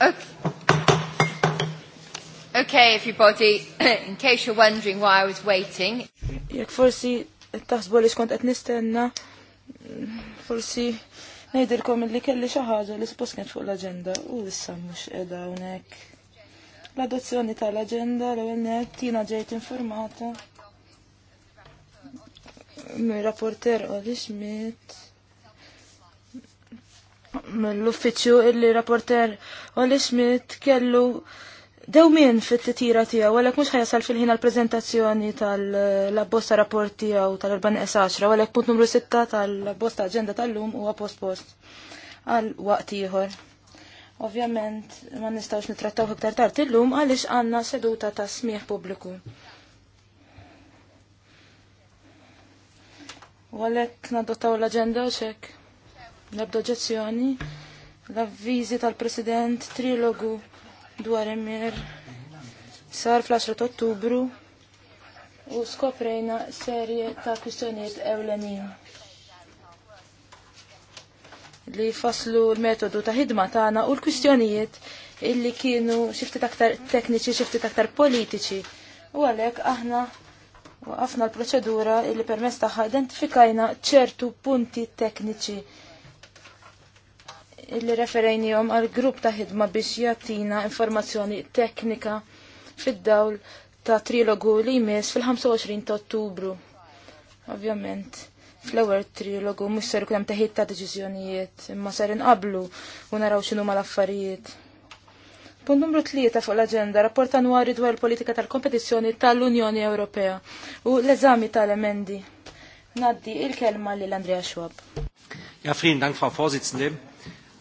Okay. okay, everybody, in case you're wondering why I was waiting. Jek forsi taħsbu li xkont etnistenna, forsi nejdirkom li kelli xi ħaġa li suppost kienet fuq l agenda u issa mhux edha hawnhekk. L-adozzjoni tal agenda l-ewwel nett ġejt informata. Mir-rapporter Oli Schmidt mill-uffiċċju illi rapporter Oli Smith kellu dewmien fit-titira tiegħu għalhekk mhux ħajasal fil-ħin għall-preżentazzjoni tal-abbosta rapport tiegħu tal-14 għalhekk punt numru 6 tal-abbosta aġenda tal-lum huwa post post għal waqt ieħor. Ovvjament ma nistgħux nittrattaw iktar tard illum għaliex għandna seduta ta' smieħ pubbliku. Għalhekk nadottaw l-aġenda u xekk. L-ebda oġezzjoni, l-avvizi tal-President, trilogu dwar emir, sar fl-10 ottubru u skoprejna serje ta' kwistjonijiet ewlenin li faslu l-metodu ta' ħidma tagħna u l-kwistjonijiet illi kienu xifti aktar tekniċi, xifti aktar politiċi. U għalhekk aħna waqafna l-proċedura illi permezz tagħha identifikajna ċertu punti tekniċi illi referejnijom għal grupp ta' ħidma biex jattina informazzjoni teknika fid-dawl ta' trilogu li jmiss fil-25 ta' ottubru. Ovvjament, fl-ewwel trilogu mhux ser ikun hemm teħid ta' deċiżjonijiet, imma ser inqablu u naraw x'inhu mal-affarijiet. Punt numru tlieta fuq l-aġenda, rapport annwari dwar il-politika tal-kompetizzjoni tal-Unjoni Ewropea u l-eżami tal-emendi. Naddi il-kelma lill Andrea Schwab. Ja, vielen Dank, Frau Vorsitzende.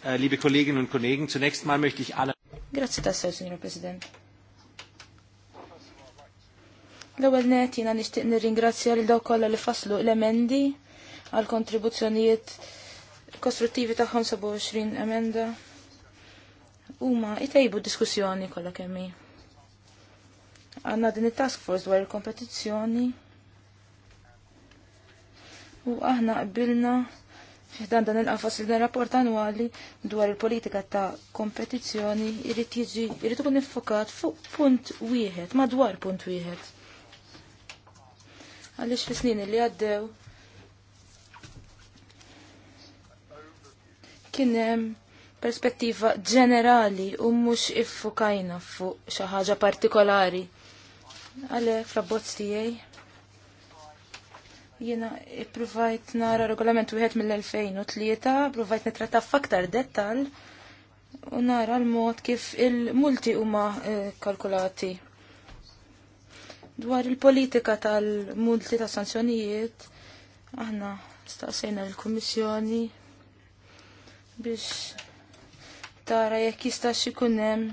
Äh, liebe Kolleginnen und Kollegen. Zunächst mal möchte ich alle. Grazie tassew, signor President. L-ewwel net jiena nixtieq nirringrazzja lil dawk kollha li faslu l-emendi għal kontribuzzjonijiet kostruttivi ta' 20 emenda. Huma jtejbu diskussjoni kollha kemm hi. Għandna din it-task force dwar il-kompetizzjoni. U aħna qbilna Dan dan il-qafas li dan rapport annwali dwar il-politika ta' kompetizzjoni irrid jiġi irrid ikun infokat fuq punt wieħed, madwar punt wieħed. Għaliex fi snin li għaddew kien hemm perspettiva ġenerali u mhux iffukajna fuq xi ħaġa partikolari. Għale, frabbozz tiegħi Jena provajt nara regolament wieħed mill-2003, provajt nitratta f'aktar dettal u nara l-mod kif il-multi huma eh, kalkulati. Dwar il-politika tal-multi ta' sanzjonijiet, aħna staqsejna l-Kummissjoni biex tara jekk jista' ikun hemm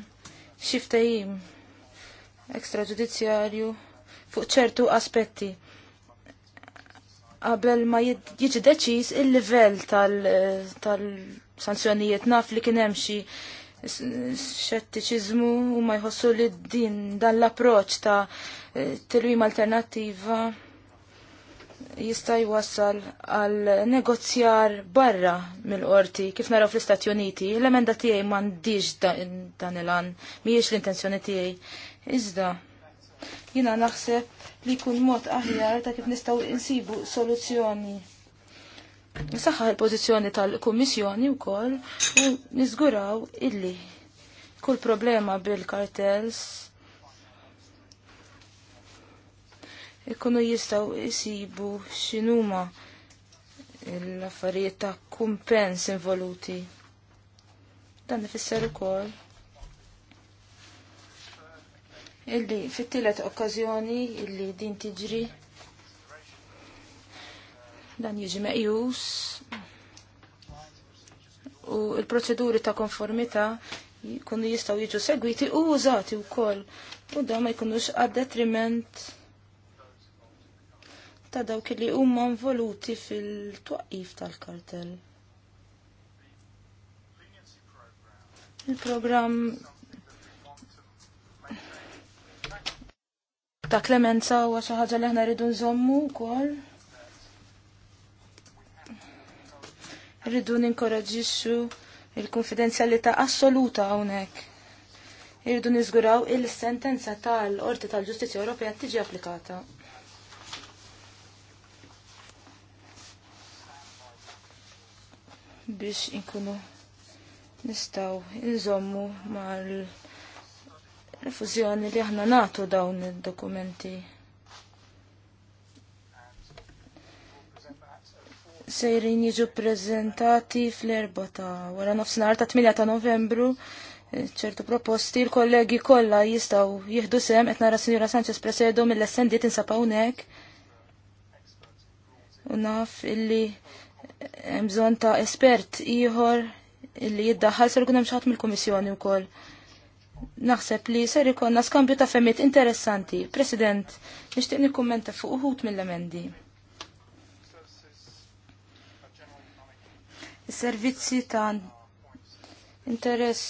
xi ftehim ekstraġudizzjarju fuq ċertu aspetti qabel ma jiġi deċiż il-livell tal-sanzjonijiet naf li kien hemm xi xettiċiżmu u ma jħossu li din dan l-approċ ta' tilwim alternattiva jista' jwassal għal negozjar barra mill-qorti kif naraw fl-Istati Uniti. L-emenda tiegħi m'għandix dan il-għan, mhijiex l-intenzjoni tiegħi. Iżda, Jina naħseb li kun mod aħjar ta' kif nistaw insibu soluzzjoni. Nisaxħa il-pozizjoni tal-Kummissjoni wkoll u niżguraw illi kull problema bil-kartels ikunu jistaw isibu xinuma l-affarijiet ta' kumpens involuti. Dan ifisser ukoll illi fit-tielet okkażjoni illi din tiġri dan jiġi meqjus u l proċeduri ta' konformità jkunu jistaw jiġu segwiti u użati u koll u da ma jkunux għad-detriment ta' dawk li huma involuti fil-twaqif tal-kartell. Il-programm ta' klemenza u xi ħaġa li aħna rridu nżommu wkoll. Rridu ninkoraġixxu il-konfidenzjalità assoluta hawnhekk. Irridu niżguraw il-sentenza tal-Qorti tal-Ġustizzja Ewropea tiġi applikata. biex inkunu nistaw nżommu mal l li aħna natu dawn id-dokumenti. Sejrin jiġu prezentati fl-erba ta' wara nofsinhar ta' 8 ta' Novembru ċertu proposti l-kollegi kollha jistgħu jieħdu sem qed nara Sinjura Sanchez Presedo mill-essendi tinsab hawnhekk. U naf illi hemm bżonn ta' espert ieħor illi jiddaħħal ser ikun hemm xi mill-Kummissjoni wkoll. Naħseb li ser ikonna skambju ta' femmit interessanti. President, nixtieq nikkummenta fuq uħut mill-emendi. Is-servizzi ta' interess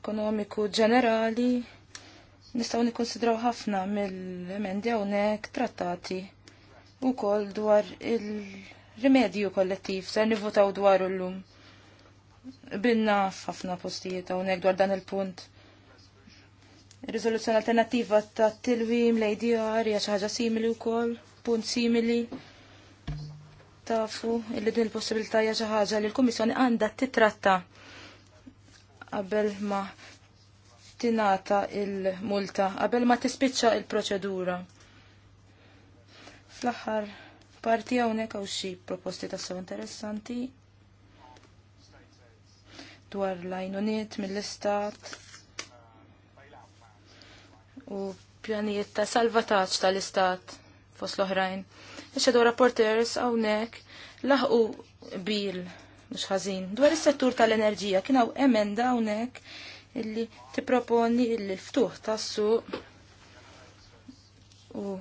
ekonomiku ġenerali nistgħu nikkonsidraw ħafna mill-emendi hawnhekk trattati wkoll dwar il-rimedju kollettiv ser nivvotaw dwar illum. Binna ħafna postijiet hawnhekk dwar dan il-punt. Rizoluzzjoni alternativa ta' tilwim l ja hija xi ħaġa simili wkoll, punt simili. Tafu illi din il-possibilità hija xi ħaġa li l-Kummissjoni għandha titratta qabel ma tinata il-multa, qabel ma tispiċċa il-proċedura. Fl-aħħar parti hawnhekk hawn xi proposti tassew interessanti dwar l-għajnuniet mill-istat u pjanijiet ta' salvataġġ tal-istat fost l-oħrajn. Ix-xedu rapporters hawnhekk laħqu bil mhux ħażin. Dwar is-settur tal-enerġija kien emenda hawnhekk illi tipproponi illi l-ftuħ tassu u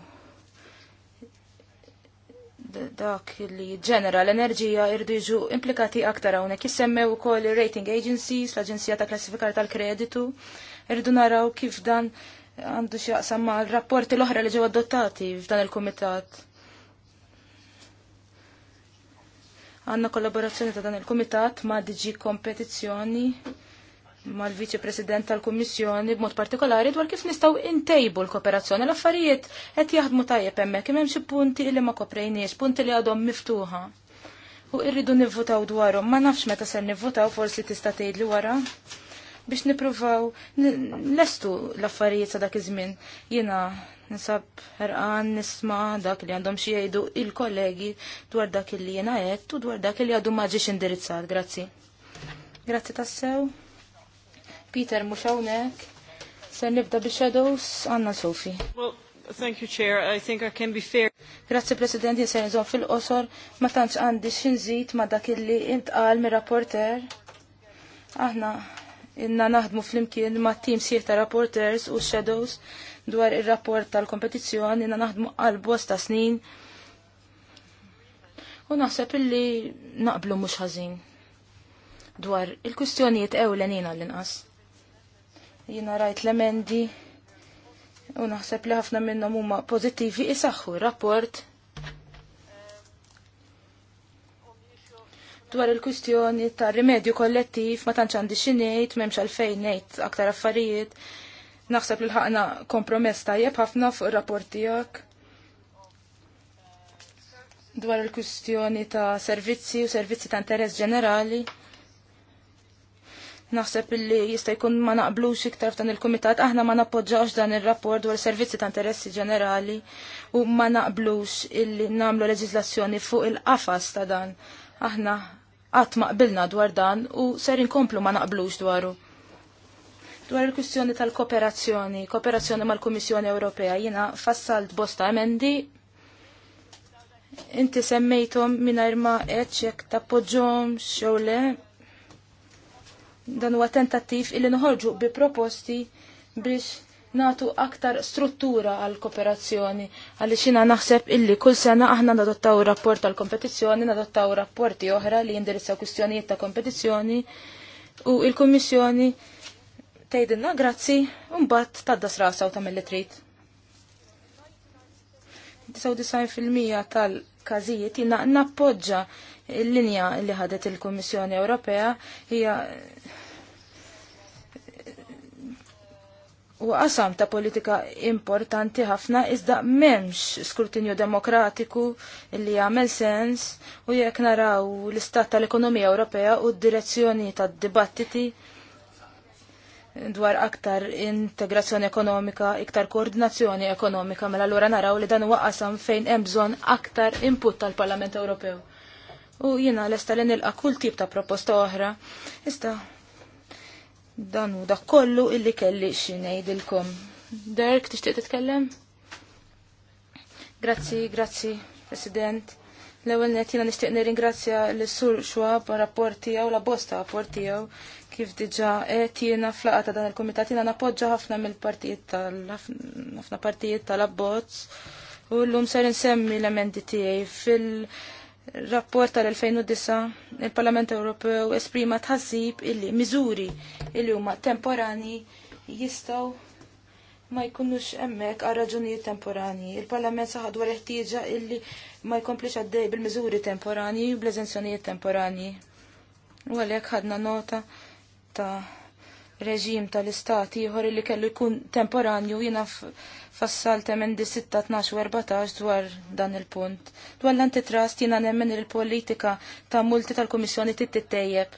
dak illi ġenera l-enerġija irdu jiġu implikati aktar hawnhekk jissemmew ukoll ir-rating agencies, l-Aġenzija ta' Klassifikar tal-Kreditu, irdu naraw kif dan għandu xaqsam ma' rapporti l-oħra li ġew adottati f'dan il-komitat. Għanna kollaborazzjoni ta' dan il-komitat ma' DG Kompetizzjoni mal viċi President tal-Kummissjoni b'mod partikolari dwar kif nistgħu intejbu l-kooperazzjoni l-affarijiet qed jaħdmu tajjeb hemmhekk hemm xi punti li ma koprejniex, punti li għadhom miftuħa. U irridu nivvutaw dwarhom, ma nafx meta ser nivvutaw forsi tista' tgħidli wara biex nipruvaw lestu l-affarijiet sa dak iż-żmien. Jiena nisab ħerqan nisma' dak li għandhom xi jgħidu il-kollegi dwar dak li jiena qed u dwar dak li għadu ma ġiex indirizzat. Grazzi. Grazzi tassew. Peter mhux hawnhekk. Se nibda bi shadows Anna Sofi. Well, thank you, Chair. I think I can be fair. Grazzi, President, jesen nizom fil-qosor, ma tantx għandi xinżit ma dak illi intqal mir rapporter Aħna inna naħdmu flimkien ma' tim sieħ ta' rapporters u shadows dwar ir-rapport tal-kompetizzjoni inna naħdmu għal bosta snin. U naħseb illi naqblu mhux ħażin dwar il-kustjonijiet ewlenin l inqas Jina rajt l-emendi u naħseb li ħafna minnhom huma pożittivi isaħħu r-rapport dwar il-kwistjoni ta' rimedju kollettiv ma tantx għandi xi ngħid m'hemmx għalfejn ngħid aktar affarijiet. Naħseb li ħakna kompromess tajjeb ħafna fuq ir-rapport tiegħek. Dwar il-kwistjoni ta' servizzi u servizzi ta' interess ġenerali. Naħseb li jista' jkun ma naqblux iktar f'dan il-kumitat aħna ma nappoġġawx dan ir-rapport dwar servizzi ta' interessi ġenerali u ma naqblux illi nagħmlu leġislazzjoni fuq il-qafas ta' dan aħna qatt ma qbilna dwar dan u ser inkomplu ma naqblux dwaru. Dwar il-kwistjoni tal-kooperazzjoni, kooperazzjoni mal-Kummissjoni Ewropea, jiena fassalt bosta emendi inti semmejtom minna ma eċek tappoġġom xewle. Dan huwa tentattiv illi noħorġu bi proposti biex natu aktar struttura għal kooperazzjoni għalli xina naħseb illi kull sena aħna nadottaw rapport għal kompetizzjoni, nadottaw rapporti oħra li jindirizzaw kustjonijiet ta' kompetizzjoni u il-Kommissjoni tejdinna grazzi un-bat ta' dasrasa u ta' trit. 99% tal-kazijiet jina nappoġġa il-linja li ħadet il-Kommissjoni Ewropea hija u qasam ta' politika importanti ħafna iżda memx skrutinju demokratiku li jagħmel sens u jekk naraw l-istat tal-ekonomija Ewropea u d-direzzjoni tad-dibattiti dwar aktar integrazzjoni ekonomika, iktar koordinazzjoni ekonomika, mela allura naraw li dan huwa qasam fejn hemm bżonn aktar input tal-Parlament Ewropew. U jiena lesta li nilqa' kull tip ta' proposta oħra. Iżda Dan u dak kollu illi kelli x'ngħidilkom. Derek, tixtieq titkellem? Grazzi, grazzi, President. L-ewwel net jiena nixtieq nirringrazzja lis sur Schwab rapport tiegħu la bosta rapport tiegħu kif diġà qed jiena flaqa ta' dan il-kumitat jiena nappoġġa ħafna mill-partijiet tal ħafna partijiet tal-abbozz u llum ser insemmi l-emendi tiegħi fil- rapport tal-2009 il-Parlament Ewropew esprima tħassib illi miżuri illi huma temporani jistaw ma jkunux emmek għal raġunijiet temporani. Il-Parlament saħad dwar ħtieġa illi ma jkomplix għaddej bil-miżuri temporani u bl-eżenzjonijiet temporani. U għalhekk ħadna nota ta' reġim tal-istat ieħor li kellu jkun temporanju jiena fassal temendi 6-12 14 dwar dan il-punt. Dwar l-antitrust jiena nemmen il-politika ta' multi tal-Komissjoni tittejjeb: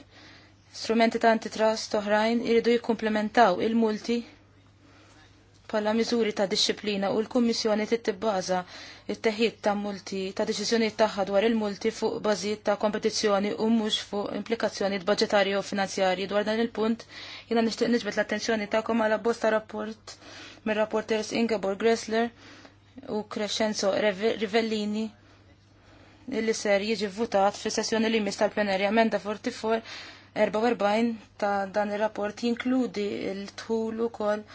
Strumenti ta' antitrust oħrajn iridu jikkumplementaw il-multi bħala miżuri ta' disċiplina u l-Kummissjoni tittibbaża it-teħid ta' multi ta' deċiżjonijiet tagħha dwar il-multi fuq bażijiet ta' kompetizzjoni u mhux fuq implikazzjoni budġetarji u finanzjarji dwar dan il-punt jiena nixtieq niġbed l-attenzjoni tagħkom għal bosta rapport mir-rapporters Ingeborg Gressler u Crescenzo Rivellini illi ser jiġi votat fi sessjoni li mis tal-plenarja emenda 44 44 ta' dan ir rapport jinkludi l-tħul ukoll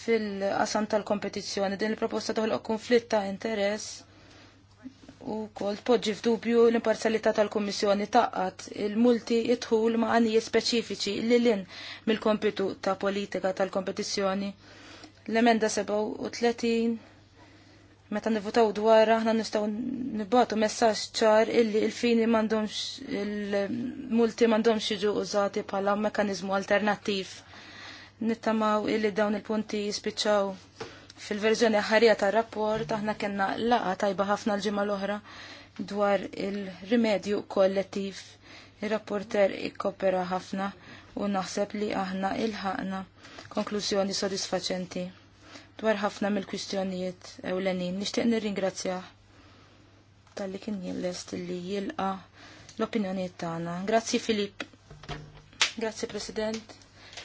fil-qasam tal-kompetizzjoni. Din il-proposta toħloq konflitt ta' interess u kol poġġi f'dubju l imparzialità tal-Kommissjoni taqqat il-multi jitħul ma' għanije speċifiċi li l-in mill-kompitu ta' politika tal-kompetizzjoni. L-emenda 37 meta nivutaw dwar aħna nistgħu nibatu messaġġ ċar illi il-fini m'għandhomx il-multi m'għandhomx jiġu użati bħala mekkaniżmu alternattiv nittamaw illi dawn il-punti jispiċċaw fil-verżjoni ħarija tar-rapport aħna kellna laqa tajba ħafna l-ġimgħa l-oħra dwar il-rimedju kollettiv. Ir-rapporter ikkopera ħafna u naħseb li aħna ilħaqna konklużjoni sodisfaċenti dwar ħafna mill-kwistjonijiet ewlenin. Nixtieq nirringrazzja tal-li kien jillest li jilqa l-opinjoniet tagħna. Grazzi Filip. Grazzi President.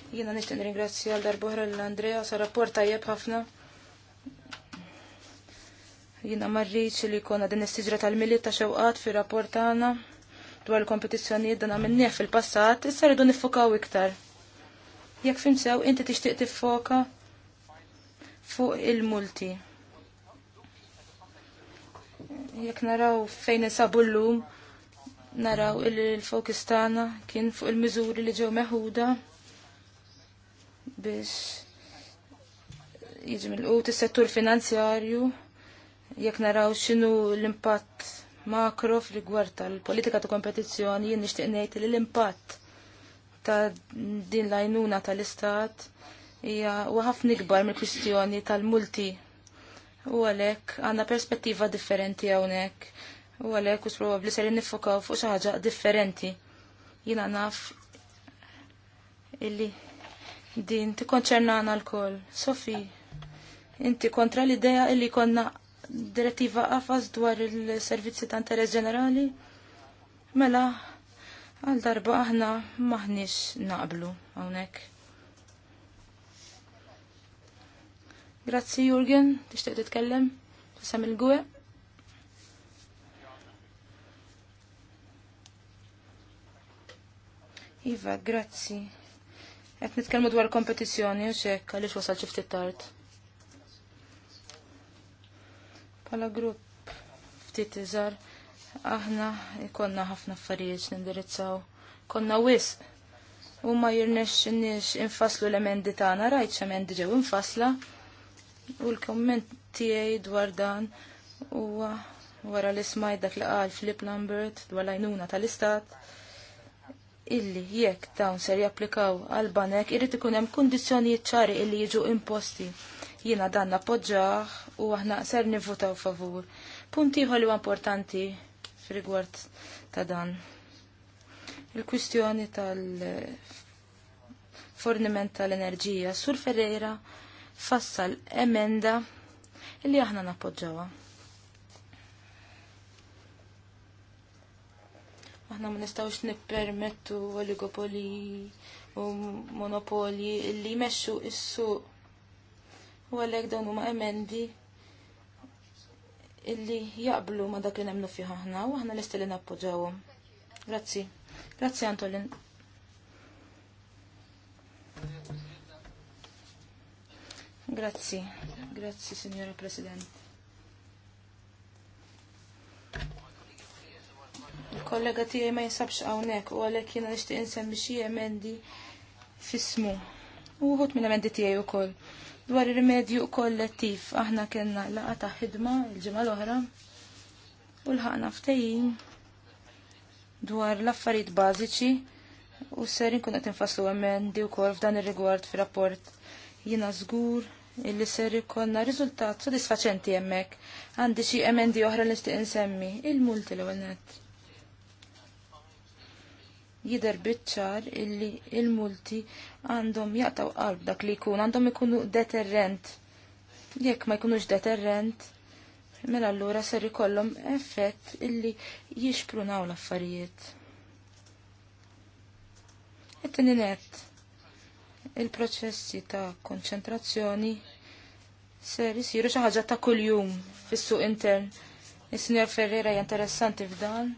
Jiena nixtieq ringrazzi għal darbohra l-Andrea sa rapport tajjeb ħafna. Jiena marriċ li kona din istiġra tal-milit ta' xewqat fi rapport tagħna dwar il-kompetizzjonijiet dana għamilnieh fil-passat, issa rridu nifokaw iktar. Jekk fim sew inti tixtieq tiffoka fuq il-multi jekk naraw fejn insabu llum, naraw il fokistana kien fuq il-miżuri li ġew meħuda biex jiġi mill-qut is-settur finanzjarju jekk naraw x'inhu l-impatt makro f'rigward tal-politika ta' kompetizzjoni jien nixtieq ngħid li l-impatt ta' din l-għajnuna tal-istat hija ħafna ikbar mill-kwistjoni tal-multi. U għalhekk għandna perspettiva differenti hawnhekk. U għalhekk u probabbli ser nifokaw fuq xi ħaġa differenti. Jiena naf illi Din tikkonċernana l-koll. Sofi, inti kontra l-idea illi konna direttiva qafas dwar il-servizzi ta' interess ġenerali? Mela, għal darba aħna maħniex naqblu hawnhekk. Grazzi Jurgen, tixtieq titkellem? Tisem il-gwe? Iva, grazzi. Qed nitkellmu dwar kompetizzjoni u xek, għaliex wasal ċifti ftit tard. Pala grupp ftit iżar aħna ikonna ħafna affarijiet nindirizzaw. Konna wisq U ma jirnex nix infaslu l-emendi tana, rajt x'emendi ġew infasla. U l-komment tijaj dwar dan u wara li smaj dak li għal Flip Lambert dwar lajnuna tal-istat illi jekk dawn ser japplikaw għal banek irrid ikun hemm kundizzjonijiet ċari illi jiġu imposti. Jiena dan poġġaħ u aħna ser nivvutaw favur. Punti ieħor li huwa importanti f'rigward ta' dan. Il-kwistjoni tal-forniment tal-enerġija. Sur Ferreira fassal emenda illi aħna nappoġġawha. Aħna ma nistawx nippermettu oligopoli u monopoli li jmexxu is-suq. U għalhekk dawn huma emendi illi jaqblu ma dak li nemmnu fih aħna u aħna lesti li nappoġġawhom. Grazzi. Grazzi Antolin. Grazzi. Grazzi, Signora President kollega tiegħi ma jinsabx hawnhekk u għalhekk jiena nixtieq insemmi xi emendi fismu. Uħut mendi emendi tiegħi wkoll. Dwar ir-rimedju kollettiv aħna kellna laqa ta' ħidma il ġimgħa l-oħra u lħaqna ftehim dwar l-affarijiet bażiċi u ser inkun qed infasslu emendi wkoll f'dan ir-rigward fir-rapport jiena żgur illi ser ikonna riżultat sodisfaċenti hemmhekk. Għandi xi emendi oħra li nixtieq insemmi, il-multi l-ewwel nett jider bitċar illi il-multi għandhom jaqtaw qalb dak li jkun, għandhom ikunu deterrent. Jekk ma jkunux deterrent, mela allura ser ikollhom effett illi jixprunaw l-affarijiet. Et-tini il-proċessi ta' konċentrazzjoni ser jisiru xi ħaġa ta' kuljum fis-suq intern. Is-Sinjor Ferreira hija interessanti f'dan,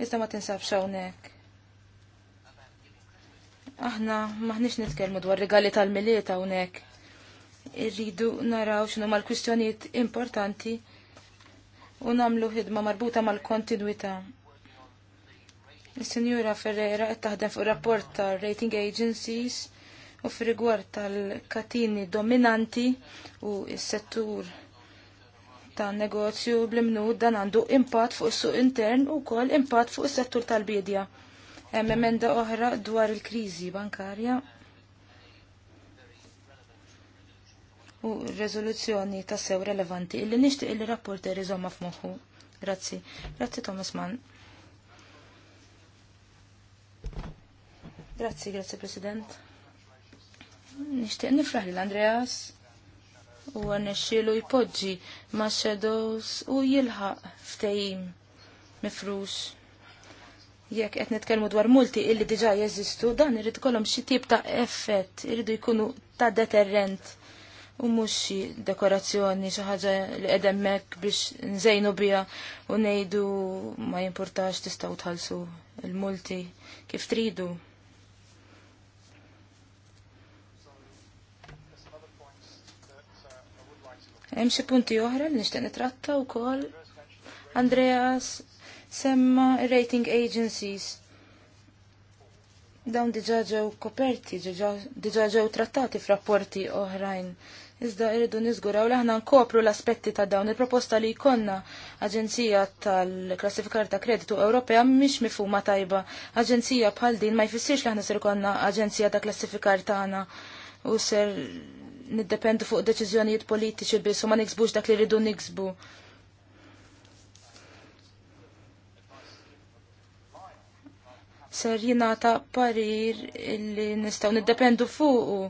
iżda ma tinsabx hawnhekk. Aħna maħniex nitkellmu dwar regali tal-milieta hawnhekk. Irridu naraw xinu mal-kwistjonijiet importanti u nagħmlu ħidma marbuta mal-kontinwità. Is-Sinjura Ferreira qed taħdem fuq rapport tal-rating agencies u f'rigward tal-katini dominanti u s-settur ta' negozju bl dan għandu impatt fuq is-suq intern u kol impatt fuq is-settur tal-bidja. Hemm emenda oħra dwar il-kriżi bankarja u r-reżoluzzjoni ta' sew relevanti illi nixtieq il-rapporter iżomma f'moħħu. Grazzi. Grazzi Thomas Mann. Grazzi, grazzi President. Nixtieq nifraħ lil Andreas u għanexxielu jpoġġi ma' shadows u jilħaq ftehim mifrux. Jekk qed nitkellmu dwar multi illi diġà jeżistu, dan irid ikollhom xi tip ta' effett, iridu jkunu ta' deterrent u mhux xi dekorazzjoni xi ħaġa li qegħdem hekk biex nżejnu biha u ngħidu ma jimpurtax tistgħu tħallsu il-multi kif tridu. Hemm xi punti oħra li nixtieq nitratta wkoll. Andreas semma rating agencies. Dawn diġa ġew koperti, diġa ġew trattati f'rapporti oħrajn. Iżda irridu niżguraw li aħna nkopru l-aspetti ta' dawn il-proposta li jkollna Aġenzija tal-Klassifikar ta' Kreditu Ewropea mhix mifhuma tajba. Aġenzija bħal din ma jfissirx li aħna ser konna Aġenzija ta' Klassifikar tagħna u ser niddependu fuq deċiżjonijiet politiċi biss u ma niksbux dak li rridu niksbu. ser jinata parir illi nistaw niddependu fuqu.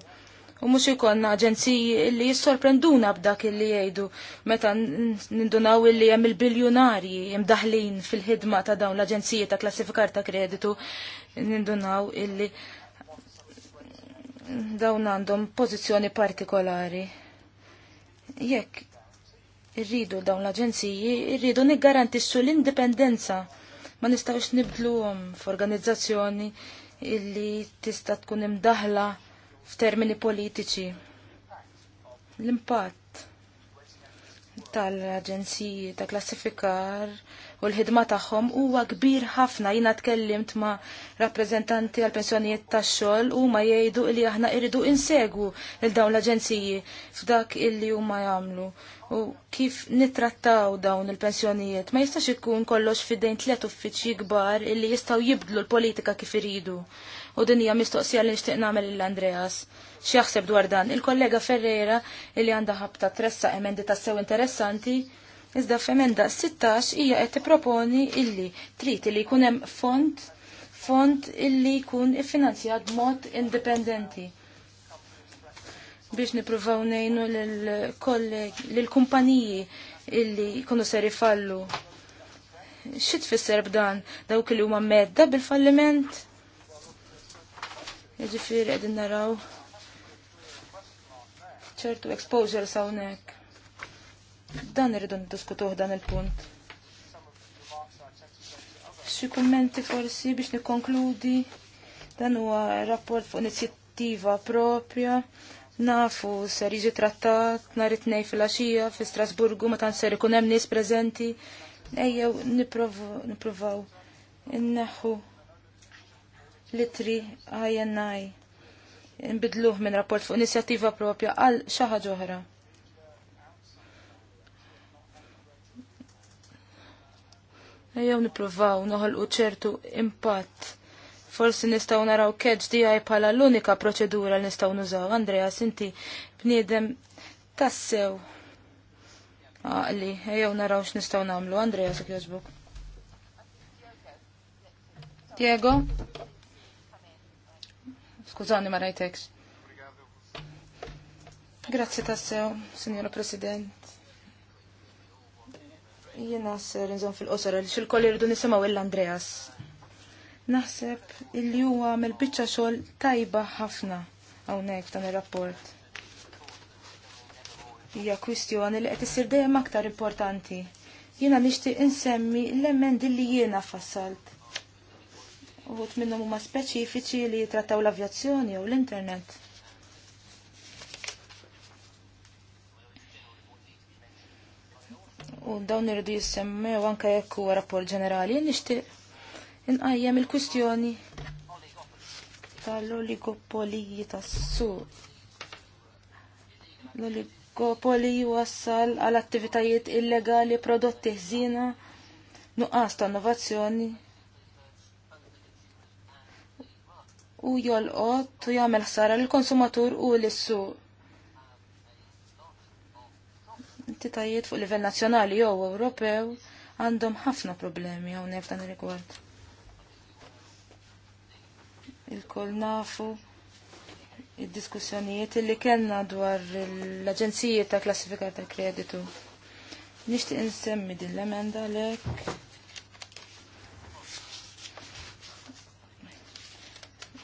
U mux ikonna aġenziji illi jissorprenduna b'dak illi jgħidu meta nindunaw illi jem il-biljonarji jem daħlin fil-ħidma ta' dawn l-aġenziji ta' klassifikar ta' kreditu nindunaw illi dawn għandhom pozizjoni partikolari. Jekk irridu dawn l-aġenziji, irridu niggarantissu l-indipendenza ma nistawx nibdluhom f'organizzazzjoni illi tista' tkun imdaħla f'termini politiċi. L-impatt tal-aġenziji ta' klassifikar u l-ħidma tagħhom huwa kbir ħafna jiena tkellimt ma' rappreżentanti għal pensjonijiet tax-xogħol u ma jgħidu li aħna irridu insegwu il dawn l-aġenziji f'dak illi huma jagħmlu u kif nitrattaw dawn il-pensjonijiet ma jistax ikun kollox fidejn tliet uffiċċji kbar illi jistgħu jibdlu l-politika kif iridu u din hija mistoqsija li nixtieq nagħmel l Andreas. Xieħseb dwar dan? Il-kollega Ferreira li għandha ħabta tressa emendi tas-sew interessanti Iżda f'emenda 16 hija qed tipproponi illi trid li jkun hemm fond fond illi jkun iffinanzjat b'mod indipendenti biex nipruvaw nejnu l-kumpaniji illi jkunu ser ifallu. Xit fisser b'dan dawk li huma medda bil-falliment? Jiġifieri qegħdin naraw ċertu exposure hawnhekk. Dan irridu niddiskutuh dan il-punt. Xi kummenti forsi biex nikkonkludi dan huwa rapport fuq inizjattiva propja nafu ser jiġi trattat nhar it-tnejn fil-għaxija fi Strasburgu meta ser ikun hemm nies preżenti. Ejjew nipprovaw inneħħu litri INI nbidluħ minn rapport fuq inizjattiva propja għal xi ħaġa oħra. Ejjew nippruvaw noħolqu ċertu impatt. Forsi nistgħu naraw keġ DI bħala l-unika proċedura li nistgħu nużaw. Andreas, inti bniedem tassew. Għaqli, ejjew naraw x'nistgħu nagħmlu. Andreas, jogħġbok. Diego? Skużani ma rajtekx. Grazzi tassew, Signora President. Jiena ser nżon fil-qosor għal xil-kolli rridu nisimgħu l-Andreas. Naħseb illi huwa mill-biċċa xogħol tajba ħafna hawnhekk f'dan ir-rapport. Hija kwistjoni li qed issir dejjem aktar importanti. Jiena nixtieq insemmi l-emendi li jiena fassalt uħut minnhom huma speċifiċi li jitrattaw l-avjazzjoni jew l-internet. U dawn irridu jissemmew anke jekk huwa rapport ġenerali, nixtieq inqajjem il-kwistjoni tal-oligopoliji tas-suq. L-oligopoli wassal għal attivitajiet illegali prodotti ħżina nuqqas ta' innovazzjoni u jolqot u jagħmel ħsara lill-konsumatur u lis-suq. In-titajiet fuq livell nazzjonali jew Ewropew għandhom ħafna problemi hawnhekk f'dan ir-rigward. Il-kol nafu id-diskussjonijiet il li kellna dwar l aġenzijiet ta' Klassifikar tal Kreditu. Nixtieq insemmi din l-emenda lek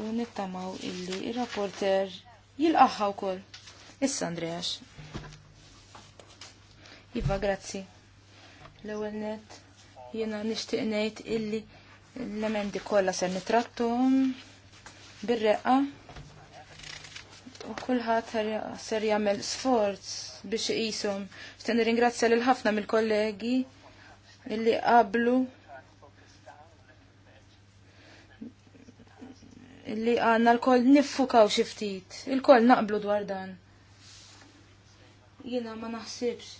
u nittamaw illi il-rapporter jilqaħħa wkoll. Issa Andreas. Iva, grazzi. L-ewwel net jiena nixtieq ngħid illi l-emendi kollha se nitrattu bir-reqqa u kulħadd ser jagħmel sforz biex iqishom. Sten nirringrazzja lil ħafna mill-kollegi illi qablu li għanna l-koll niffukaw xiftit, il-koll naqblu dwar dan. Jina ma naħsibx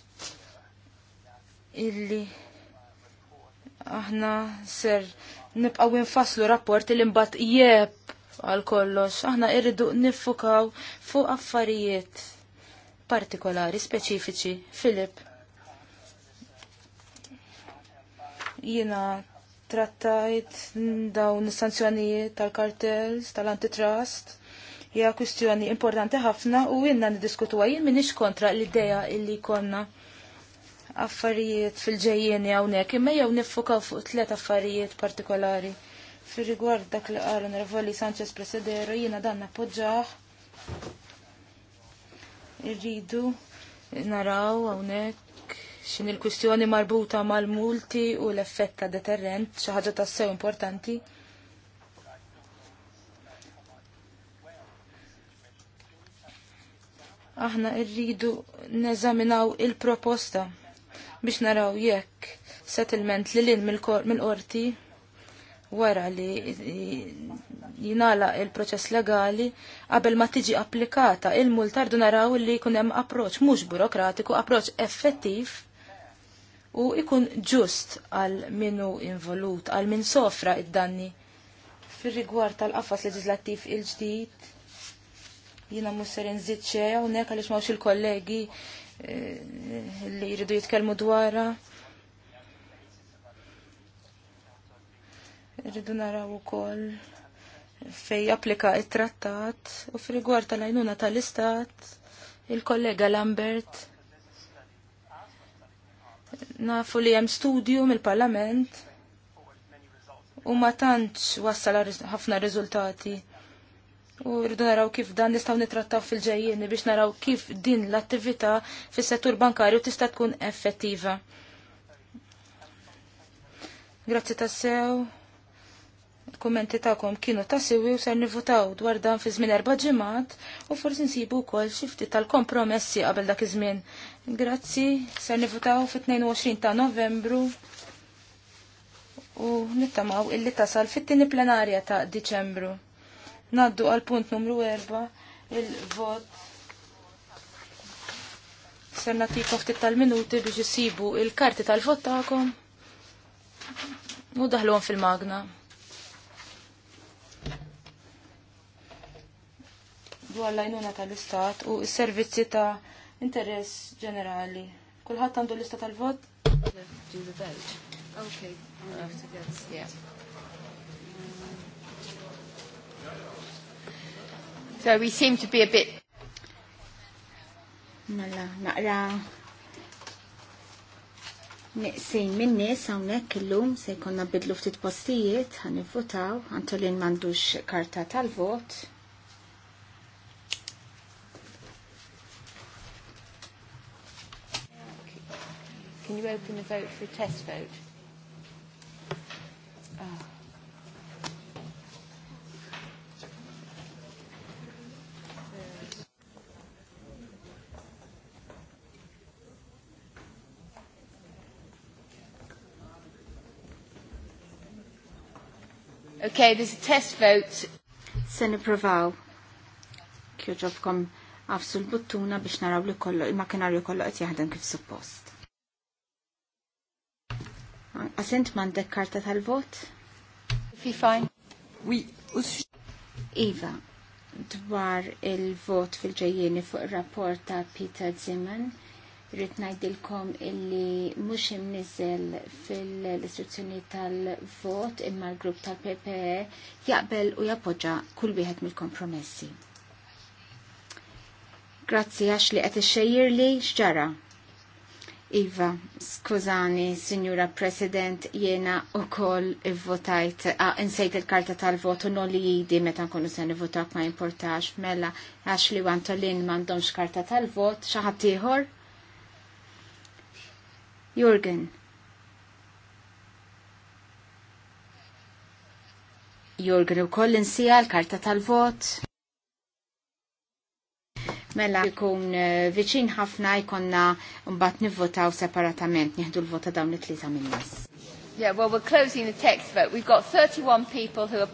illi aħna ser nibqaw infaslu rapport li mbatt jieb għal kollox, aħna irridu niffukaw fuq affarijiet partikolari, speċifiċi. Filip, jina trattajt dawn is-sanzjonijiet tal-kartels, tal-antitrust, hija kwistjoni importanti ħafna u jenna niddiskutuha jien m'iniex kontra l-idea illi konna affarijiet fil-ġejjeni hawnhekk, imma jew niffukaw fuq tliet affarijiet partikolari. Fir-rigward dak li qalu Nervoli Sanchez Presidero jiena dan appoġġjah. Irridu naraw hawnhekk xin il-kustjoni marbuta mal-multi u l-effett ta' deterrent, xi ħaġa tas-sew importanti. Aħna rridu neżaminaw il-proposta biex naraw jekk settlement li lin mill-qorti wara li jinala il-proċess legali qabel ma tiġi applikata il-multar naraw li jkun hemm approċċ mhux burokratiku, approċċ effettiv u ikun ġust għal minnu involut, għal min sofra id-danni. Fil-rigward tal-qafas leġislattiv il-ġdid, jina musser nżid xeja, nek għalix mawx il-kollegi eh, li jridu jitkelmu dwara. Rridu naraw u koll fej applika it-trattat u fil-rigward tal-ajnuna tal-istat, il-kollega Lambert Nafu li hemm studju mill-Parlament u ma tantx wassal ħafna riżultati. U rridu naraw kif dan nistgħu nitrattaw fil-ġejjieni biex naraw kif din l-attività fis-settur bankarju tista' tkun effettiva. Grazzi tassew kummenti ta'kom kienu ta' siwi u ser nivutaw dwar dan fi żmien erba' ġimgħat u forsi nsibu wkoll xi ftit tal-kompromessi qabel dak iż-żmien. Grazzi, ser nivutaw fit-22 ta' Novembru u nittamaw illi tasal fit-tieni plenarja ta' Diċembru. Naddu għal punt numru 4 il-vot Ser natikom ftit tal-minuti biex isibu il-karti tal-vot tagħkom u daħlhom fil-magna. dwar l-għajnuna tal-istat u s-servizzi ta' interess ġenerali. Kulħadd għandu l istat tal-vot? So we seem to be a bit... Malla, naqra... Nixin minni sawnek illum se konna bidlu ftit postijiet, għan votaw, għantolin mandux karta tal-vot. Can you open the vote for a test vote? Oh. Okay, there's a test vote. Se niprovaw. Kjoġobkom għafsu l-buttuna biex naraw li kollu, il-makinarju kollu għet jahdan kif suppost. Asint mandek karta tal-vot? Fi Wi, us. Iva, dwar il-vot fil-ġejjeni fuq il-rapport ta' Peter Zimman, rrit najdilkom illi mux imnizzel fil-istruzzjoni tal-vot imma l-grupp tal-PPE jaqbel u jappoġġa kull wieħed mill-kompromessi. Grazzi għax li qed ixxejjir li xġara. Iva, skużani, Signora President, jena u koll votajt, insejt il-karta tal-votu non li jidi meta nkunu se votak ma importax, mela, għax li għantolin mandomx karta tal-vot, xaħatiħor? Jurgen. Jurgen u koll insija l-karta tal-vot. Mela jkun eh, viċin ħafna jkonna mbagħad nivvotaw separatament nieħdu l-vota dawn it-tlieta minnas. Yeah, well, we're closing the text vote. We've got 31 people who are...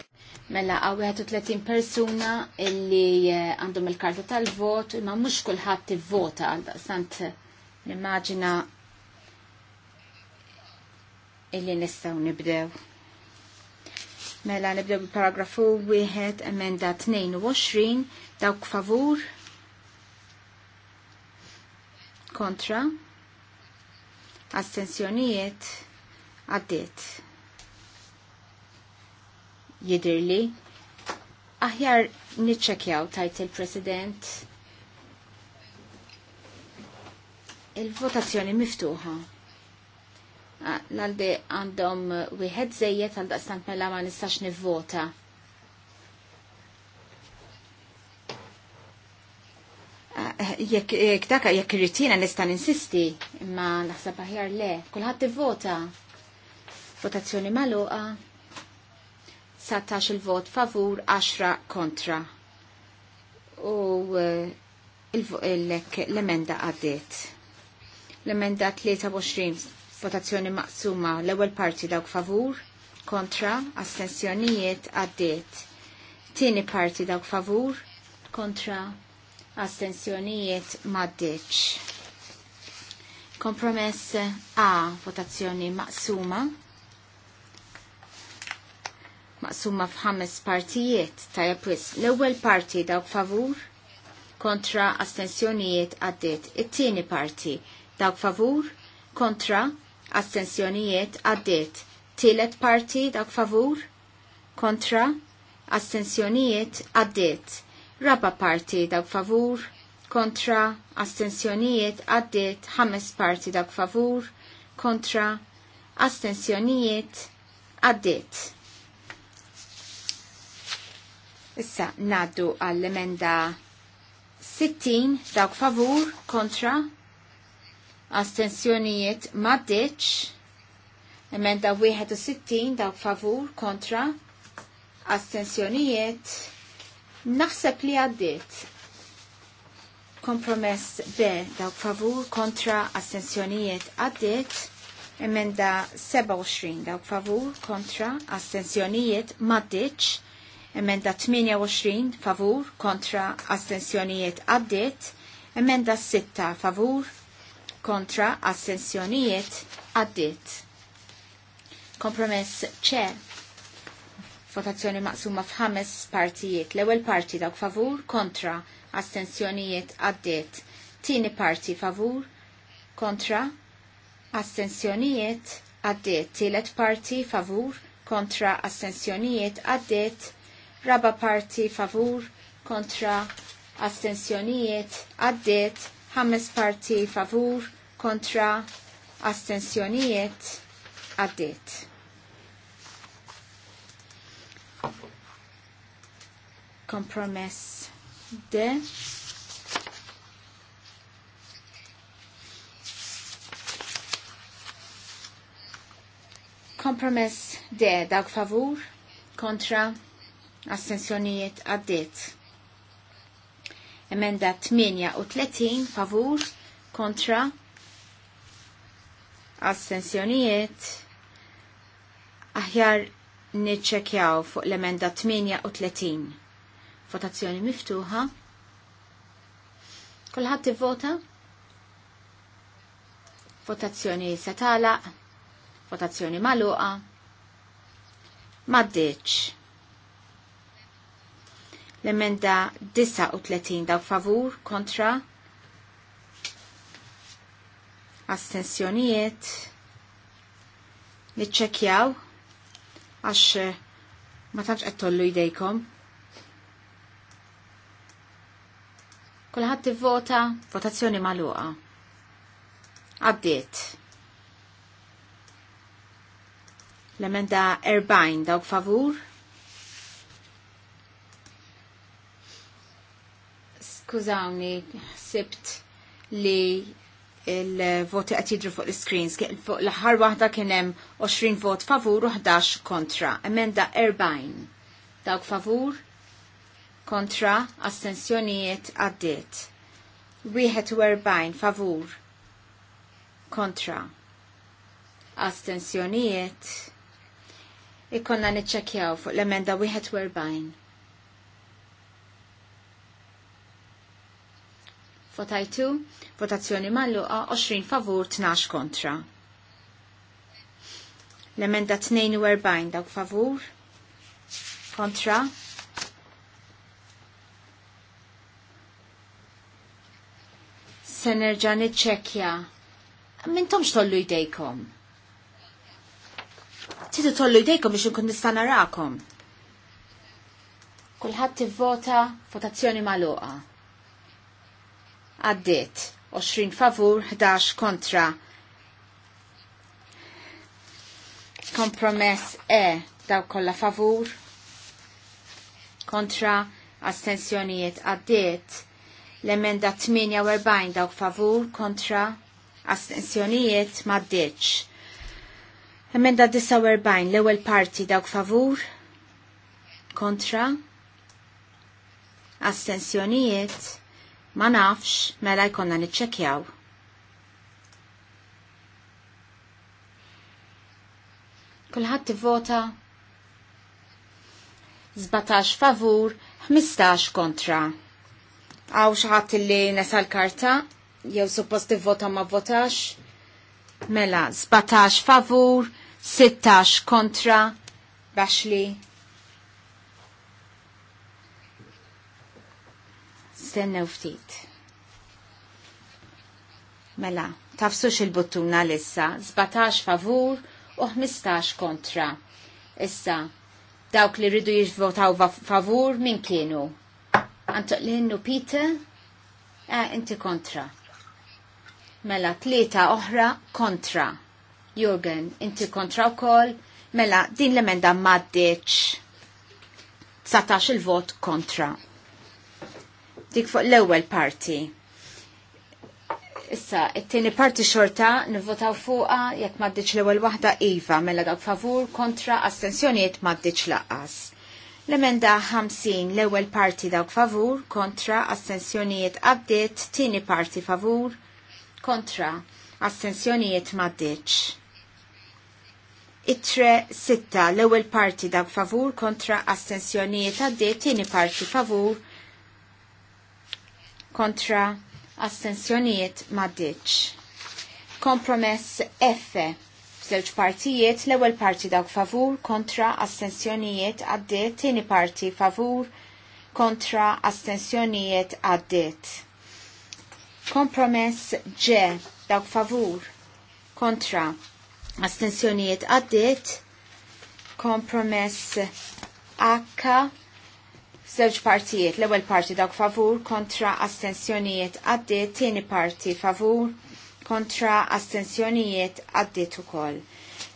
Mela, għaw 30 persuna illi eh, għandhom il-karta tal-vot, ma mux kullħat t-vota għal-daqsant eh, nimmaġina illi nistaw nibdew. Mela nibdew bil-paragrafu 1, emenda 22, dawk favur, kontra astensjonijiet għaddiet. Jidirli, aħjar nitċekjaw tajt il-President il-votazzjoni miftuħa. Ah, l-għaldi għandhom wieħed zejjed għal daqstant mela ma nistax nivvota. vota jekk jek daka jekk irritina nista' ninsisti, imma naħseb aħjar le, kulħadd ivvota. Votazzjoni magħluqa. 19 il-vot favur, 10 kontra. U eh, l-emenda għaddiet. L-emenda 23 votazzjoni maqsuma l-ewwel parti dawk favur, kontra, astensjonijiet għaddiet. Tieni parti dawk favur, kontra, Astenzjonijiet maddiċ. Kompromess A, votazzjoni maqsuma. Maqsuma f'ħames partijiet ta' jepwis. L-ewwel parti dawk favur kontra astensjonijiet għaddit. It-tieni parti dawk favur kontra astensjonijiet għaddit. Tielet parti dawk favur kontra astensjonijiet għaddit Raba parti dak favur, kontra astensjonijiet għaddiet ħames parti dak favur, kontra astensjonijiet għaddiet. Issa naddu għall-emenda 60 dak favur kontra astensjonijiet maddiċ. Emenda 61 dak favur kontra astensjonijiet Naħseb li għaddit kompromess B dawk favur kontra astensjonijiet għaddit emenda 27 dawk favur kontra astensjonijiet maddiċ emenda 28 favur kontra astensjonijiet għaddit emenda 6 favur kontra astensjonijiet għaddit kompromess ċer votazzjoni maqsuma f'ħames partijiet. L-ewwel parti dawk favur kontra astensjonijiet għaddiet. Tieni parti favur kontra astensjonijiet għaddiet. Tielet parti favur kontra astensjonijiet għaddiet. Raba parti favur kontra astensjonijiet għaddiet. Ħames parti favur kontra astensjonijiet għaddiet. Kompromess De. Kompromess de dak favur kontra assenzjonijiet għaddit. Emenda 38 favur kontra assenzjonijiet aħjar niċċekjaw fuq l-emenda 38. Votazzjoni miftuħa. Kulħadd ivvota? Votazzjoni se tagħlaq. Votazzjoni magħluqa. M'għaddiċ. L-emenda 39 daw favur kontra astensjonijiet niċċekjaw għax ma tantx qed tollu jdejkom. Kulħadd tivvota, votazzjoni magħluqa. Abdiet. L-emenda erbajn dawk favur. Skużawni, sibt li il-voti qed jidru fuq l-screens. l-aħħar waħda kien hemm 20 vot favur u 11 kontra. Emenda erbajn Dawk favur, kontra astensjonijiet għaddiet. 41 favur kontra astensjonijiet ikonna niċċekjaw fuq l-emenda 41. Votajtu, votazzjoni malluqa 20 favur 12 kontra. L-emenda 42 dawk favur kontra se nerġa' niċċekkja. Mintomx tollu jdejkom. Tidu tollu jdejkom biex nkun nista' narakom. Kulħadd tivvota votazzjoni magħluqa. Għaddiet 20 favur, 11 kontra. Kompromess E daw kollha favur kontra astensjonijiet għaddiet L-emenda 48 dawk favur kontra astensjonijiet maddiċ. Emenda 49 l-ewwel parti dawk favur kontra astensjonijiet ma nafx mela jkollna niċċekjaw. Kulħadd ivvota 17 favur, 15 kontra. Għaw xaħat li nesal karta jew suppost vota ma votax. Mela, 17 favur, 16 kontra, baxli. Stennew ftit. Mela, tafsux il-buttuna lissa, 17 favur u 15 kontra. Issa, dawk li rridu jivvotaw favur min kienu? Antoq li innu Peter, e, inti kontra. Mela tlieta oħra kontra. Jurgen, inti kontra u kol, mela din l-emenda maddeċ. 19 il-vot kontra. Dik fuq l-ewel parti. Issa, it-tieni parti xorta nivvotaw fuqa jekk maddiċ l-ewwel waħda iva mela dawk favur kontra astensjonijiet maddiċ laqas. L-emenda 50 l-ewwel parti dawk favur kontra astensjonijiet għaddiet, tieni parti favur kontra astensjonijiet maddiċ. Itre sitta l-ewwel parti dawk favur kontra astensjonijiet għaddiet, tieni parti favur kontra astensjonijiet maddiċ. Kompromess F żewġ partijiet, l-ewwel parti dawk favur kontra astensjonijiet għaddiet, tieni parti favur kontra astensjonijiet għaddiet. Kompromess ġe dawk favur kontra astensjonijiet għaddiet, kompromess akka żewġ partijiet, l-ewwel parti dawk favur kontra astensjonijiet għaddiet, tieni parti favur kontra astensjonijiet għaddit ukoll.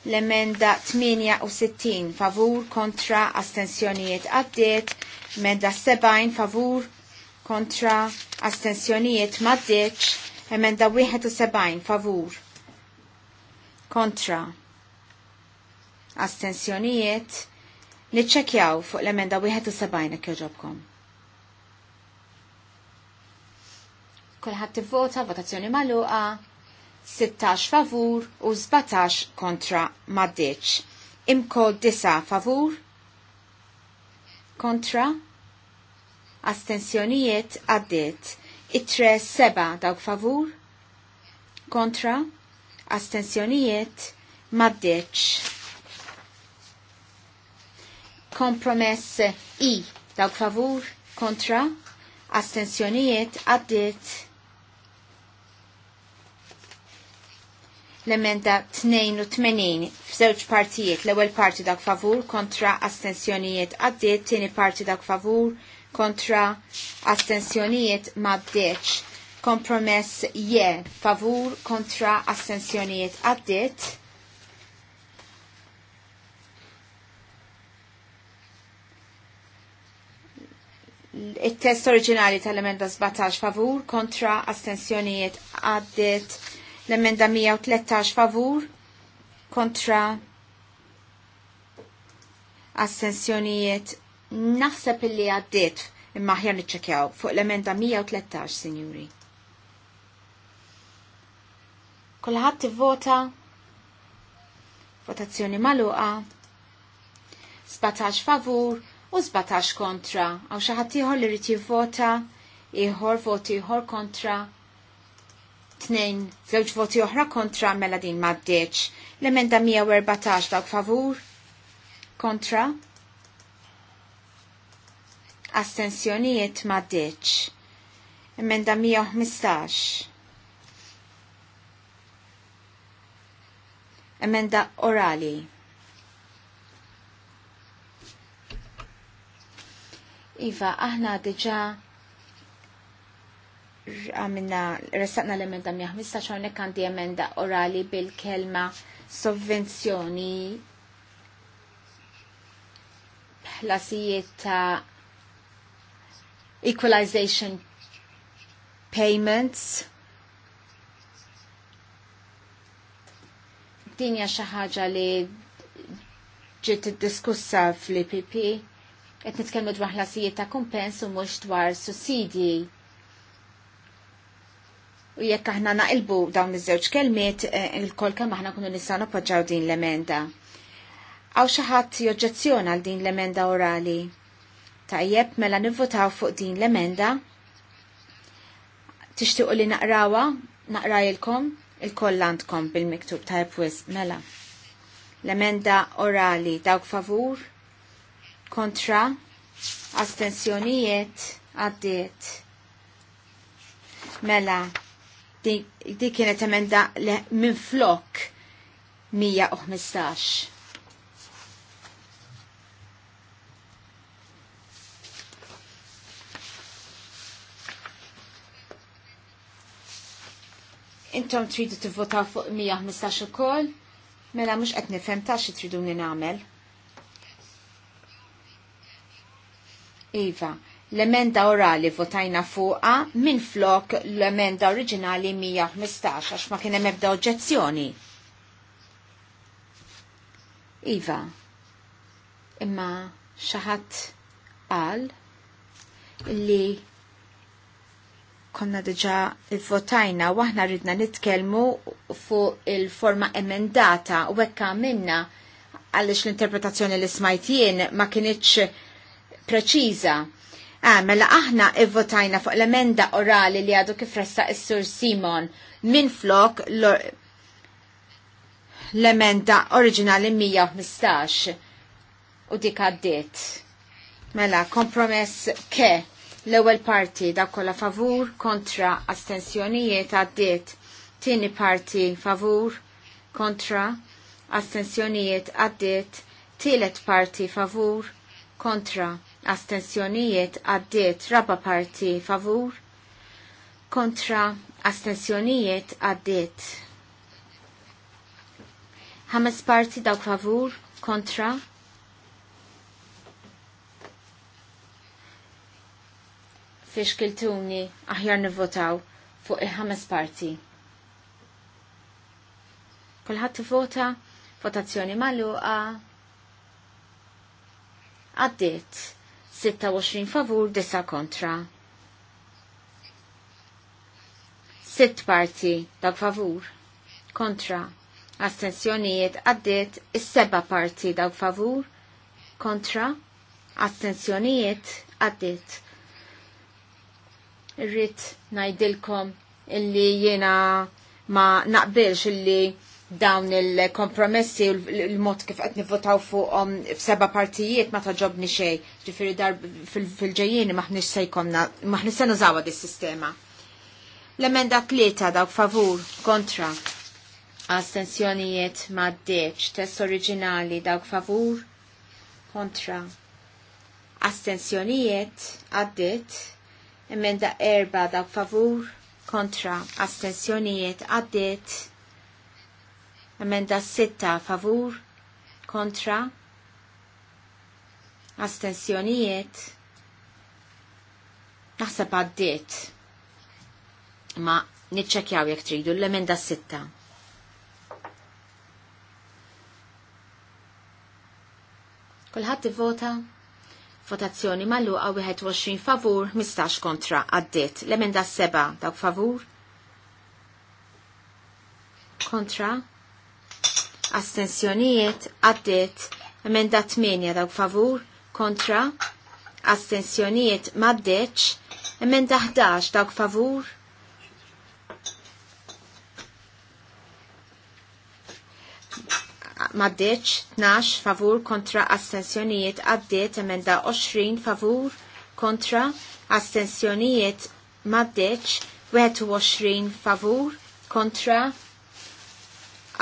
L-emenda 68 favur kontra astensjonijiet għaddit, emenda 70 favur kontra astensjonijiet maddeċ, emenda 71 favur kontra astensjonijiet niċċekjaw fuq l-emenda 71 kjoġobkom. Kulħadd tivvota, votazzjoni magħluqa, 16 favur u 17 kontra maddeċ. Imko 9 favur kontra astensjonijiet għaddit. Itre 7 dawk favur kontra astensjonijiet maddeċ. Kompromess I dawk favur kontra astensjonijiet għaddit l-emenda 82 f'żewġ partijiet l-ewwel parti dak favur kontra astensjonijiet għaddiet, tieni parti dak favur kontra astensjonijiet m'għaddiex. Kompromess je favur kontra astensjonijiet għaddiet. il-test oriġinali tal-emenda 17 favur kontra astensjonijiet għaddiet. L-emenda 113 favur kontra assenzjonijiet naħseb illi għaddiet imma ħjar niċċekjaw fuq l-emenda 113, sinjuri. Kulħadd tivvota votazzjoni maluqa 17 favur u 17 kontra għaw xi ħadd ieħor li rriti jivvota ieħor voti ieħor kontra tnejn żewġ voti oħra kontra mela din maddeċ. L-emenda 114 dawk favur kontra astensjonijiet maddeċ. Emenda 115. Emenda orali. Iva, aħna diġa għamilna restaqna l-emenda 115 hawnhekk għandi emenda orali bil-kelma sovvenzjoni ħlasijiet ta' equalization payments dinja xi ħaġa li ġiet iddiskussa fl-IPP qed nitkellmu dwar ħlasijiet ta' kumpens u mhux dwar sussidji U jekk aħna naqilbu dawn iż-żewġ kelmiet, eh, il-kol kemm aħna kunu nistgħu nappoġġaw din l-emenda. Għaw xi ħadd joġġezzjon għal din l-emenda orali. Tajjeb mela nivvotaw fuq din l-emenda. Tixtiequ li naqrawha naqrajilkom, il-koll għandkom bil-miktub tajjeb wis mela. L-emenda orali dawk favur, kontra, astensjonijiet, għaddiet. Mela, Di kienet emenda minn flok 115. Intom tridu tivvotaw fuq 115 ukoll, mela mhux qed nifhem ta' xi tridu nagħmel. Iva, l-emenda orali votajna fuqa minn flok l-emenda oriġinali 115 għax ma kien hemm ebda oġġezzjoni. Iva, imma xaħat qal li konna diġa votajna waħna ridna nitkelmu fuq il-forma emendata u hekk minna għaliex l-interpretazzjoni li smajt jien ma kienieċ preċiża Ah, mela aħna ivvotajna fuq l-emenda orali li għadu kif ressa s-sur Simon minn flok l-emenda oriġinali 115 u dik għaddiet. Mela, kompromess ke l-ewel parti da kolla favur kontra astensjonijiet għaddiet. Tini parti favur kontra astensjonijiet għaddit. Tielet parti favur kontra astensjonijiet għaddiet raba parti favur kontra astensjonijiet għaddiet ħames parti dawk favur kontra fiex kiltuni aħjar nivvotaw fuq il-ħames parti. Kulħadd vota votazzjoni magħluqa għaddiet 26 favur, 9 kontra. Sitt parti dak favur, kontra. Astenzjonijiet għaddit, is-seba parti dak favur, kontra. Astenzjonijiet għaddit. Irrid ngħidilkom illi jiena ma naqbilx illi dawn il-kompromessi u l-mod kif qed nivvotaw fuqhom f'seba' partijiet ma taġobni xejn. Ġifieri dar fil-ġejjieni maħniex se jkollna maħniex se nużawha dis-sistema. L-emenda tlieta dawk favur kontra astensjonijiet ma deċ test oriġinali dawk favur kontra astensjonijiet għaddit, emenda erba dawk favur kontra astensjonijiet għaddit, Emenda 6 favur kontra astensjonijiet naħseb għaddiet ma nitċekjaw jekk tridu l-emenda 6. Kulħadd ivvota votazzjoni mallu għaw 21 favur, 15 kontra għaddiet l-emenda 7 dawk favur kontra astensjonijiet għaddit emenda 8 dawk favur kontra astensjonijiet maddeċ emenda 11 dawk favur maddeċ 12 favur kontra astensjonijiet għaddiet emenda 20 favur kontra astensjonijiet maddeċ 21 favur kontra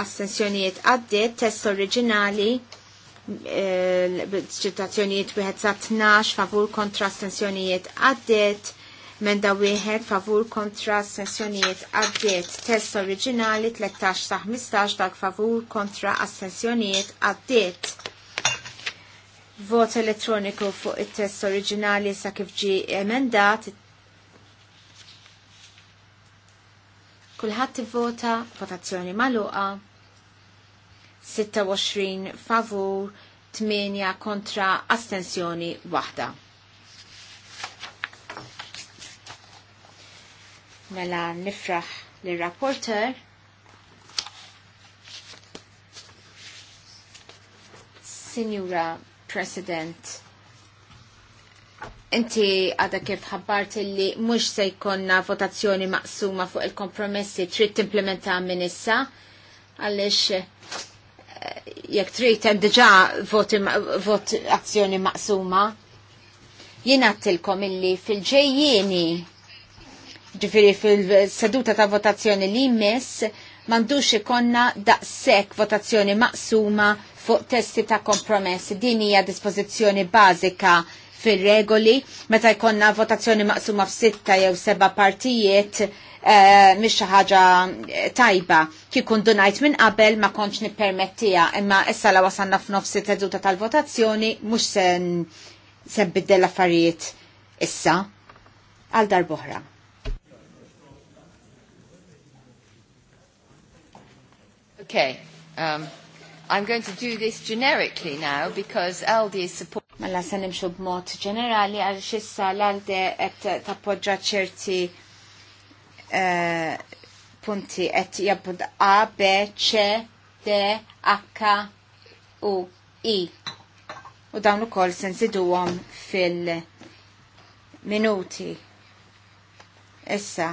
assenzjonijiet għaddiet, test oriġinali, ċitazzjonijiet eh, wieħed sa 12 favur kontra assenzjonijiet għaddiet, menda wieħed favur kontra assenzjonijiet għaddiet, test oriġinali 13 sa 15 dak favur kontra assenzjonijiet għaddiet. Vot elettroniku fuq it-test oriġinali sa kif ġi emendat, kulħadd ivvota votazzjoni magħluqa. 26 favur, 8 kontra astensjoni waħda. Mela nifraħ li rapporter Signora President, inti għada kif ħabbart li mux se jkonna votazzjoni maqsuma fuq il-kompromessi trid timplementa minn issa għalix jekk trid hemm diġà vot azzjoni maqsuma. Jien għattilkom illi fil-ġejjieni ġifiri fil-seduta ta' votazzjoni li jmiss mandux ikonna daqshekk votazzjoni maqsuma fuq testi ta' kompromess. Din hija dispożizzjoni bażika fil-regoli meta jkonna votazzjoni maqsuma f'sitta jew seba' partijiet Eh, mhix xi ħaġa tajba. kun dunajt minn qabel ma kontx nippermettija, imma issa la wasanna f'nofsi teduta tal-votazzjoni mhux se nsebbidel l-affarijiet issa għal darbohra. Okay. Um, I'm going to do this generically now because Aldi is support. Malla se nimxu b'mod ġenerali għal xissa l-Aldi qed tappoġġa ċerti Eh, punti qed jabbud A, B, C, D, H, U, I. U dawn ukoll se għom fil-minuti. Issa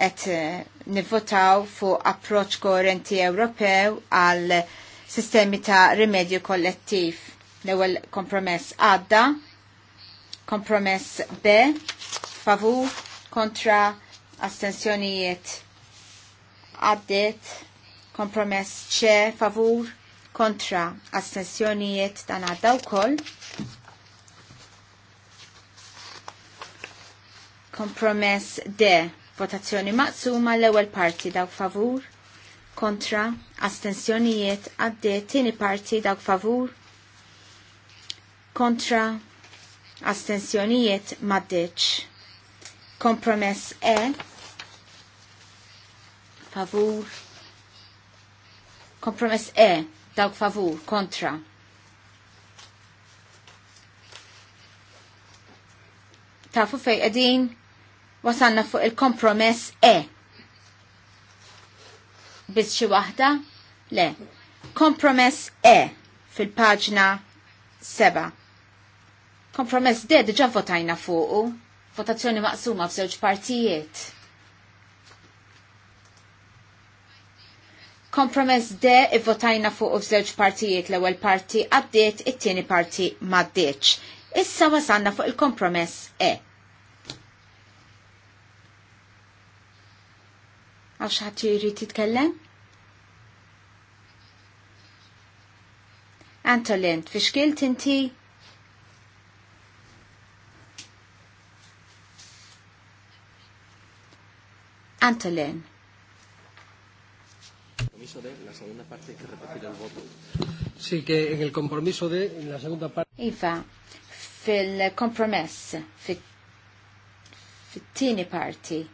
qed eh, nivvotaw fuq approċċ korenti Ewropew għal sistemi ta' rimedju kollettiv. L-ewwel kompromess għadda, kompromess B, favu, kontra astensjonijiet għaddit kompromess ċe favur kontra astensjonijiet dan għadda wkoll kompromess D votazzjoni maqsuma l-ewwel parti dawk favur kontra astensjonijiet għaddit tieni parti dawk favur kontra astensjonijiet maddeċ kompromess E favur. Kompromess E, dawk favur, kontra. Tafu fej edin, wasanna fuq il-kompromess E. Biz xi waħda? Le. Kompromess E fil-paġna 7. Kompromess D diġa votajna fuqu. Votazzjoni maqsuma f'żewġ partijiet. Kompromess de ivvotajna fuq f'żewġ partijiet l-ewwel parti għaddiet, it-tieni parti m'għaddietx. Issa wasanna fuq il-kompromess E. Għax xaħat jrid jitkellem? Antolin, fi xkil tinti? Antolin compromiso de la segunda parte que repetir el voto. Sí, que en el compromiso de en la segunda parte. Ifa, fil-kompromess, fil tini parti.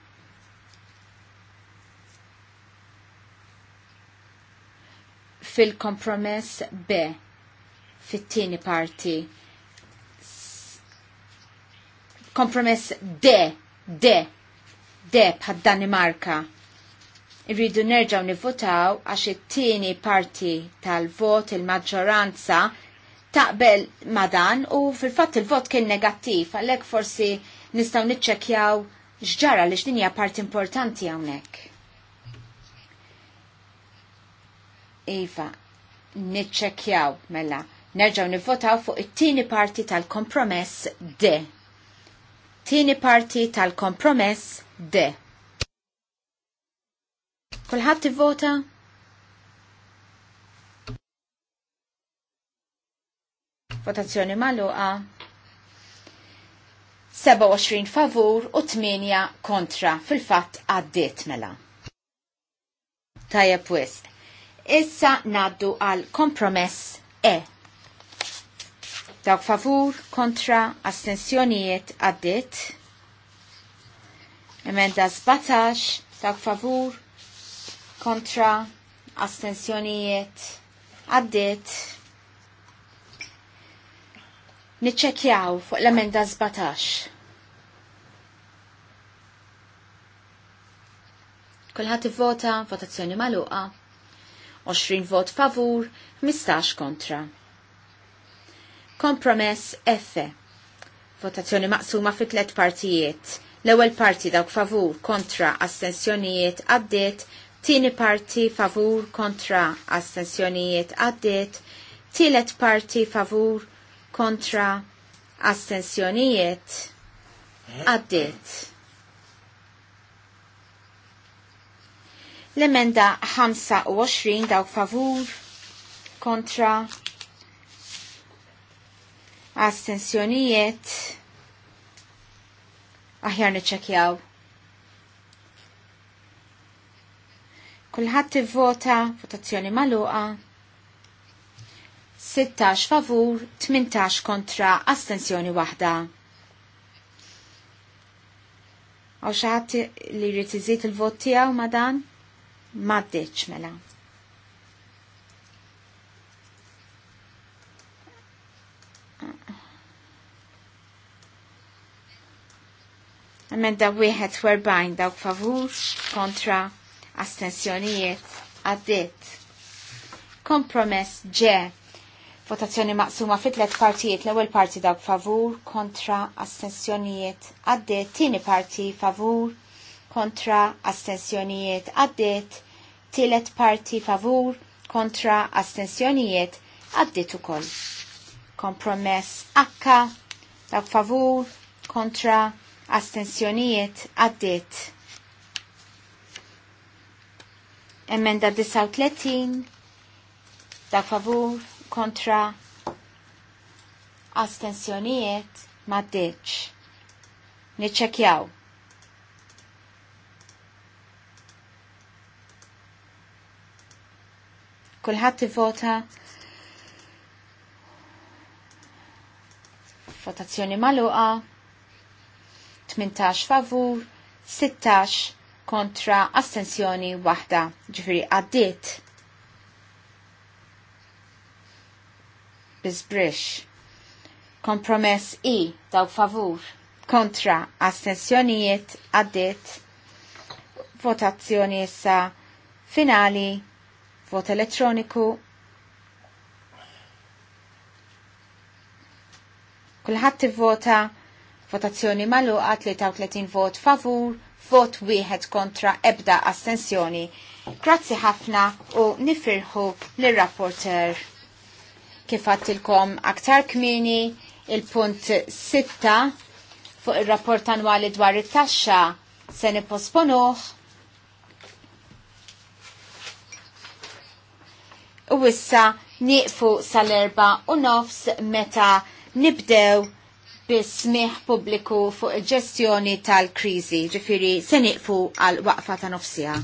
Fil-kompromess B, fil tini parti. Kompromess D, D, D bħad Danimarca irridu nerġaw nivvotaw għax it-tieni parti tal-vot il-maġġoranza taqbel madan u fil-fatt il-vot kien negattiv għalhekk forsi nistgħu niċċekkjaw x'ġara li x'dinja parti importanti hawnhekk. Iva, niċċekkjaw mela nerġaw nivvotaw fuq it-tieni parti tal-kompromess D. Tieni parti tal-kompromess D. Kulħadd ivvota? Votazzjoni magħluqa. 27 favur u 8 kontra fil-fatt għaddiet mela. Tajja wis. Issa naddu għal kompromess E. Dawk favur kontra astensjonijiet għaddiet. Emenda 17 dawk favur kontra astensjonijiet għaddit niċċekjaw fuq l-emenda 17. Kulħadd ivvota votazzjoni magħluqa. 20 vot favur, 15 kontra. Kompromess F. Votazzjoni maqsuma fi tliet partijiet. L-ewwel parti dawk favur kontra astensjonijiet għaddiet Tieni parti favur kontra astensjonijiet għaddit. Tielet parti favur kontra astensjonijiet għaddit. L-emenda 25 daw favur kontra astensjonijiet aħjar niċċekjaw. Kulħadd ivvota, votazzjoni magħluqa. 16 favur, 18 kontra, astensjoni waħda. Għaw xaħat li rritizit iżid il-vot tiegħu ma dan? M'għaddiċ mela. Emenda wieħed 41 dawk favur kontra astensjonijiet għaddit. Kompromess ġe votazzjoni maqsuma fit tlet partijiet l-ewwel parti dawk favur kontra astensjonijiet għaddit. tieni parti favur kontra astensjonijiet għaddit. tielet parti favur kontra astensjonijiet għaddiet ukoll. Kompromess akka dawk favur kontra astensjonijiet għaddit. Emenda 39, da favur kontra astensjonijiet ma deċ. Niċċekjaw. Kulħadd vota votazzjoni maluqa 18 favur 16 kontra astensjoni waħda ġifiri għaddit bizbrix. Kompromess i daw favur kontra astensjonijiet għaddit votazzjoni issa finali vot elettroniku Kulħadd tivvota votazzjoni magħluqa 33 vot favur vot wieħed kontra ebda astensjoni. Grazzi ħafna u nifirħu l-rapporter. Kif għattilkom aktar kmini il-punt 6 fuq il-rapport annwali dwar it-taxxa se nipposponuh u issa nieqfu sal-erba u nofs meta nibdew bismiħ pubbliku fuq il-ġestjoni tal-krizi, ġifiri se nieqfu għal waqfa ta' nofsija.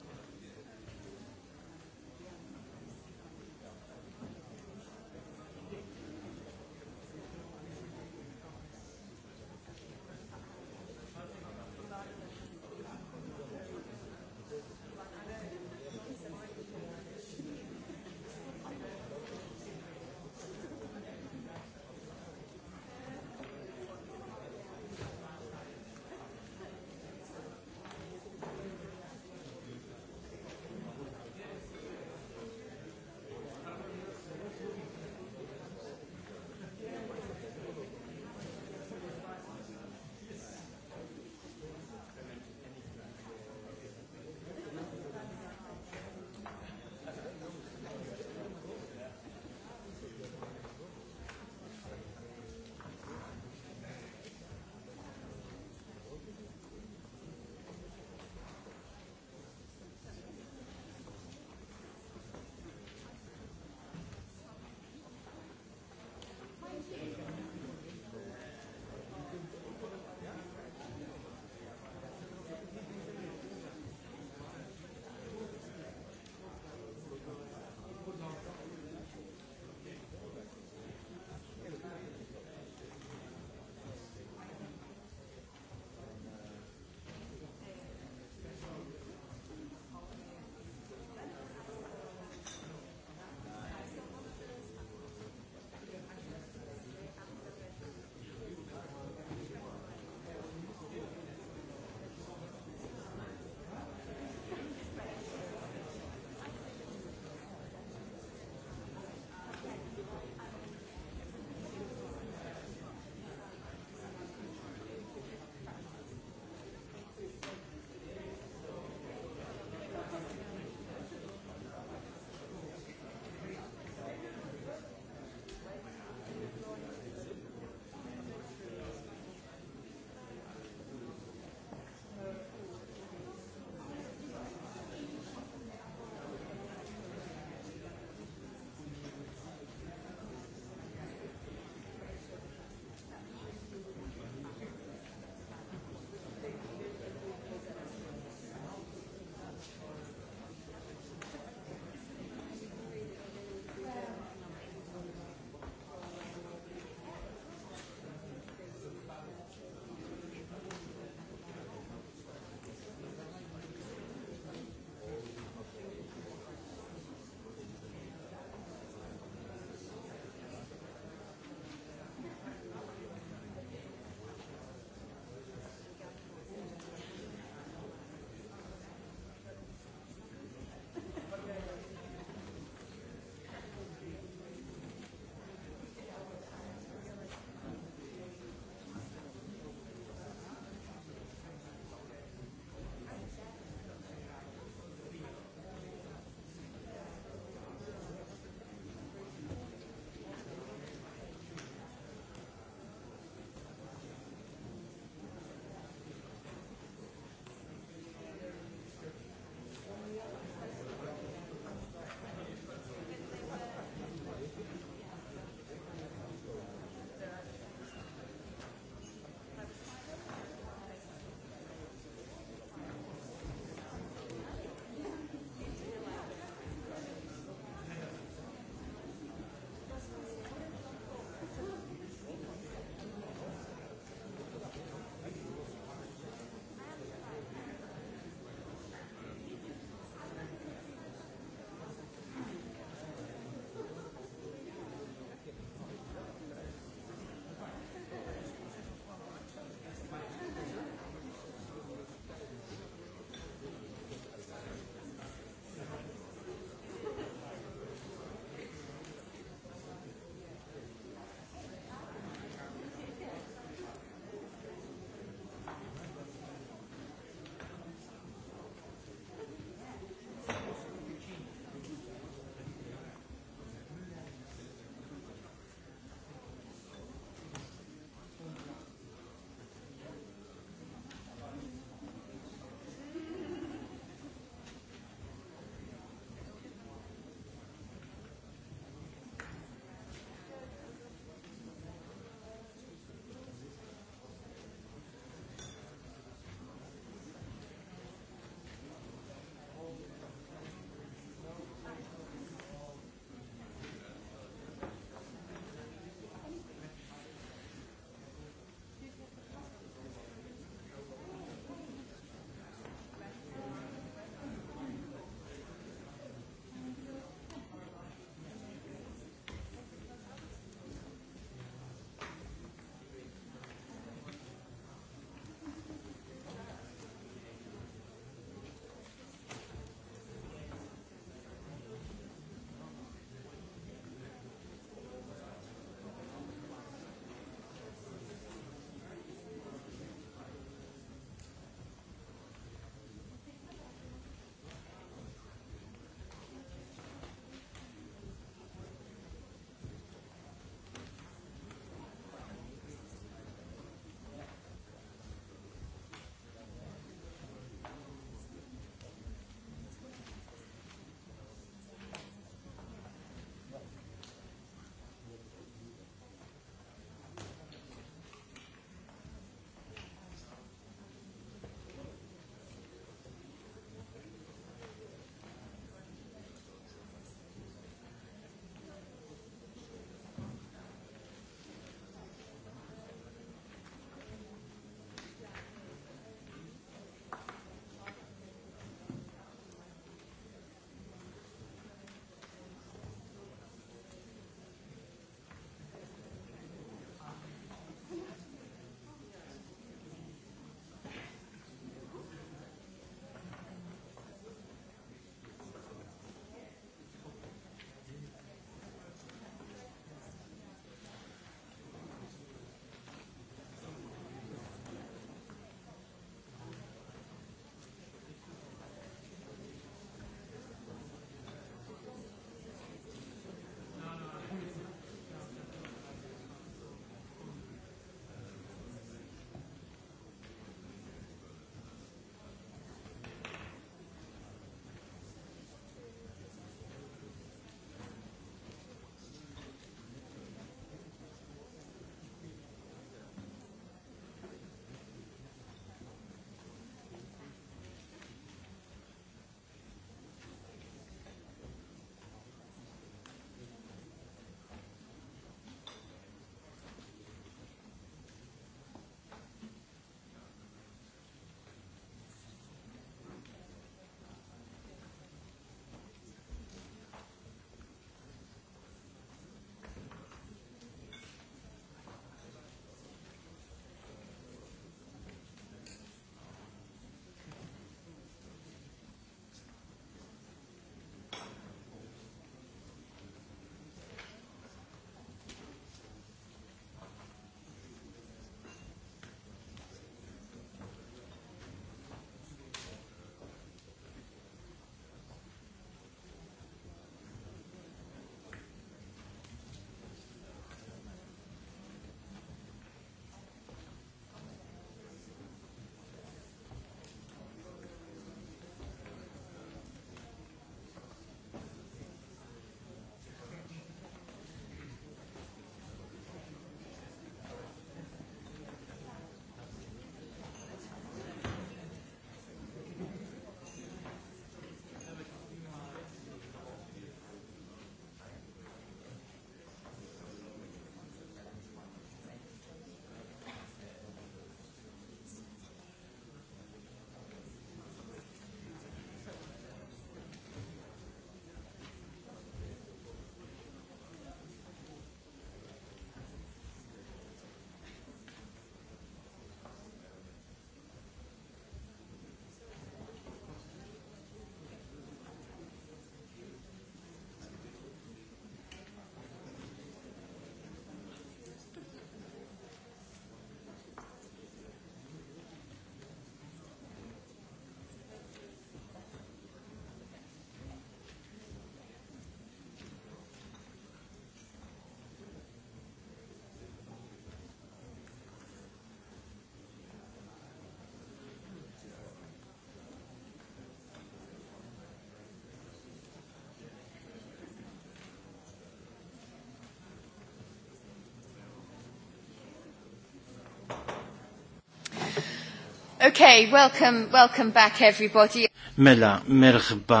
Okay, welcome, welcome back everybody. Mela, merħba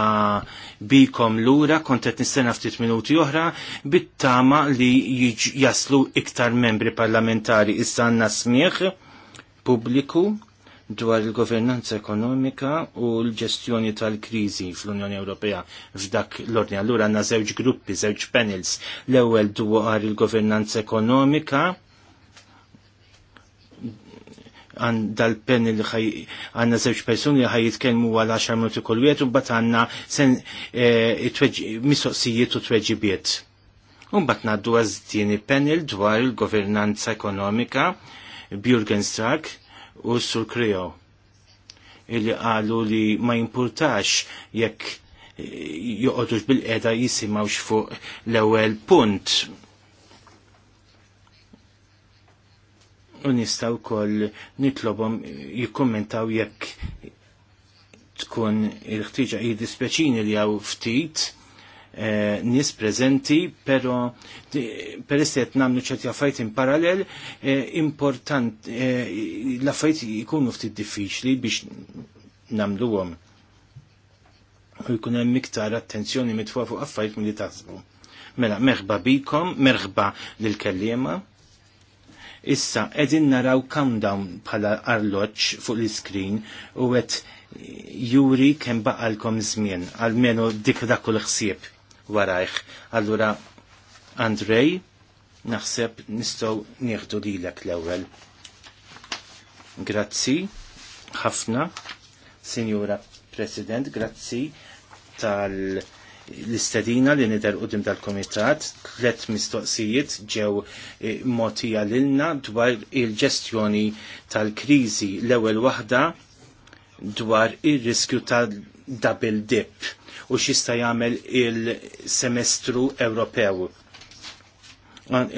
bikom lura, kontet nistena ftit minuti oħra, bittama li jaslu iktar membri parlamentari issa għanna smieħ pubbliku dwar il-governanza ekonomika u l-ġestjoni tal-krizi fl-Unjoni Ewropea f'dak l-ordni. Allura għanna żewġ gruppi, żewġ panels. L-ewwel dwar il-governanza ekonomika, għan dal-pen li ħaj għanna zewċ personi li ħaj jitkelmu għal 10 minuti kol wieħed u bat għanna sen eh, mistoqsijiet u tweġibiet. Unbat naddu għazdini panel dwar il-governanza ekonomika Bjurgen Strak u Sur Kreo illi għalu li ma jimpurtax jekk eh, joqodux bil-qeda jisimawx fuq l-ewel punt u kol nitlobom jikkommentaw jekk tkun il-ħtiġa jiddispeċini li għaw ftit eh, nis prezenti, pero peress qed namlu ċerti affajt in parallel, e, important e, eh, l-affajt jkunu ftit diffiċli biex għom. U jkun hemm miktar attenzjoni mitfuq fuq affajt mill-li taħsbu. Mela, merħba bikom, merħba lil-kellima Issa, edin naraw countdown bħala arloċ fuq l screen u għet juri kem baqalkom zmin, għalmenu dik dak kull ħsieb warajħ. Allura, Andrej, naħseb nistow nieħdu lilek l-ewwel. Grazzi, ħafna, Signora President, grazzi tal- l-istedina li nidher qudim tal-komitat, tlet mistoqsijiet ġew eh, motija lilna dwar il-ġestjoni tal-kriżi l-ewwel waħda dwar ir-riskju tal-double dip u xista jagħmel il-semestru Ewropew.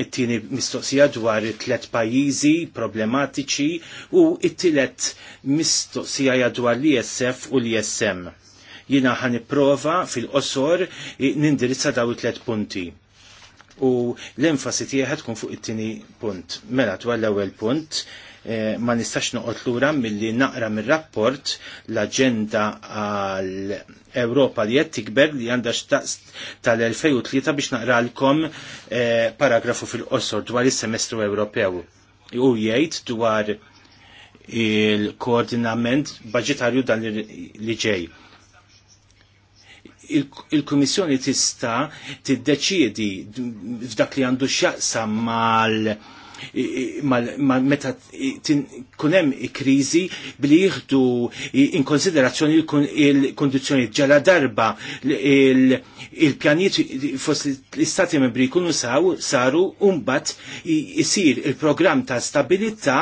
It-tieni mistoqsija dwar it-tlet pajjiżi problematiċi u it-tielet mistoqsija dwar l-ISF u l-ISM jina ħan prova fil-qosor nindirizza daw tlet punti. U l-enfasi tiegħek tkun fuq it-tieni punt. Mela dwar l-ewwel punt, eh, ma nistax noqgħod lura milli naqra mir-rapport l-aġenda għal Ewropa li qed tikber li għandha tal-2003 biex naqralkom eh, paragrafu fil-qosor dwar is-semestru Ewropew. U jgħid dwar il-koordinament budgetarju dan li ġej il-Komissjoni tista tiddeċiedi f'dak li għandu x'jaqsam mal meta kunem krizi billi jieħdu in konsiderazzjoni il-kondizjoni ġala darba il-pjaniet fost l-istati membri kunu saw saru umbat jisir il-programm ta' stabilità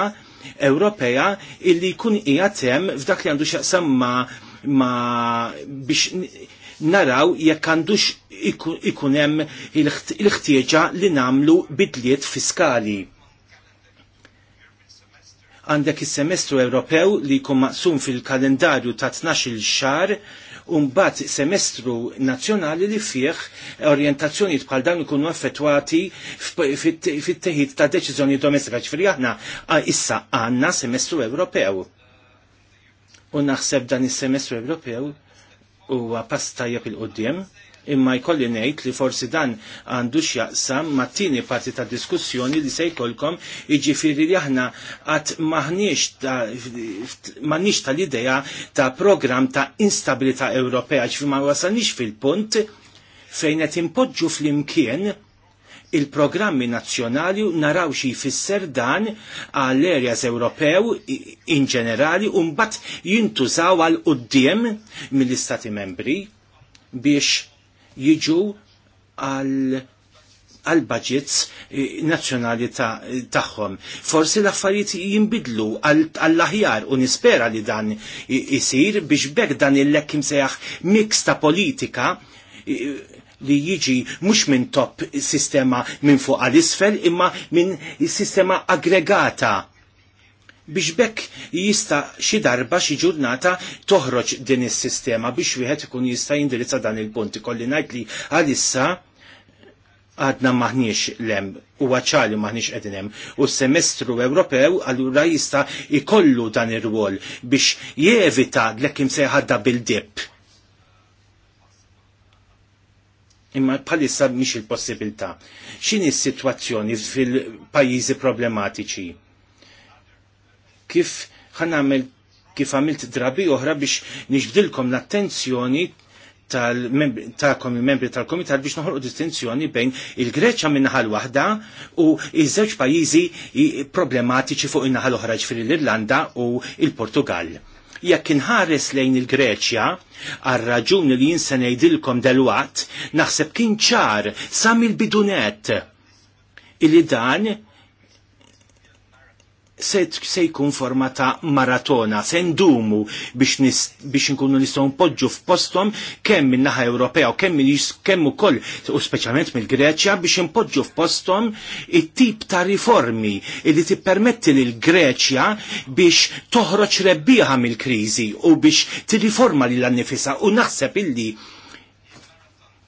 Ewropea illi kun ijatem f'dak li għandu xaqsam ma' ma biex naraw jekk għandux ikun hemm il-ħtieġa li namlu bidliet fiskali. Għandek is-semestru Ewropew li jkun maqsum fil-kalendarju ta' 12 xar umbat semestru nazjonali li fieħ orientazzjoni bħal dan ikunu effettwati fit-teħid ta' deċiżjoni domestika ċifri aħna issa għanna semestru Ewropew. U naħseb dan is-semestru Ewropew huwa pass tajjeb il-qudiem, imma jkolli ngħid li forsi dan għandu x'jaqsam mat-tieni parti ta' diskussjoni li se jkollkom jiġifieri li aħna qatt maħniex tal-idea ta' programm ta' instabilità Ewropea ġifi ma wasalniex fil-punt fejn qed impoġġu fl-imkien il-programmi nazzjonali naraw xi jfisser dan għall areas Ewropew in ġenerali u mbagħad jintużaw għal quddiem mill-Istati Membri biex jiġu għal għal budgets eh, nazzjonali tagħhom. Ta Forsi l-affarijiet jinbidlu għall-aħjar u nispera li dan isir biex bekk dan il-lekk imsejjaħ mix ta' politika li jiġi mhux minn top sistema minn fuq għal isfel imma minn sistema aggregata biex bekk jista xi darba xi ġurnata toħroġ din is-sistema biex wieħed ikun jista' jindirizza dan il-punt. Ikolli ngħid li għalissa għadna maħniex lem u għacċali maħniex hemm. u semestru Ewropew għallura jista ikollu dan ir-rwol biex jevita l-ekim seħadda bil-dip imma bħalissa mhix il-possibilità. X'inhi s-sitwazzjoni fil-pajjiżi problematiċi? Kif ħanamel kif għamilt drabi oħra biex nixbdilkom l-attenzjoni tal-kom il-membri tal-komitat biex noħolqu distinzjoni bejn il-Greċa minnaħal waħda u iż-żewġ pajjiżi problematiċi fuq in-naħal oħra ġifieri l-Irlanda u il-Portugal. il portugal jekk inħares lejn il-Greċja, għal raġun li jinsa ngħidilkom wat naħseb kien ċar sam il-bidunet illi dan se jkun forma ta' maratona, se ndumu biex, biex nkunu nistgħu npoġġu f'postom kemm min-naħa Ewropea u kemm kemm ukoll u speċjalment mill-Greċja biex npoġġu f'postom it-tip ta' riformi li tippermetti lil Greċja biex toħroġ rebbieħa mill-kriżi u biex tirriforma lil annifisa u naħseb illi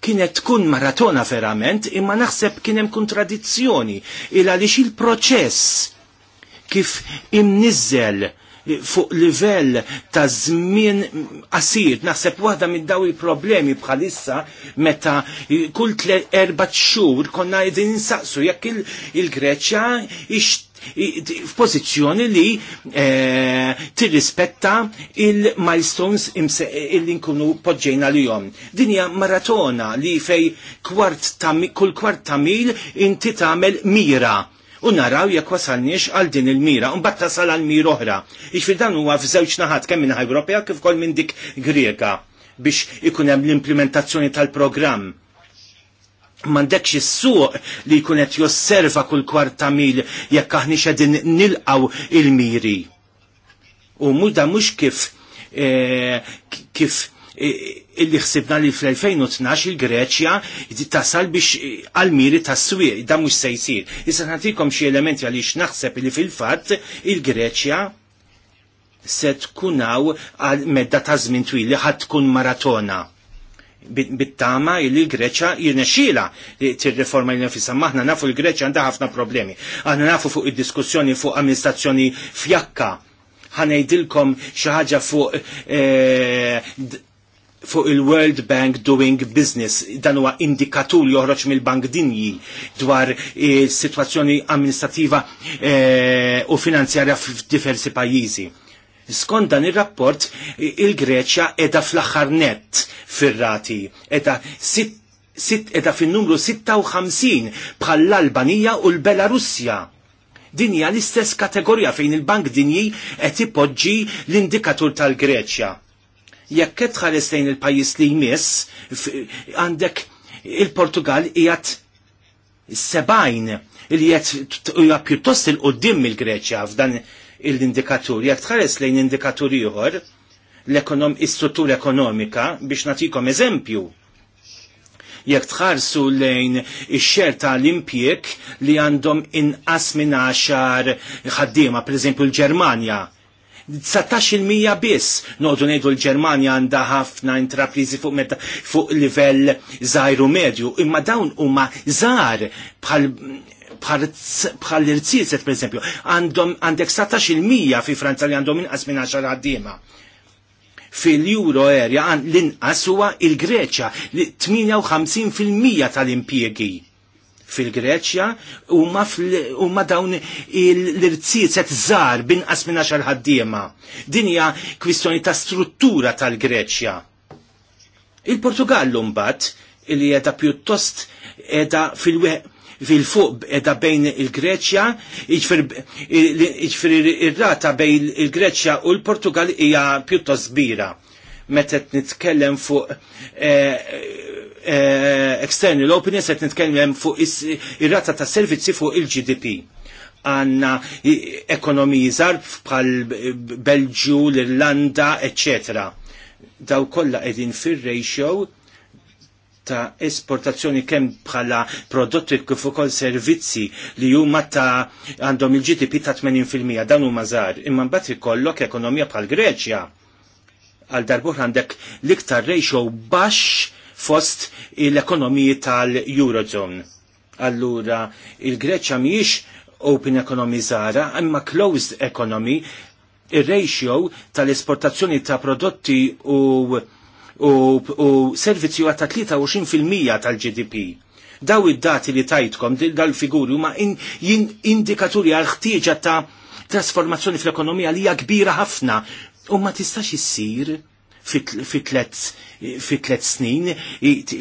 kienet tkun maratona verament imma naħseb kien hemm kontradizzjoni il għaliex il-proċess kif imnizzel fuq livell ta' żmien qasir. Naħseb waħda minn daw il-problemi bħalissa meta kull erba' xhur konna qegħdin insaqsu jekk il-Greċja f'pożizzjoni li e, tirrispetta il-milestones illi nkunu poġġejna li jom. Dinja maratona li fej kull kwart ta' mil inti tagħmel mira u naraw jekk wasalniex għal din il-mira, un batta tasal għal mira oħra. Ixfir dan huwa f'żewġ naħat kemm minn Ewropea kif ukoll minn dik Greka biex ikun hemm l-implementazzjoni tal-programm. M'għandekx is-suq li jkun qed josserva kull kwarta mil jekk aħni xedin nilqaw il-miri. U muda mhux kif e, kif illi ħsibna li fl-2012 il-Greċja tasal biex għal-miri tas-swieq, da mhux se jsir. Issa nagħtikom xi elementi għaliex naħseb li fil-fatt il-Greċja se tkunaw għal medda ta' żmien twil li ħadd tkun maratona bittama illi l-Greċa li tir-reforma li nifisa. Maħna nafu l greċja għandha ħafna problemi. Aħna nafu fuq id-diskussjoni fuq amministrazzjoni fjakka ħanejdilkom xi ħaġa fuq eh, fuq il-World Bank Doing Business, dan huwa indikatur joħroġ mill-Bank Dinji dwar is-sitwazzjoni eh, amministrativa e, u finanzjarja f'diversi pajjiżi. Skont dan ir-rapport, il-Greċja edha fl-aħħar net fir-rati, edha sit, sit edha fin-numru 56 bħal l-Albanija u l-Belarussja dinja l-istess kategorija fejn il-Bank Dinji qed ipoġġi l-indikatur tal-Greċja jekk qed tħares lejn il-pajjiż li jmiss għandek il-Portugal jgħat sebajn li jgħat pjuttost il qudiem il greċja f'dan l-indikatur. Jekk tħares lejn indikatur ieħor l struttura ekonomika biex nagħtikom eżempju jekk tħarsu lejn ix-xer tal-impjek li għandhom inqas minn 10 ħaddiema, pereżempju l-Ġermanja, 19% biss. Nodu ngħidu l-Ġermanja għandha ħafna intrapriżi fuq meta fuq livell zaħiru medju, imma dawn huma żgħar bħal bħal l-irtsiset, per eżempju, għandek 17% fi Franza li għandhom inqas minn 10 għaddiema fil-euro area għan l-inqas huwa il-Greċja li 58% tal-impjegi fil-Greċja huma dawn l-irtsiet set żgħar binqas asmina għaxar ħaddiema. Din hija kwistjoni ta' struttura tal-Greċja. Il-Portugallu mbagħad li qiegħda pjuttost edha fil fil-fuq edha bejn il-Greċja, iġfir il rata bejn il-Greċja u l-Portugal hija pjuttost bira meta nitkellem fuq external opinion, qed nitkellem fuq eh, eh, ir-rata ta' servizzi fuq il-GDP għanna ekonomiji zarb bħal Belġu, l-Irlanda, etc. Daw kollha qegħdin fir-ratio ta' esportazzjoni kemm bħala prodotti kif ukoll servizzi li huma ta' għandhom il-GDP ta' 80% dan huma żgħar. Imma mbagħad ikollok ekonomija bħal Greċja għal darbuħ għandek liktar ratio baxx fost l-ekonomiji tal-Eurozone. Allura, il-Greċa miex open economy zara, imma closed economy, il-ratio tal-esportazzjoni ta' prodotti u, u, u servizzi għata 23% tal-GDP daw id-dati li tajtkom, dal-figuri, ma in, in, indikaturi għal-ħtieġa ta' trasformazzjoni fl-ekonomija li hija kbira ħafna U ma tistax issir fi tlet snin,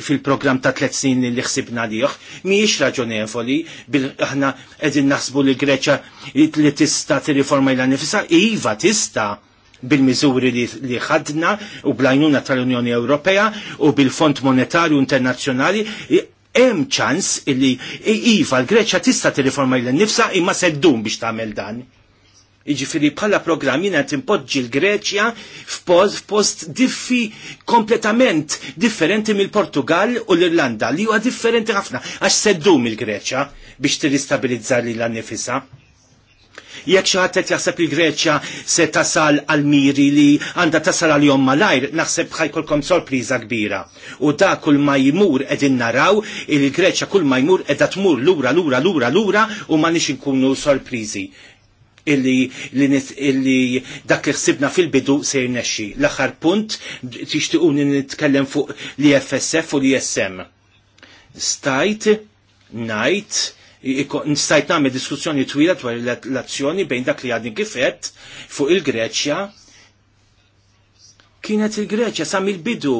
fil-program ta' tlet snin li xsibna liħ, miex raġonevoli, aħna edin naħsbu li Greċa li tista t-riforma il nifisa, iva tista bil-mizuri li ħadna u blajnuna tal-Unjoni Ewropea u bil-Fond Monetarju Internazzjonali hemm ċans li iva l-Greċa tista' tirriforma l nifsa imma seddum biex tagħmel dan. Iġifiri bħala program jina timpoġġi l-Greċja f'post diffi kompletament differenti mill-Portugal u l-Irlanda li huwa differenti ħafna għax seddum il-Greċja biex tiristabilizza li l annifisa Jekk xi ħadd jaħseb il Greċja se tasal għal miri li għandha tasal għal jom malajr, naħseb ħajkolkom sorpriża kbira. U da kull ma jmur qegħdin naraw il-Greċja kull ma jmur qiegħda tmur lura lura lura lura u ma nix inkunu sorpriżi illi, illi dak li ħsibna fil-bidu se jnexxi. L-aħħar punt tixtiequ nitkellem fuq l-IFSF u l-ISM. Stajt, najt, nistajt nagħmel diskussjoni twila dwar l-azzjoni bejn dak li għadni kifet fuq il-Greċja. Kienet il-Greċja sa mill-bidu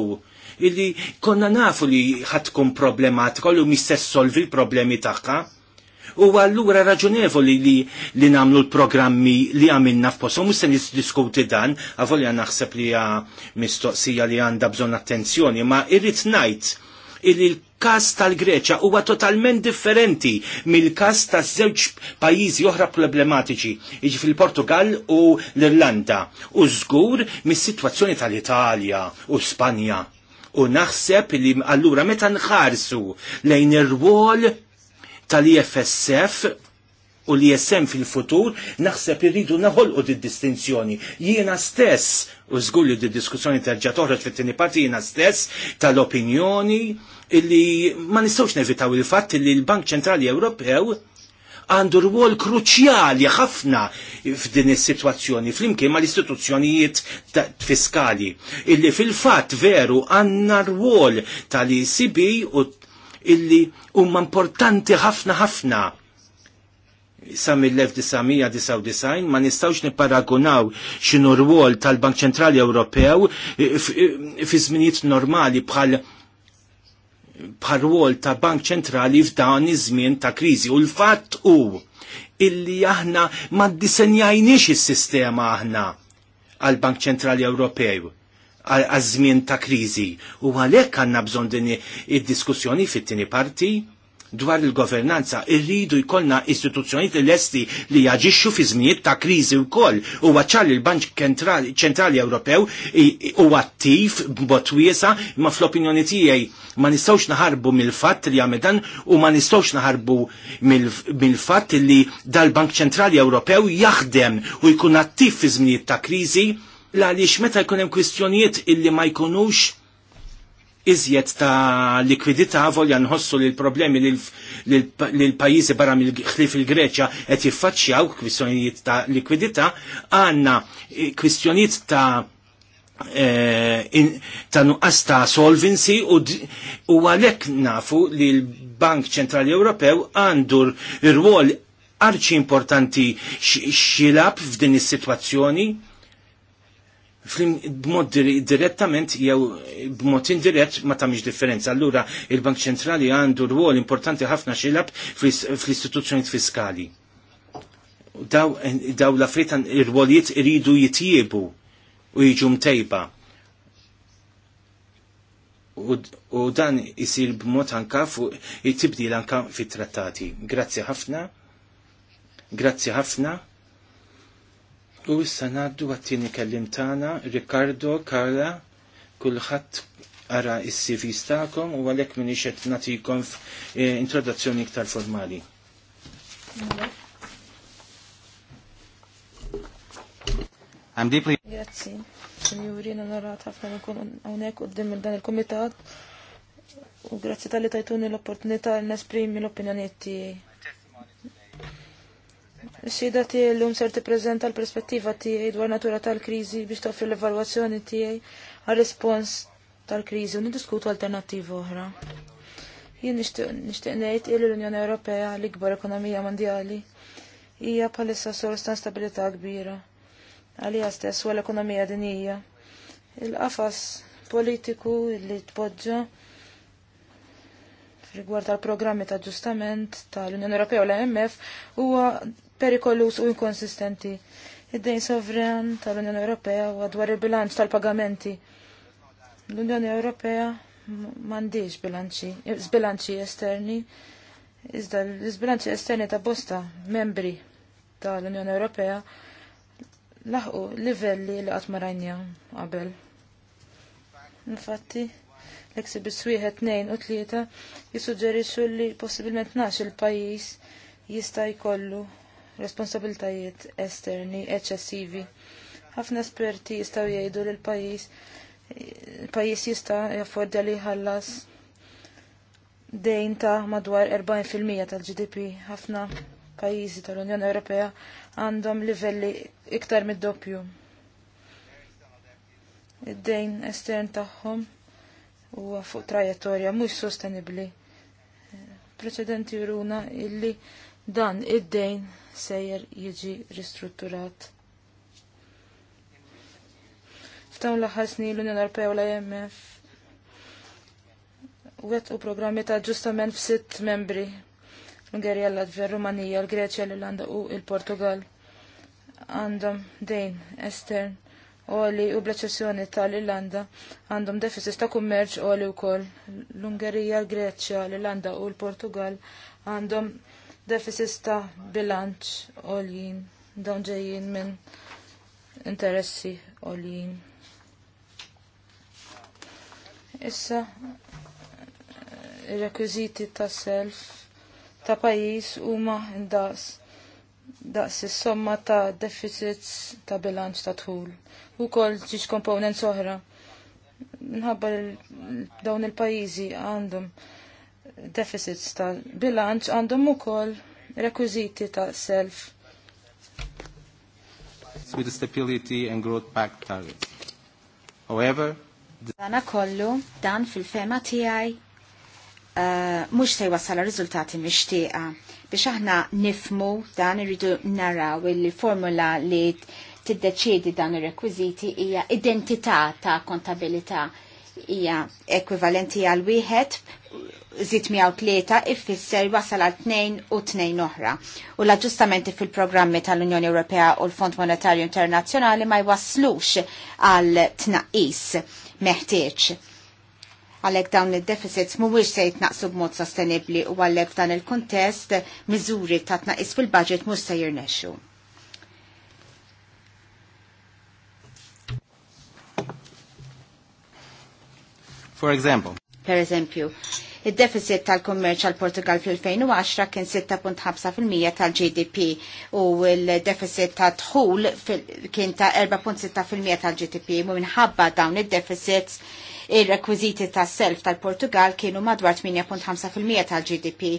illi konna nafu li ħatkun problematika u mistess solvi l-problemi tagħha u allura raġunevoli li li namlu l-programmi li għamilna f'posom, mux se diskuti dan, għan naħseb li għa mistoqsija li għanda bżon attenzjoni, ma irrit najt il l-kas tal-Greċa huwa totalment differenti mill-kas ta' żewġ pajjiżi oħra problematiċi, iġi fil-Portugal u l-Irlanda, u żgur mis-sitwazzjoni tal-Italja u Spanja. U naħseb li allura meta nħarsu lejn ir-rwol tal-IFSF u li jessem fil-futur, naħseb irridu naħolqu u distinzjoni. Jiena stess, u zgull di diskussjoni tal-ġatorra fit-tini parti, jiena stess tal-opinjoni illi ma nistawx nevitaw il-fatt li l-Bank Ċentrali Ewropew għandu rwol kruċjali ħafna f'din is-sitwazzjoni flimkien ma l-istituzzjonijiet fiskali illi fil-fatt veru għandna rwol tal-ECB u illi huma importanti ħafna ħafna sa mill-1999 ma nistawx niparagunaw x'inhu rwol tal-Bank Ċentrali Ewropew fi żminijiet normali bħal bħal rwol ta' Bank Ċentrali f'dan iż-żmien ta' kriżi u l-fatt hu illi aħna ma ddisenjajniex is-sistema aħna għal Bank Ċentrali Ewropew għaż-żmien ta' kriżi. U għalhekk għandna bżonn din id-diskussjoni fit-tieni parti dwar il-governanza irridu jkollna l lesti li jaġixxu fi żmijiet ta' kriżi wkoll u ċar il-Bank Ċentrali Ewropew u attiv b'mod wiesa ma fl-opinjoni tiegħi ma nistgħux naħarbu mill-fatt li għamel dan u ma nistgħux naħarbu mill-fatt li dal-Bank Ċentrali Ewropew jaħdem u jkun attiv fi żmijiet ta' kriżi għaliex meta jkun hemm kwistjonijiet illi ma jkunux iżjed ta' likwidità volja nħossu li l-problemi li l-pajjiżi barra mill-ħlif il-Greċja qed jiffaċċjaw kwistjonijiet ta' likwidità, għandna eh, kwistjonijiet ta' eh, ta' nuqqas ta' solvency u, għalhekk għalek nafu li l-Bank Ċentrali Ewropew għandu r-rwol arċi importanti xilab f'din is-sitwazzjoni b'mod direttament jew b'mod indirett ma tamix differenza. Allura il-Bank Ċentrali għandu rwol importanti ħafna xilab fl-istituzzjonijiet fiskali. Daw, daw la fritan il rwolijiet iridu jitjiebu u jiġu mtejba. U, u dan isir b'mod anka fu it anka fit-trattati. Grazzi ħafna. Grazzi ħafna U issa ngħaddu għat-tieni tagħna Riccardo, Carla kulħadd ara s-CV stakom u għalhekk minix qed nagħtikom eh, introduzzjoni iktar formali. I'm deeply... Grazzi, signori, narat ħafna nkun hawnhekk qudiem minn dan il-kumitat u grazzi tal-li tajtuni l-opportunità nesprimi l-opinjoniet Is-sida tiegħi llum ser tippreżenta l-perspettiva tiegħi dwar natura tal-kriżi biex toffri l-evalwazzjoni tiegħi għar-rispons tal-kriżi u niddiskutu alternattiva oħra. Jien nixtieq ngħid li l-Unjoni Ewropea l-ikbar ekonomija mondjali hija bħalissa sors ta' stabilità kbira. Għalija stess u l-ekonomija dinija. Il-qafas politiku li tpoġġa rigward tal-programmi ta' ġustament tal-Unjoni Ewropea u l-IMF huwa perikolus u inkonsistenti. Id-dejn sovran tal-Unjoni Ewropea u għadwar il-bilanċ tal-pagamenti. L-Unjoni Ewropea mandiġ bilanċi, zbilanċi esterni, iżda l-bilanċi esterni ta' bosta membri tal-Unjoni Ewropea laħqu livelli li qatt ma rajnja qabel. Infatti, l bis wieħed 2 u tlieta jissuġġerixxu li possibilment nax il-pajjiż jista' jkollu responsabiltajiet esterni eċċessivi. Ħafna esperti jistgħu jgħidu li pajis il pajjiż jista' jaffordja li jħallas dejn ta' madwar 40% tal-GDP. Ħafna pajjiżi tal-Unjoni Ewropea għandhom livelli iktar mid-doppju. Id-dejn estern tagħhom huwa fuq trajettorja mhux sostenibbli. Preċedenti juruna illi dan id-dejn sejjer jiġi ristrutturat. F'dawn l-aħħar snin l-Unjoni Ewropea u l-IMF wet u programmi ta' ġustament f'sitt membri. L-Ungerija, l-Latvija, Rumanija, l-Greċja, l-Irlanda u l-Portugal. Għandhom dejn estern oli u bl-eċessjoni tal-Irlanda għandhom deficit ta' kummerċ oli u koll. L-Ungerija, l-Greċja, l-Irlanda u l-Portugal għandhom deficits ta' bilanċ olin, dawn ġejjin minn interessi olin. Issa, rekwiziti ta' self ta' pajis huma daqs daqs is-somma ta' deficits ta' bilanċ ta' tħul. U kol ġiġ komponent soħra. Nħabba dawn il-pajizi għandhom deficits tal-bilanċ għandhom ukoll rekwiżiti ta' self. With stability and growth pact targets. However, Dana kollu dan fil-fema tiegħi uh, mhux se jwassal riżultati mixtieqa biex aħna nifmu dan irridu naraw il-formula li tiddeċiedi dan ir-rekwiżiti hija identità ta' kontabilità hija ekwivalenti għal wieħed zit tlieta ifisser wasal għal tnejn u tnejn oħra. U l-aġġustamenti fil-programmi tal-Unjoni Ewropea u l-Fond Monetarju Internazzjonali ma jwasslux għal tnaqis meħtieġ. Għalhekk dawn id-deficits mhuwiex se jitnaqsu b'mod sostenibbli u għalhekk dan il-kuntest miżuri ta' tnaqis fil-budget mhux se jirnexxu. For example. Per eżempju, il-deficit tal-kummerċ għal Portugal fil-2010 kien 6.5% tal-GDP u il-deficit ta' tħul kien ta' 4.6% tal-GDP u minħabba dawn il-deficits Ir-rekwiżiti tas-self tal-Portugal kienu madwar 8.5% tal-GDP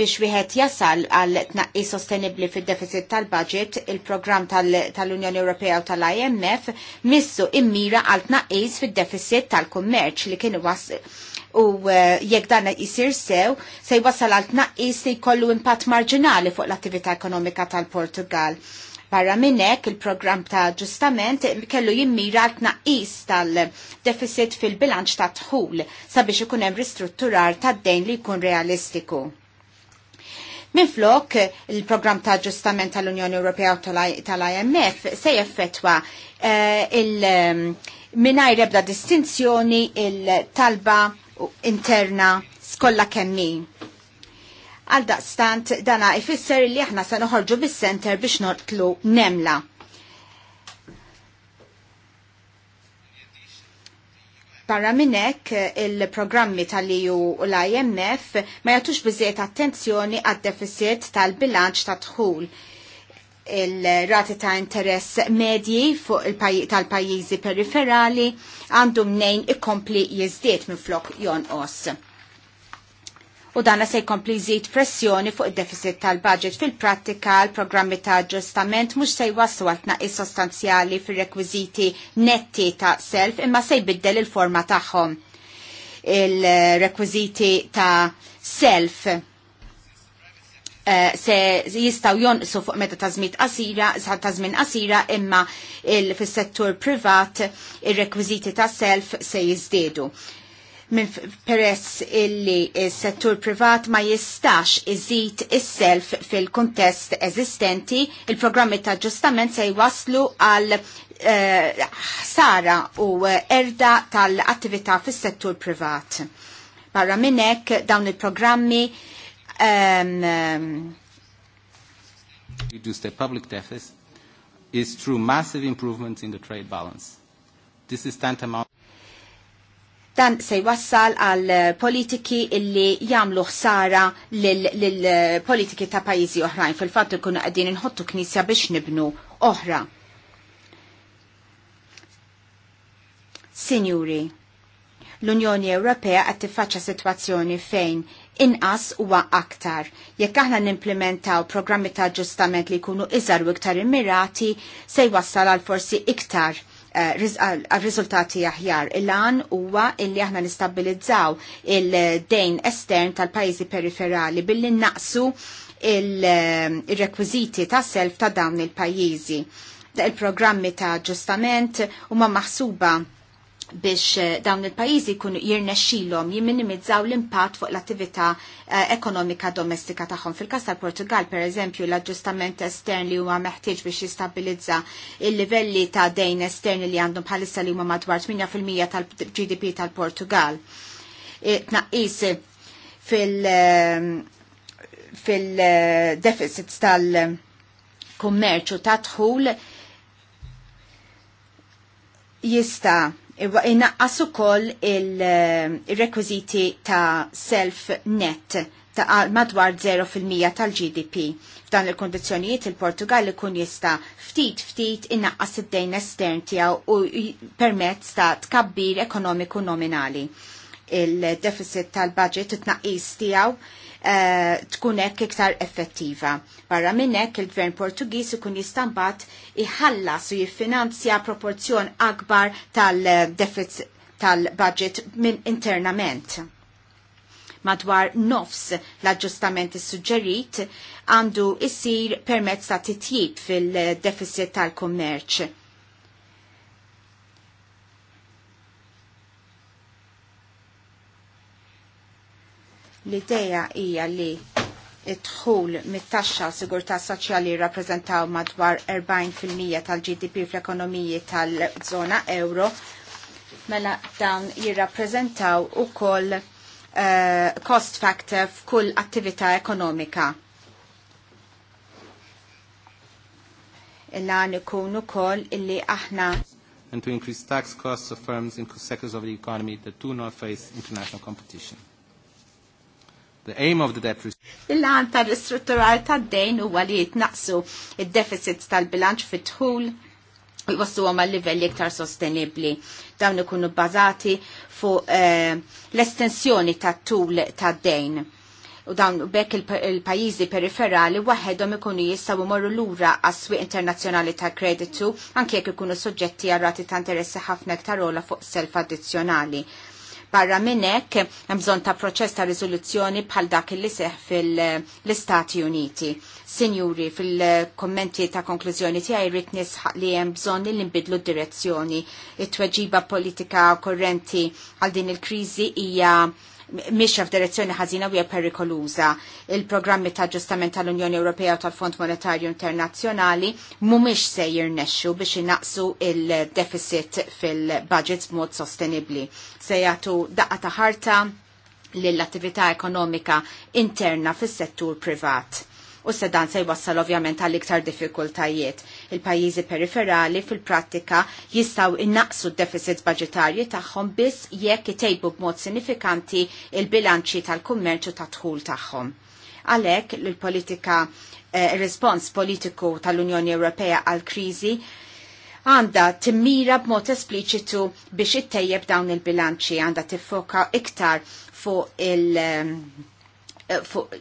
biex wieħed jasal għal tnaqqi sostenibbli fid-deficit tal-budget, il-programm tal-Unjoni Ewropea u tal-IMF missu immira għal tnaqqis fid-deficit tal-kummerċ li kienu was u eh, jekk dan jisir sew se jwassal għal tnaqqis li jkollu impatt marġinali fuq l-attività ekonomika tal-Portugal. Barra minnek il-programm ta' ġustament kellu jimmira tnaqqis tal-deficit fil-bilanċ ta' tħul sabiex ikun hemm ristrutturar ta' dejn li jkun realistiku. Minflok, il-programm ta' ġustament tal-Unjoni Ewropea u tal-IMF se jeffetwa uh, il- eh, minajr ebda distinzjoni il-talba interna skolla kemmi Għal daqstant dana ifisser li aħna se noħorġu bis-center biex nortlu nemla. Barra minnek il-programmi tal-EU u l-IMF ma jatux bizziet attenzjoni għad deficit tal-bilanċ ta' tħul il-rati ta' interess medji fuq tal pajizi periferali għandhom nejn ikompli jizdiet minn flok jon os u dana se jkompli jżid pressjoni fuq id-deficit tal-budget fil-prattika l-programmi ta' ġustament mhux se jwasslu għal tnaqqis sostanzjali fir-rekwiżiti netti ta' self imma se jbiddel il-forma tagħhom. Il-rekwiżiti ta' self eh, se jistaw jonqsu fuq meta ta' żmien qasira, ta' żmien qasira imma fis-settur privat ir-rekwiżiti ta' self se jiżdiedu peress illi s-settur privat ma jistax iżid is-self fil-kontest eżistenti, il-programmi ta' ġustament se jwaslu għal eh, ħsara u erda tal-attività fis-settur privat. Barra minnek dawn il-programmi ehm, ehm, reduce the public deficit is through massive improvements in the trade balance. This is tantamount Dan se jwassal għal eh, politiki illi jamlu ħsara lill-politiki eh, ta' pajizi oħrajn. Fil-fatt ikunu qegħdin nħottu knisja biex nibnu oħra. Signori, l-Unjoni Ewropea qed tiffaċċa sitwazzjoni fejn inqas huwa aktar. Jekk aħna nimplementaw programmi ta' ġustament li jkunu iżar u iktar immirati, se jwassal għal forsi iktar Eh, għal-rizultati aħjar. Il-għan huwa illi aħna nistabilizzaw il-dejn estern tal-pajzi periferali billi naqsu il-rekwiziti eh, ta' self ta' dawn il-pajizi. Il-programmi ta' ġustament huma maħsuba biex eh, dawn il-pajizi kun jirnexxilhom jimminimizzaw l-impatt fuq l-attività eh, ekonomika domestika tagħhom. Fil-każ tal-Portugal, per eżempju, l-aġġustament estern li huma meħtieġ biex jistabilizza il-livelli ta' dejn estern li għandhom bħalissa li huma madwar 8% tal-GDP tal-Portugal. Eh, tnaqqis fil- deficits tal-kummerċu ta' dħul jista' inaqqas ukoll eh, il-rekwiżiti ta' self-net ta' madwar 0% tal-GDP. F'dan il-kondizjonijiet il-Portugal ikun jista' ftit ftit inaqqas id-dejn estern tiegħu u permezz ta' tkabbir ekonomiku nominali il-deficit tal-budget it-naqis tijaw eh, tkun hekk iktar effettiva. Barra minn hekk il-Gvern Portugiż ikun jista' mbagħad iħallas u jiffinanzja proporzjon akbar tal-deficit tal-budget minn internament. Madwar nofs l-aġġustament suġġerit għandu issir permezz ta' titjib fil-deficit tal-kummerċ L-ideja hija li id-dħul mit-taxxa sigurtà soċjali rappreżentaw madwar 40% tal-GDP fl-ekonomiji tal-żona euro, mela dawn jirrappreżentaw ukoll uh, cost factor f'kull attività ekonomika. Il-lan ikun ukoll illi aħna and to increase tax costs of firms in sectors of the economy that do not face international competition. The aim of the debt Il-lan tal ristrutturar tad dejn u għali jitnaqsu il-deficits tal-bilanċ fit-tħul u jwassu għom għal-livelli iktar sostenibli. Dawn ikunu bazati fu eh, l-estensjoni tat tul tad dejn. U dawn bekk il-pajizi periferali waħedhom ikunu jistaw morru lura għas-swieq internazzjonali ta' kreditu anke jekk ikunu soġġetti għal rati ta' interessi ħafna iktar ola fuq self addizzjonali Barra minnek, jemżon ta' proċess ta' rizoluzzjoni bħal dak li seħ fil-Istati Uniti. Sinjuri, fil-kommenti ta' konklużjoni tiegħi għajrit nisħaq li hemm bżonn li nbidlu d-direzzjoni. It-tweġiba politika korrenti għal din il-kriżi hija Miexa f'direzzjoni ħażina u hija perikoluża. Il-programmi ta' ġustament tal-Unjoni Ewropea u tal-Fond Monetarju Internazzjonali mhumiex se jirnexxu biex inaqsu il-deficit fil-budgets b'mod sostenibbli. Se jagħtu daqqa ta' ħarta lill-attività ekonomika interna fis-settur privat u sedan se jwassal ovvjament għal iktar diffikultajiet. Il-pajjiżi periferali fil-prattika jistaw innaqsu d-deficits budgetarji tagħhom biss jekk itejbu b'mod sinifikanti il-bilanċi tal-kummerċu ta' tħul tagħhom. Għalhekk l-politika eh, respons politiku tal-Unjoni Ewropea għal-kriżi għanda timmira b'mod espliċitu biex ittejjeb dawn il-bilanċi għanda tiffoka iktar fuq il- eh, fuq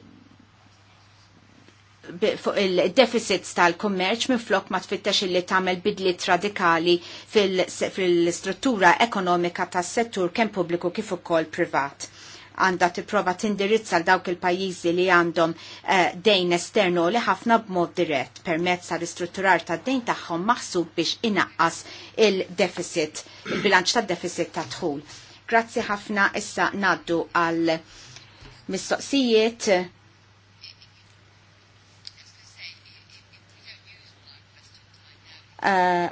fuq il-deficits tal-kummerċ minn flok ma tfittex illi tagħmel bidliet radikali fil-struttura ekonomika tas-settur kemm pubbliku kif ukoll privat għanda tipprova tindirizza l dawk il-pajjiżi li għandhom uh, dejn esternu li ħafna b'mod dirett permezz tal istrutturar ta' dejn tagħhom maħsub biex inaqqas il-deficit, il-bilanċ tad deficit ta' dħul. Grazzi ħafna issa naddu għal mistoqsijiet Eh,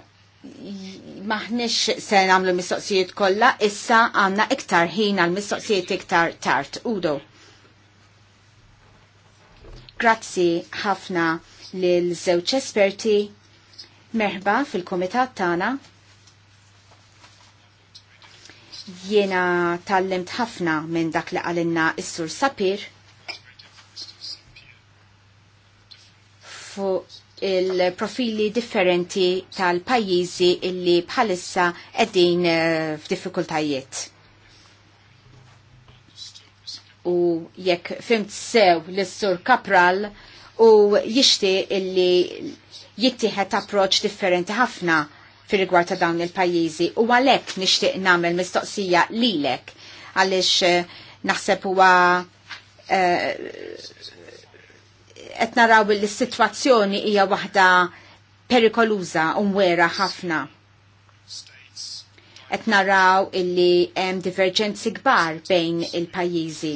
maħnix se namlu mistoqsijiet kollha, issa għanna iktar ħin għal mistoqsijiet iktar tart. Udo. Grazzi ħafna lil żewġ esperti merħba fil-komitat tagħna. Jiena tallimt ħafna minn dak li għalinna is-sur Sapir fuq il-profili differenti tal-pajjiżi illi bħalissa qegħdin eh, f'diffikultajiet. U jekk fimt sew l-Sur Kapral u jixti illi jittieħed approċ differenti ħafna fir rigward ta' dawn il-pajjiżi u għalhekk nixtieq nagħmel mistoqsija lilek għaliex eh, naħseb huwa eh, qed naraw li s-sitwazzjoni hija waħda perikoluża u mwera ħafna. Qed naraw illi hemm divergenzi kbar bejn il-pajjiżi.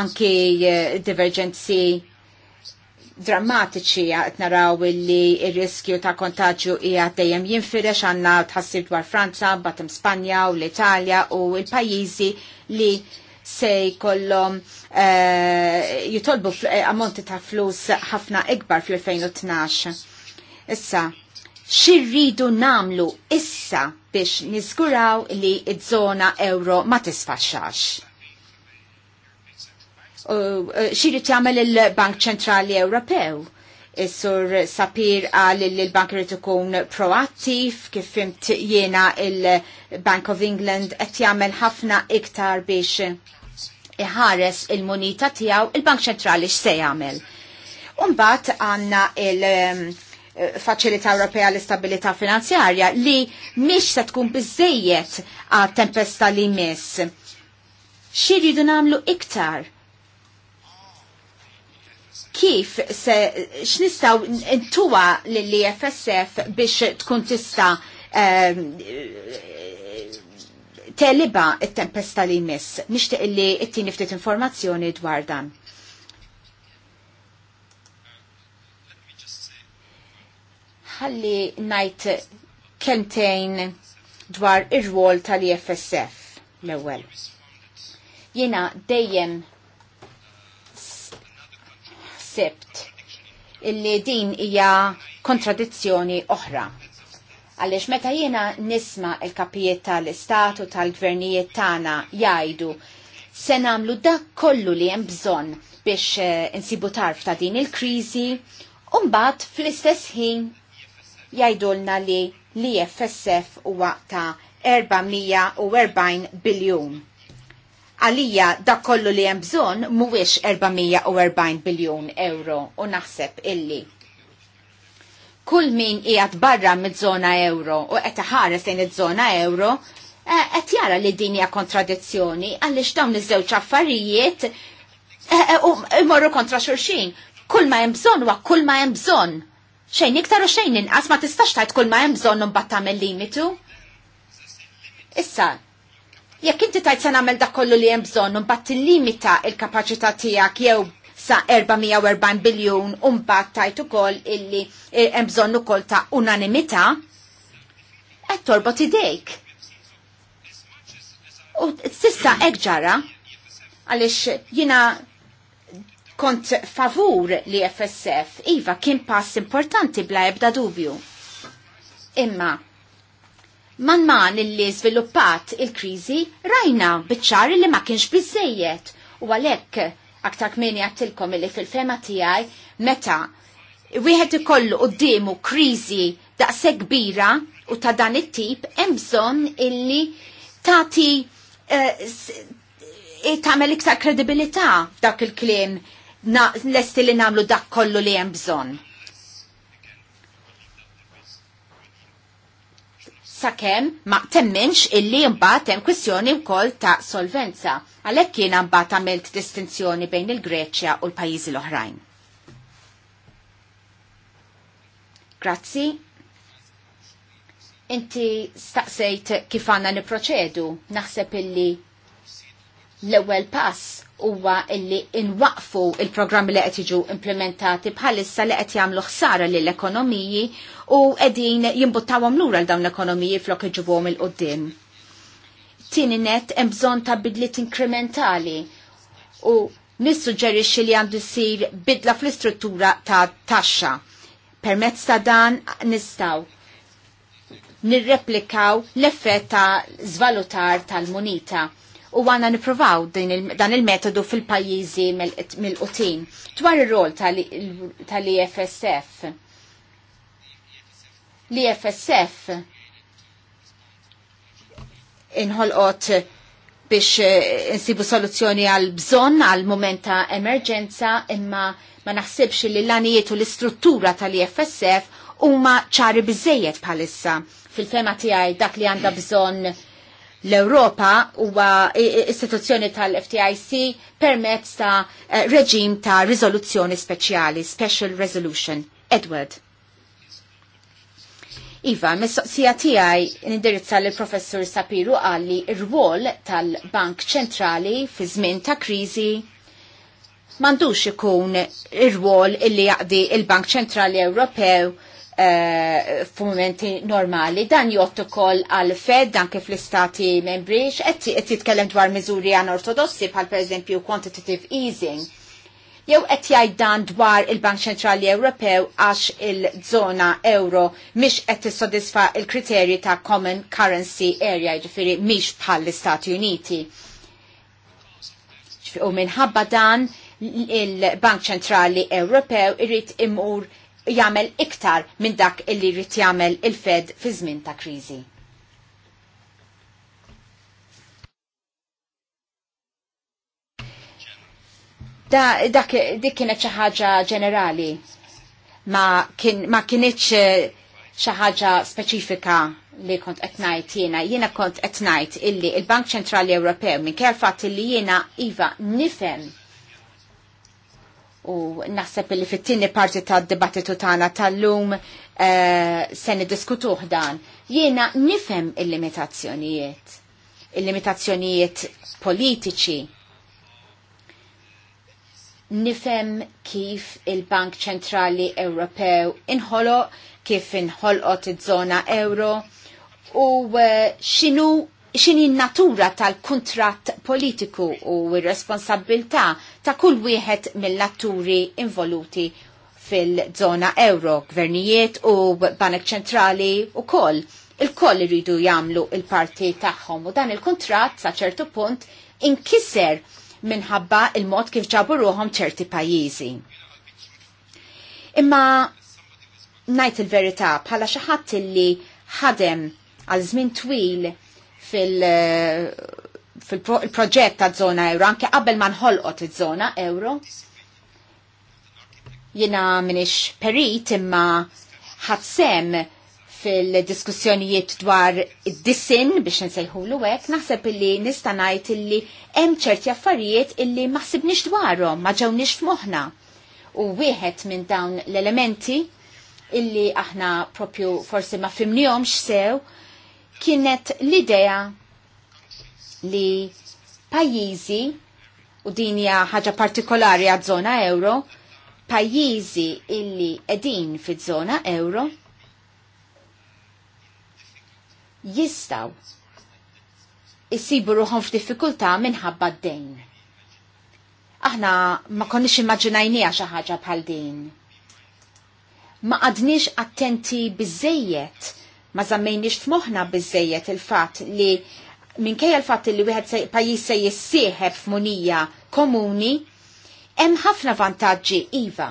Anki eh, diverġenzi drammatiċi qed naraw illi il riskju ta' kontaġġju hija dejjem jinfirex għandna tħassib dwar Franza, batem Spanja u l-Italja u l-pajjiżi li se jkollhom eh, jitolbu eh, ammonti ta' flus ħafna ikbar fl-2012. Issa, xirridu namlu issa biex niżguraw li id-żona euro ma tisfaxax. Eh, xirrit jagħmel il-Bank Ċentrali Ewropew. Sur Sapir għal li l-bank rrit ikun proattiv kif fimt jena il-Bank of England qed jagħmel ħafna iktar biex iħares il-munita tiegħu il-Bank Ċentrali x'se jagħmel. Umbat għandna il- um, faċilità Ewropea l-istabilità finanzjarja li mhix se tkun biżejjed għat tempesta li miss. Xi jridu nagħmlu iktar kif se x'nistgħu intuwa lill-EFSF biex tkun tista' ehm, teliba it-tempesta li jmiss. Nixtieq li t-tieni ftit informazzjoni dwar dan. ħalli najt kentejn dwar ir-rwol tal-IFSF l-ewwel. Jiena dejjem sibt illi din hija kontradizzjoni oħra. Għalix meta jiena nisma il-kapijiet tal-istat u tal-gvernijiet tagħna jgħidu se nagħmlu dak kollu li hemm bżonn biex eh, insibu tarf ta' din il-kriżi, u mbagħad fl-istess ħin jgħidulna li l-IFSF huwa ta' 440 biljun Għalija dak kollu li hemm bżonn mhuwiex 440 biljun euro u naħseb illi kull min qiegħed barra mid żona euro u qed iħares lejn iż-żona euro eh, qed jara li din hija kontradizzjoni għaliex dawn iż-żewġ affarijiet eh, eh, imorru kontra xulxin. Kull ma hemm bżonn huwa kull ma hemm bżonn xejn iktar u xejn inqas ma tistax tajt kull ma hemm bżonn imbagħad tagħmel limitu. Issa, Jekk inti tajt se nagħmel dak kollu li hemm bżonn imbagħad mbagħad tillimita l-kapaċità tiegħek jew sa 440 biljun u mbagħad tajt ukoll illi eh, hemm bżonn ukoll ta' unanimità, qed torbot idejk. U sissa hekk ġara għaliex jiena kont favur li FSF, iva kien pass importanti bla ebda dubju. Imma Man man illi sviluppat il-krizi rajna bitċar li ma kienx bizzejiet u għalek aktar kmini għattilkom illi fil-fema tijaj meta wieħed ikollu d-dimu krizi daqse kbira u ta' dan it-tip hemm bżonn illi tagħti eh, e, tagħmel iktar kredibilità dak il-kliem lesti li nagħmlu dak kollu li hemm bżonn. sakem ma temminx illi mbagħad hemm kwistjoni wkoll ta' solvenza. Għalhekk jien mbagħad għamilt distinzjoni bejn il-Greċja u l-pajjiżi l-oħrajn. Grazzi. Inti staqsejt kif għandna niproċedu. Naħseb illi l-ewwel pass huwa illi inwaqfu il-programmi li qed jiġu implementati bħalissa li qed jagħmlu ħsara lill ekonomiji u qegħdin jimbuttawhom lura l dawn l-ekonomiji flok iġibhom il qudiem Tieni net hemm bżonn ta' bidliet inkrementali u nissuġġerixxi li għandu jsir bidla fl-istruttura ta' taxxa. Permezz ta' dan nistgħu nirreplikaw l-effett ta' zvalutar tal-munita u għanna niprovaw dan il-metodu fil-pajizi mill-qotin. Dwar ir-rol tal-IFSF. L-IFSF inħolqot biex eh, insibu soluzzjoni għal bżonn għal momenta ta' emerġenza imma ma naħsibx li l-għanijiet u l-istruttura tal-IFSF huma ċari biżejjed bħalissa fil-fema tiegħi dak li għandha bżonn L-Europa huwa istituzzjoni tal-FTIC permezz ta' eh, reġim ta' riżoluzzjoni speċjali, Special Resolution. Edward. Iva, mis-soqsija tijaj nindirizza l professur Sapiru għalli r-wol tal-Bank ċentrali fi żmien ta' krizi mandux ikun ir-wol illi jaqdi il-Bank ċentrali Ewropew momenti normali. Dan jott ukoll għal Fed, dan kif l-istati membri, qed jitkellem dwar miżuri għan ortodossi bħal pereżempju quantitative easing. Jew qed jgħid dan dwar il-Bank Ċentrali Ewropew għax il-żona euro mhix qed tissodisfa il-kriterji ta' Common Currency Area, jiġifieri mhix bħal l-Istati Uniti. U minħabba dan il-Bank Ċentrali Ewropew irid imur jagħmel iktar minn dak illi jrid jagħmel il-Fed fi żmien ta' kriżi. Da, dak, dik kienet xi ħaġa ġenerali ma, kien, ma kienitx eh, xi ħaġa speċifika li kont qed ngħid jiena, jiena kont qed ngħid illi il-Bank Ċentrali Ewropew minn kell fatt illi jiena iva nifhem U naħseb li fit-tieni parti tad-dibattitu tagħna tal-lum eh, se niddiskutuh dan. Jiena nifhem il-limitazzjonijiet, il-limitazzjonijiet politiċi. Nifhem kif il-Bank Ċentrali Ewropew inħoloq kif inħolqot iż-żona euro u eh, xinu xini natura tal-kontrat politiku u r-responsabilta ta' kull wieħed mill-atturi involuti fil-zona euro, gvernijiet u banek ċentrali u koll. Il-koll iridu jamlu il-parti tagħhom u dan il-kontrat sa' ċertu punt inkisser minħabba il-mod kif ġabu ruħom ċerti pajjiżi. Imma najt il-verità bħala xi ħadd illi ħadem għal żmien twil fil- fil-proġett ta' zona euro, anke qabel ma nħolqot iż-żona euro. Jiena minix perit imma ħadsem fil-diskussjonijiet dwar id-disin biex nsejħulu hekk, naħseb illi nista' ngħid illi hemm ċerti affarijiet illi ma ħsibniex dwarhom, ma ġewniex f'moħħna. U wieħed minn dawn l-elementi illi aħna propju forsi ma fimnihomx sew kienet l-idea li pajjiżi u din hija ħaġa partikolari għad żona euro, pajjiżi illi edin fiż żona euro jistaw isibu ruħom f'diffikultà minħabba d-dejn. Aħna ma konniex immaġinajnija xi ħaġa bħal din. Ma għadniex attenti bizzejiet ma zammejniex f'moħna bizzejet il-fat li minkejja l-fat li wieħed pajjiż se jissieħeb f'munija komuni, hemm ħafna vantaġġi iva,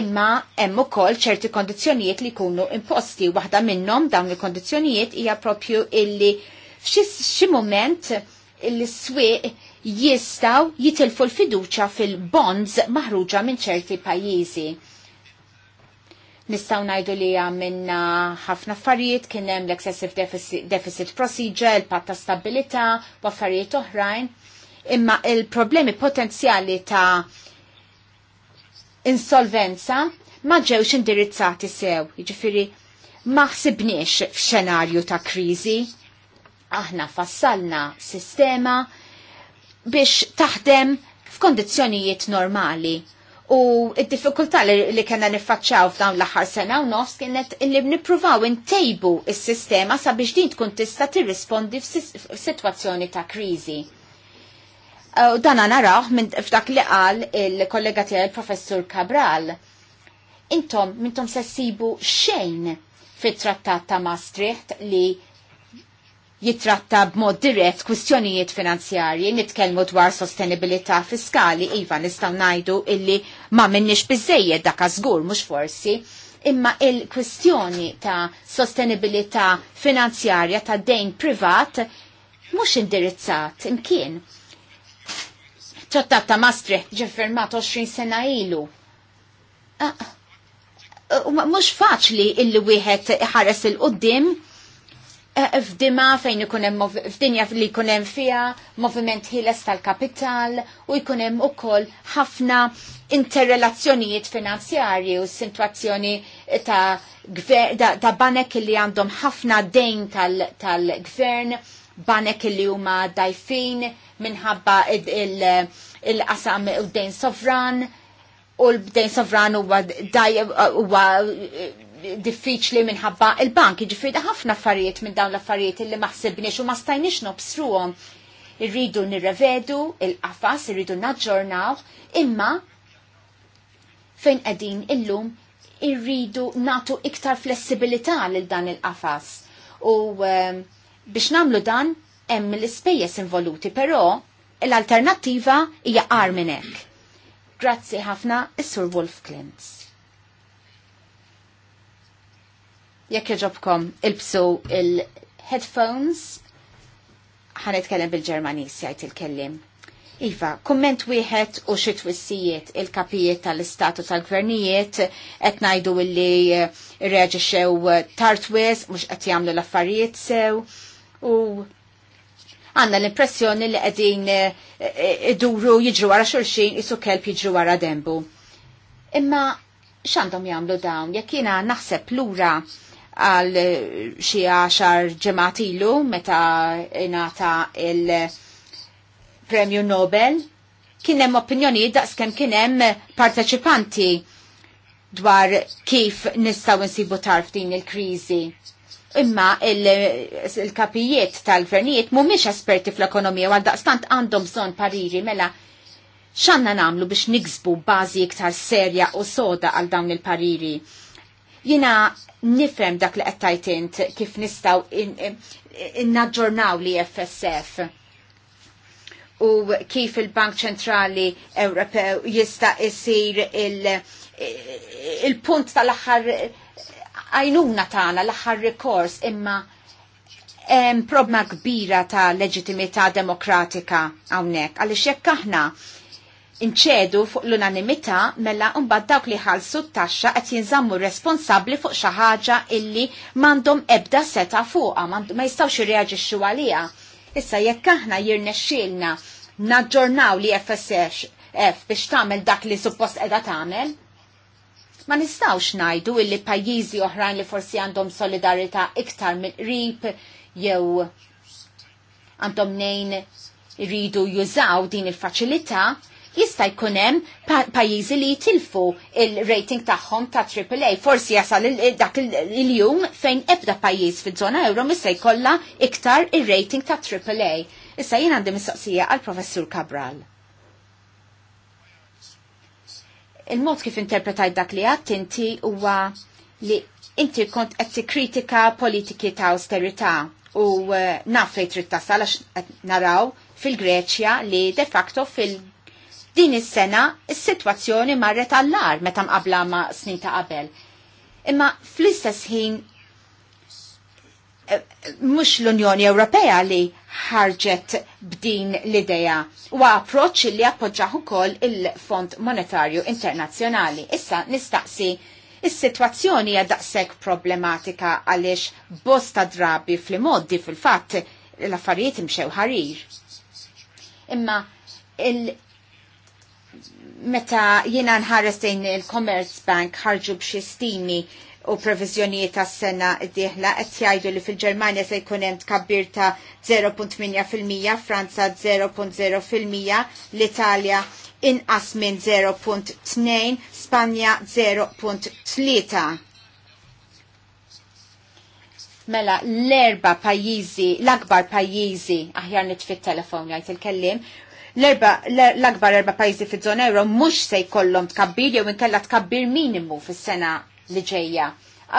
imma hemm ukoll ċerti kondizzjonijiet li jkunu imposti waħda minnhom dawn il-kondizzjonijiet hija propju illi f'xi moment l-swieq jistaw jitilfu l-fiduċa fil-bonds maħruġa minn ċerti pajjiżi Nistaw najdu li għamilna ħafna affarijiet kien hemm l-excessive deficit, deficit procedure, il-patta stabilita u affarijiet oħrajn. Imma il-problemi potenzjali ta' insolvenza ma ġewx indirizzati sew, jiġifieri ma ħsibniex f'xenarju ta' kriżi. Aħna fassalna sistema biex taħdem f'kondizzjonijiet normali U id-diffikultà li, kena nifacċaw f'dawn l-aħħar sena u nofs kienet li nipruvaw intejbu s sistema sabiex din tkun tista' tirrispondi f'sitwazzjoni ta' kriżi. U dan naraw minn f'dak li qal il-kollega tiegħi il-professur Cabral. Intom mintom se ssibu xejn fit-trattat ta' Maastricht li jitratta b'mod dirett kwistjonijiet finanzjarji, nitkellmu dwar sostenibilità fiskali, iva nistgħu ngħidu illi ma minnix biżejjed dak żgur mhux forsi, imma il-kwistjoni ta' sostenibilità finanzjarja ta' dejn privat mhux indirizzat imkien. Trattat ta' Maastricht ġiffirmat 20 sena ilu. Ah, ah, mhux faċli illi wieħed ħares il-qoddim Eh, f'dima fejn ikun hemm f'dinja li jkun hemm fiha moviment ħieles tal-kapital u jkun hemm ukoll ħafna interrelazzjonijiet finanzjarji u sitwazzjoni ta' ta', ta banek li għandhom ħafna dejn tal-gvern, tal banek li huma dajfin minħabba il-qasam il, il, il u dejn sovran u l-dejn sovran huwa diffiċli minħabba il-bank, ġifiri ħafna affarijiet minn dawn l-affarijiet li maħsibniex u ma stajniex nobsruhom. Irridu nirrevedu il-qafas, irridu naġġornaw, imma fejn qegħdin illum irridu natu iktar flessibilità lil dan il-qafas. U um, biex namlu dan hemm l-ispejjeż involuti, però l-alternattiva hija qar minn hekk. Grazzi ħafna is-Sur Wolf Klintz. Jekk jġobkom ilbsu il-headphones, ħanetkellem bil-Ġermanis jgħid il-kellim. Iva, komment wieħed u xi twissijiet il-kapijiet tal-istatu tal-gvernijiet qed ngħidu li reaġixxew tartwis mhux qed jagħmlu l-affarijiet sew u għandna l-impressjoni li qegħdin eh, eh, iduru jiġru wara xulxin isu kelb jiġru wara dembu. Imma x'għandhom jagħmlu dawn jekk jiena naħseb lura għal eh, xi għaxar ġematilu ilu meta ingħata il-Premju Nobel kien hemm opinjoni daqskemm kien hemm parteċipanti dwar kif nistgħu nsibu tarf din il-kriżi. Imma il-kapijiet tal-gvernijiet mhumiex esperti fl-ekonomija għal daqstant għandhom bżonn pariri mela x'għandna nagħmlu biex niksbu bażi iktar serja u soda għal dawn il-pariri Jina nifem dak li qed kif nistaw innaġġornaw in, in li FSF u kif il-Bank Ċentrali Ewropew jista' isir il-punt il tal-aħħar għajnuna tagħna l-aħħar rikors imma problema kbira ta' leġitimità demokratika hawnhekk għaliex jekk aħna inċedu fuq l-unanimità mela mbagħad dawk li ħalsu t-taxxa qed jinżammu responsabbli fuq xi ħaġa illi m'għandhom ebda seta fuqha ma jistgħux irreaġixxu għaliha. Issa jekk aħna jirnexxielna naġġornaw li FSF biex tagħmel dak li suppost qiegħda tagħmel, ma nistgħux ngħidu illi pajjiżi oħrajn li forsi għandhom solidarità iktar mill-qrib jew għandhom nejn iridu jużaw din il-faċilità jista' jkun hemm pajjiżi li jitilfu il-rating tagħhom ta' AAA. Forsi jasal dak il-jum fejn ebda pajjiż fiż-żona euro mista' jkollha iktar ir-rating ta' AAA. Issa jien għandi mistoqsija għal professur Cabral. Il-mod kif interpretajt dak li għatt inti huwa li inti kont qed tikkritika politiki ta' austerità u eh, naf fejn trid tasal għax naraw fil-Greċja li de facto fil Din is-sena is-sitwazzjoni marret allar meta mqabla ma' snin ta' qabel. Imma fl-istess ħin eh, mhux l-Unjoni Ewropea li ħarġet b'din l idea u approċċ li appoġġaħ ukoll il-Fond Monetarju Internazzjonali. Issa nistaqsi is-sitwazzjoni hija daqshekk problematika għaliex bosta drabi fl-moddi fil-fatt l-affarijiet imxew ħarir. Imma meta jiena nħares il-Commerce Bank ħarġu b'xi stimi u previżjonijiet tas sena d-dieħla qed jgħidu li fil-Ġermanja se jkun hemm tkabbir ta' 0.8%, Franza 0.0%, l-Italja inqas minn 0.2, Spanja 0.3. Mela l-erba pajjiżi, l-akbar pajjiżi, aħjar nitfit telefon jgħid il-kellim, l-akbar erba pajzi fiż-żona euro mhux se jkollhom tkabbir jew inkella tkabbir minimu fis-sena li ġejja.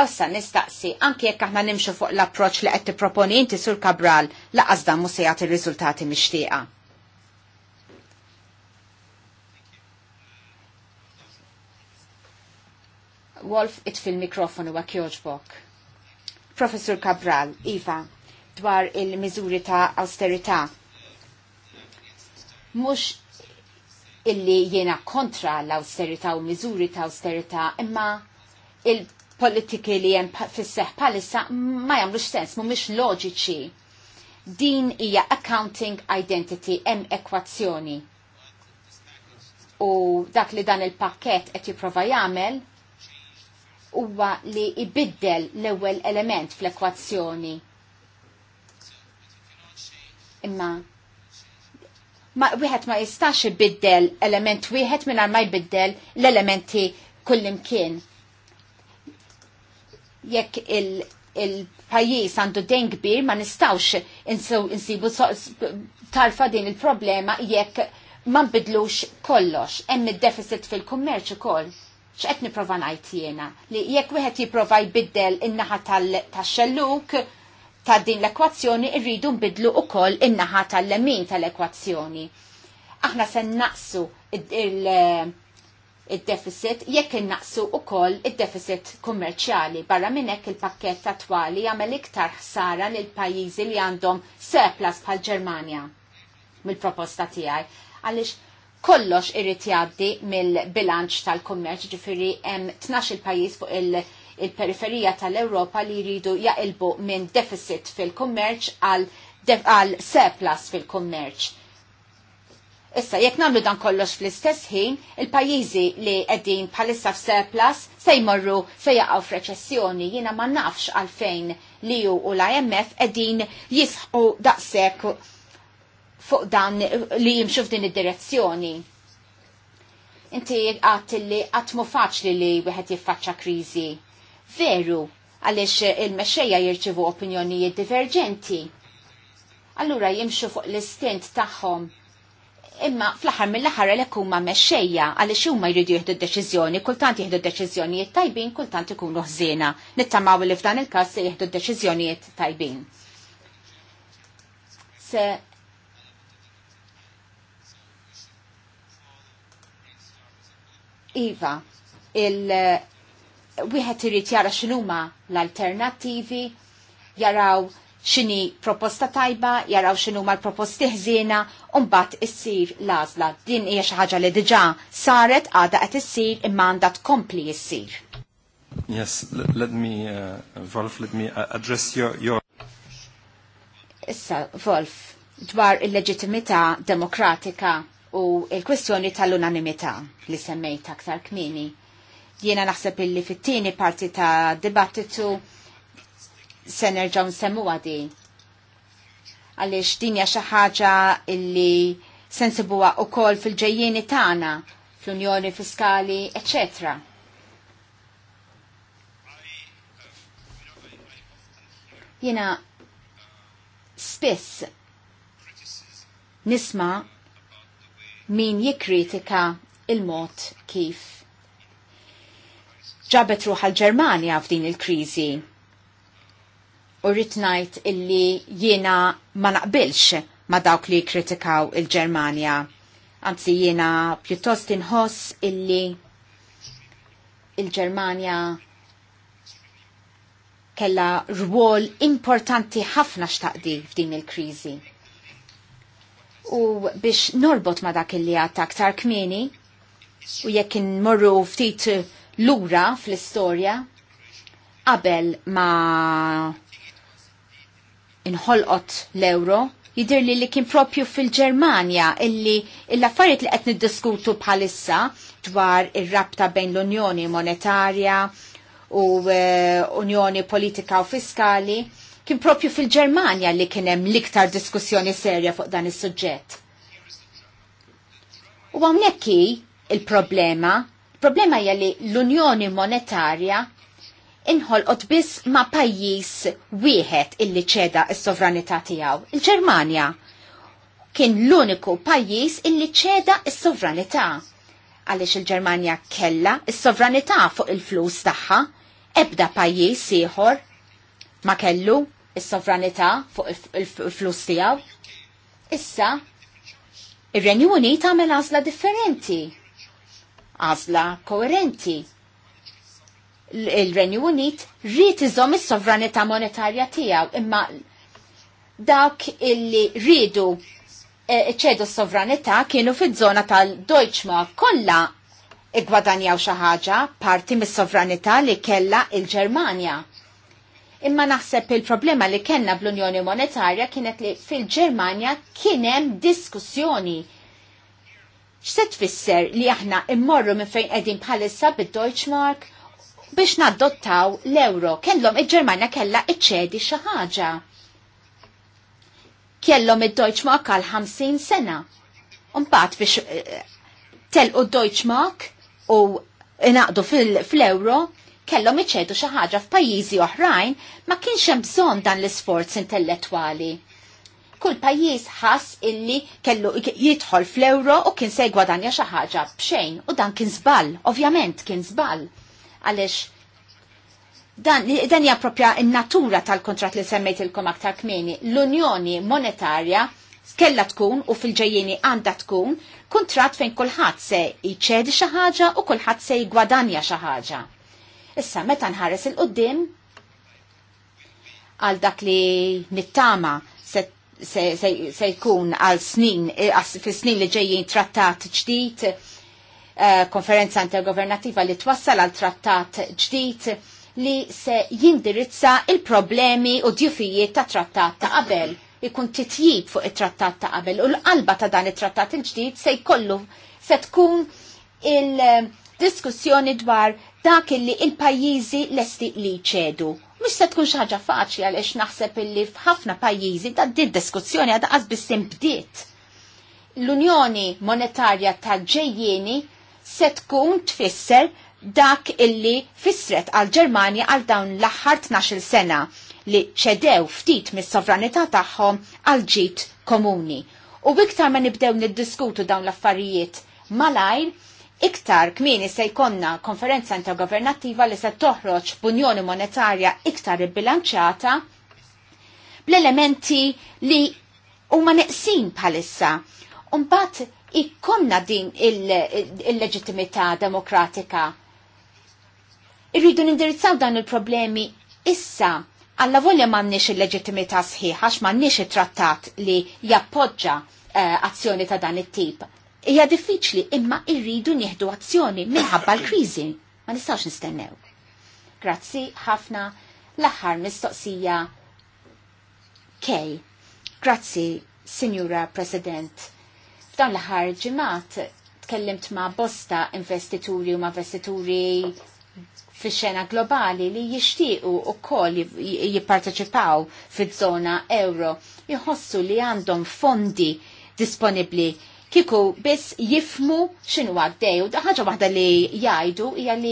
Għassa nistaqsi, anke jekk aħna nimxu fuq l-approċ li qed tipproponi inti sur Kabral laqas dan mhux se jagħti r-riżultati mixtieqa. Wolf itfil mikrofonu wa kjoġbok. Professor Cabral, Iva, dwar il-miżuri ta' austerita' mhux illi jiena kontra l austerita u miżuri ta' austerita imma il-politiki li jen fisseħ palissa ma jamlu sens, mumiex loġiċi. Din hija accounting identity, hemm ekwazzjoni. U dak li dan il-pakket qed jipprova jagħmel huwa li ibiddel l-ewwel element fl-ekwazzjoni. Imma Ma wieħed ma jistax ibiddel element wieħed mingħajr ma jbiddel l-elementi kullimkien. Jekk il, il pajjiż għandu dejn kbir ma nistawx insibu tarfa din il-problema jekk ma nbidlux kollox. Hemm id-deficit fil-kummerċ ukoll x'qed niprova ngħid jiena li jekk wieħed jipprova jbiddel in-naħa tax-xelluk, ta' din l-ekwazzjoni irridu nbidlu ukoll in-naħa tal-lemin tal-ekwazzjoni. Aħna se naqsu il-deficit jekk innaqsu koll id-deficit kummerċjali barra minn hekk il-pakkett attwali jagħmel iktar ħsara lil pajjiżi li għandhom surplus bħal Ġermanja mill-proposta tiegħi għaliex kollox irrid jgħaddi mill-bilanċ tal-kummerċ ġifieri hemm tnax il pajjiż fuq il- il-periferija tal-Ewropa li jridu jaqilbu minn deficit fil-kummerċ għal, għal surplus fil-kummerċ. Issa, jekk namlu dan kollox fl-istess ħin, il-pajjiżi li qegħdin bħalissa f'surplus se jmorru se jaqgħu f'reċessjoni jiena ma nafx għalfejn li ju u l-IMF qegħdin jisħu daqshekk fuq dan li jimxu f'din id-direzzjoni. Inti għat li għatmu faċli li wieħed jiffaċċa kriżi veru għaliex il-mexxejja jirċivu opinjonijiet diverġenti. Allura jimxu fuq l-istint tagħhom imma fl-aħħar mill-aħħar għalhekk huma mexxejja għaliex huma jridu jieħdu d-deċiżjoni, kultant jieħdu d-deċiżjonijiet tajbin, kultant ikunu ħżiena. Nittamaw li f'dan il-każ se jieħdu d-deċiżjonijiet tajbin. Se Iva, il wieħed irid jara x'inhuma l-alternattivi, jaraw x'inhi proposta tajba, jaraw x'inhuma l-proposti ħżiena, u mbagħad issir l-għażla. Din hija xi ħaġa li diġà saret għadha qed issir imma għandha tkompli ssir. Yes, let me, uh, Wolf, let me uh, address your... your... Issa, Wolf, dwar il-leġitimità demokratika u il-kwestjoni tal-unanimità li semmejt aktar kmini. Jiena naħseb illi fit-tieni parti ta' dibattitu se nerġgħu nsemmu għadi. Għaliex din hija xi ħaġa illi sensibuha wkoll fil-ġejjieni tagħna fl-Unjoni Fiskali, eċċetera. Jiena spiss nisma' min jikkritika il-mod kif ġabet ruħal Ġermania f'din il-krizi. U ritnajt illi jiena ma naqbilx ma dawk li kritikaw il-Ġermania. Anzi jiena pjuttost inħoss illi il-Ġermania kella rwol importanti ħafna xtaqdi f'din il-krizi. U biex norbot ma dak illi għatta aktar kmini, u jekk morru ftit lura fl-istorja qabel ma inħolqot l-euro jidir li li kien propju fil-Germania illi l-affarijiet li qed niddiskutu bħalissa dwar ir-rabta bejn l-Unjoni Monetarja u eh, Unjoni Politika u Fiskali kien propju fil-Germania li kien hemm l-iktar diskussjoni serja fuq dan is-suġġett. U hawnhekk il-problema Problema hija li l-Unjoni Monetarja inħolqot biss ma' pajjiż wieħed illi ċeda s-sovranità tiegħu, il-Ġermanja. Kien l-uniku pajjiż illi ċeda s-sovranità. Għaliex il-Ġermanja kella s-sovranità fuq il-flus tagħha, ebda pajjiż ieħor ma kellu s-sovranità fuq il-flus tiegħu. Issa, ir-Renju Unit għamel għażla differenti għażla koerenti. Il-Renju Unit rrit iżom is-sovranità monetarja tiegħu imma dawk illi rridu ċedu e, s-sovranità kienu fiż-żona tal-Deutschmark kollha igwadanjaw xi ħaġa parti mis-sovranità li kellha il-Ġermanja. Imma naħseb il-problema li kellna bl-Unjoni Monetarja kienet li fil-Ġermanja kien hemm diskussjoni x'se tfisser li aħna immorru minn fejn qegħdin bħalissa bid-Deutschmark biex naddottaw l-euro. Kellhom il-Ġermanja kellha iċċedi xi ħaġa. Kellhom id-Deutschmark għal 50 sena. Mbagħad biex eh, telqu d-Deutschmark u inaqdu fl-euro, kellhom iċċedu xi ħaġa f'pajjiżi oħrajn ma kienx hemm bżonn dan l-isforz intellettwali kull pajjiż ħass illi kellu jidħol fl-euro u kien se jgwadanja xi ħaġa b'xejn u dan kien żball, ovvjament kien żball. Għaliex dan hija propja in-natura tal kontrat li semmejt ilkom aktar kmieni. L-Unjoni Monetarja kella tkun u fil-ġejjeni għandha tkun kontratt fejn kulħadd se jċedi xi ħaġa u kulħadd se jgwadanja xi ħaġa. Issa meta nħares il-qudiem għal dak li nittama se jkun għal snin, e, fi snin li ġejjin trattat ġdid, e, konferenza intergovernativa li twassal għal trattat ġdid li se jindirizza il-problemi u djufijiet ta' trattat ta' qabel. Ikun titjib fuq it-trattat ta' qabel u l-qalba ta' dan it-trattat il-ġdid se jkollu se tkun il-diskussjoni eh, dwar dak li il-pajjiżi lesti li ċedu mux se tkun xaġa faċli għalix naħseb illi f'ħafna pajjiżi da din diskussjoni għadha qas bissim bdiet. L-Unjoni Monetarja ta' ġejjieni se tkun tfisser dak illi fissret għal Ġermanja għal dawn l-aħħar 12 sena li ċedew ftit mis-sovranità tagħhom għal ġit komuni. U iktar ma nibdew niddiskutu dawn l-affarijiet malajr, iktar kmini se jkonna konferenza intergovernattiva li se toħroġ b'unjoni monetarja iktar bilanċata bl-elementi li huma neqsin bħalissa. Umbat ikkonna din il-leġittimità il demokratika. Irridu nindirizzaw dan il-problemi issa għalla volja mannix il-leġittimità sħiħax mannix il-trattat li jappoġġa uh, azzjoni ta' dan it-tip hija diffiċli imma irridu nieħdu azzjoni minħabba l-kriżi. Ma nistax nistennew. Grazzi ħafna l-aħħar mistoqsija Kej. Grazzi, Signora President. F'dan l-aħħar ġimgħat tkellimt ma' bosta investituri u ma' investituri fi xena globali li jixtiequ u koll jipparteċipaw fi zona euro jħossu li għandhom fondi disponibli kiku biss jifmu xinu għaddej. U ħaġa waħda li jgħidu hija li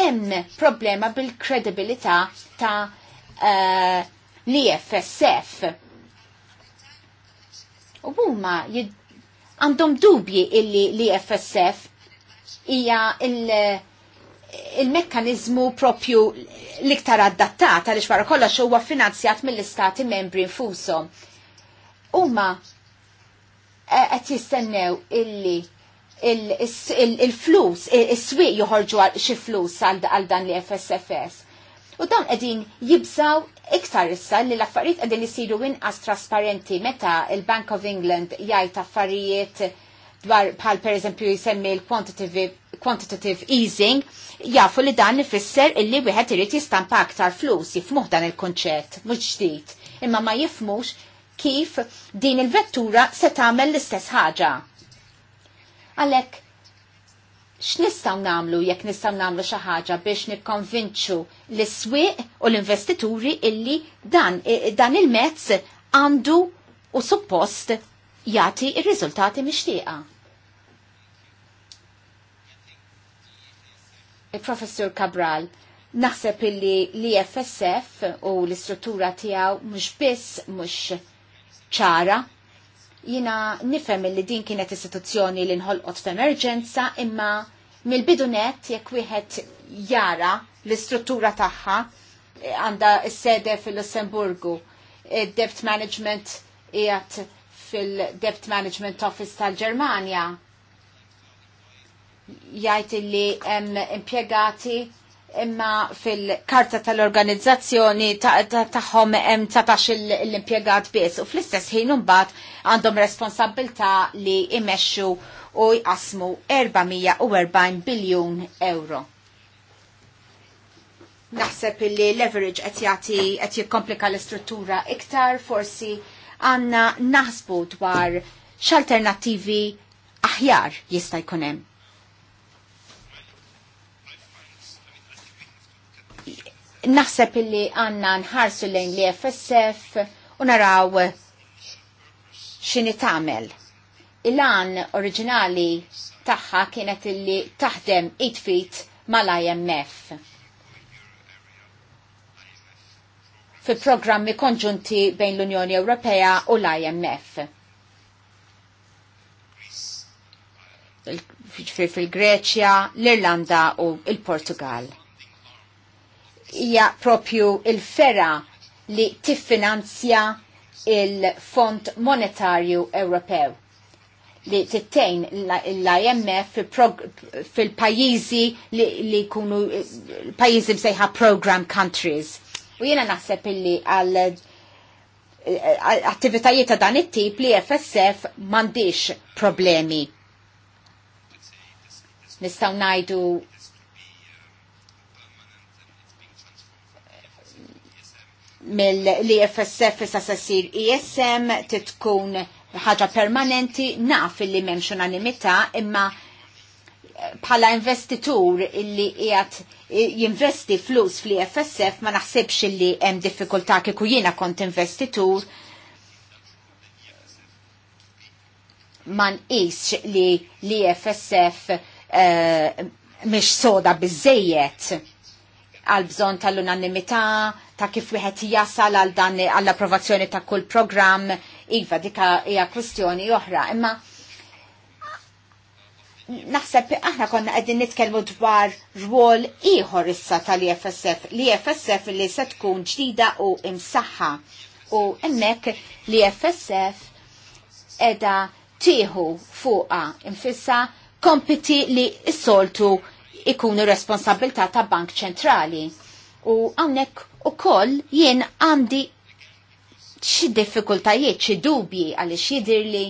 hemm problema bil-kredibilità ta' eh, l-IFSF. U huma għandhom dubji illi l-IFSF hija il- mekkanizmu propju l-iktar adattata għaliex wara kollox huwa finanzjat mill-istati membri infushom. Huma qed jistennew illi il-flus, il-swiq joħorġu xi flus għal dan li FSFS. U dan qegħdin jibżaw iktar issa li l-affarijiet qegħdin isiru inqas trasparenti meta il-Bank of England jgħid affarijiet dwar bħal pereżempju jsemmi l-quantitative easing, jafu li dan ifisser illi wieħed irid jistampa aktar flus jifmuh dan il-konċett, mhux ġdid, imma ma jifmux kif din il-vettura se tagħmel l-istess ħaġa. Għalhekk x'nistgħu nagħmlu jekk nistgħu nagħmlu xi ħaġa biex nikkonvinċu l-iswieq u l-investituri illi dan, dan il-mezz għandu u suppost jagħti ir-riżultati mixtieqa. Il-Professur Cabral, naħseb illi l-IFSF u l-istruttura tiegħu mhux biss mhux ċara. Jina nifem li din kienet istituzzjoni li nħolqot f'emerġenza imma mill-bidunet jekk wieħed jara l-istruttura tagħha eh, għandha s-sede fil-Lussemburgu, debt management jgħat fil-Debt Management Office tal-Ġermanja jgħid li hemm impjegati imma fil-karta tal-organizzazzjoni tagħhom hemm satax l-impjegat biss u fl-istess ħin imbagħad għandhom responsabilità li imexxu u jqasmu 440 biljun euro. Naħseb li leverage qed jagħti qed jikkomplika l-istruttura iktar forsi għandna naħsbu dwar x'alternattivi aħjar jista' jkun hemm. naħseb illi għanna nħarsu lejn li FSF u naraw xini tamel. Il-għan oriġinali taħħa kienet illi taħdem it-fit mal-IMF. fi programmi konġunti bejn l-Unjoni Ewropea u l-IMF. fil-Greċja, l-Irlanda u l-Portugal hija propju il-fera li tiffinanzja il-Fond Monetarju Ewropew li tittejn l-IMF fil-pajizi li kunu pajizi bsejħa program countries. U jena naħseb illi għal eh, attivitajiet ta' dan it-tip li FSF mandiċ problemi. Nistaw najdu mill-EFSF issa sessir ISM e titkun ħaġa permanenti naf li memx unanimità imma eh, bħala investitur illi qiegħed eh, jinvesti flus fl-EFSF ma naħsibx illi hemm diffikultà kieku jiena kont investitur ma nqisx li l-EFSF uh, eh, mhix soda biżejjed għal bżonn tal-unanimità, ta' kif wieħed jasal għal dan għall-approvazzjoni ta' kull programm iva dika hija kwestjoni oħra. Imma naħseb aħna konna qegħdin nitkellmu dwar rwol ieħor issa tal-IFSF. L-IFSF e li se tkun ġdida u imsaħħa u hemmhekk l-IFSF e edha tieħu fuqha infissa kompiti li s-soltu ikunu responsabilta ta' Bank Ċentrali U għawnek u koll jien għandi xi diffikultajiet, xi dubji għal xidirli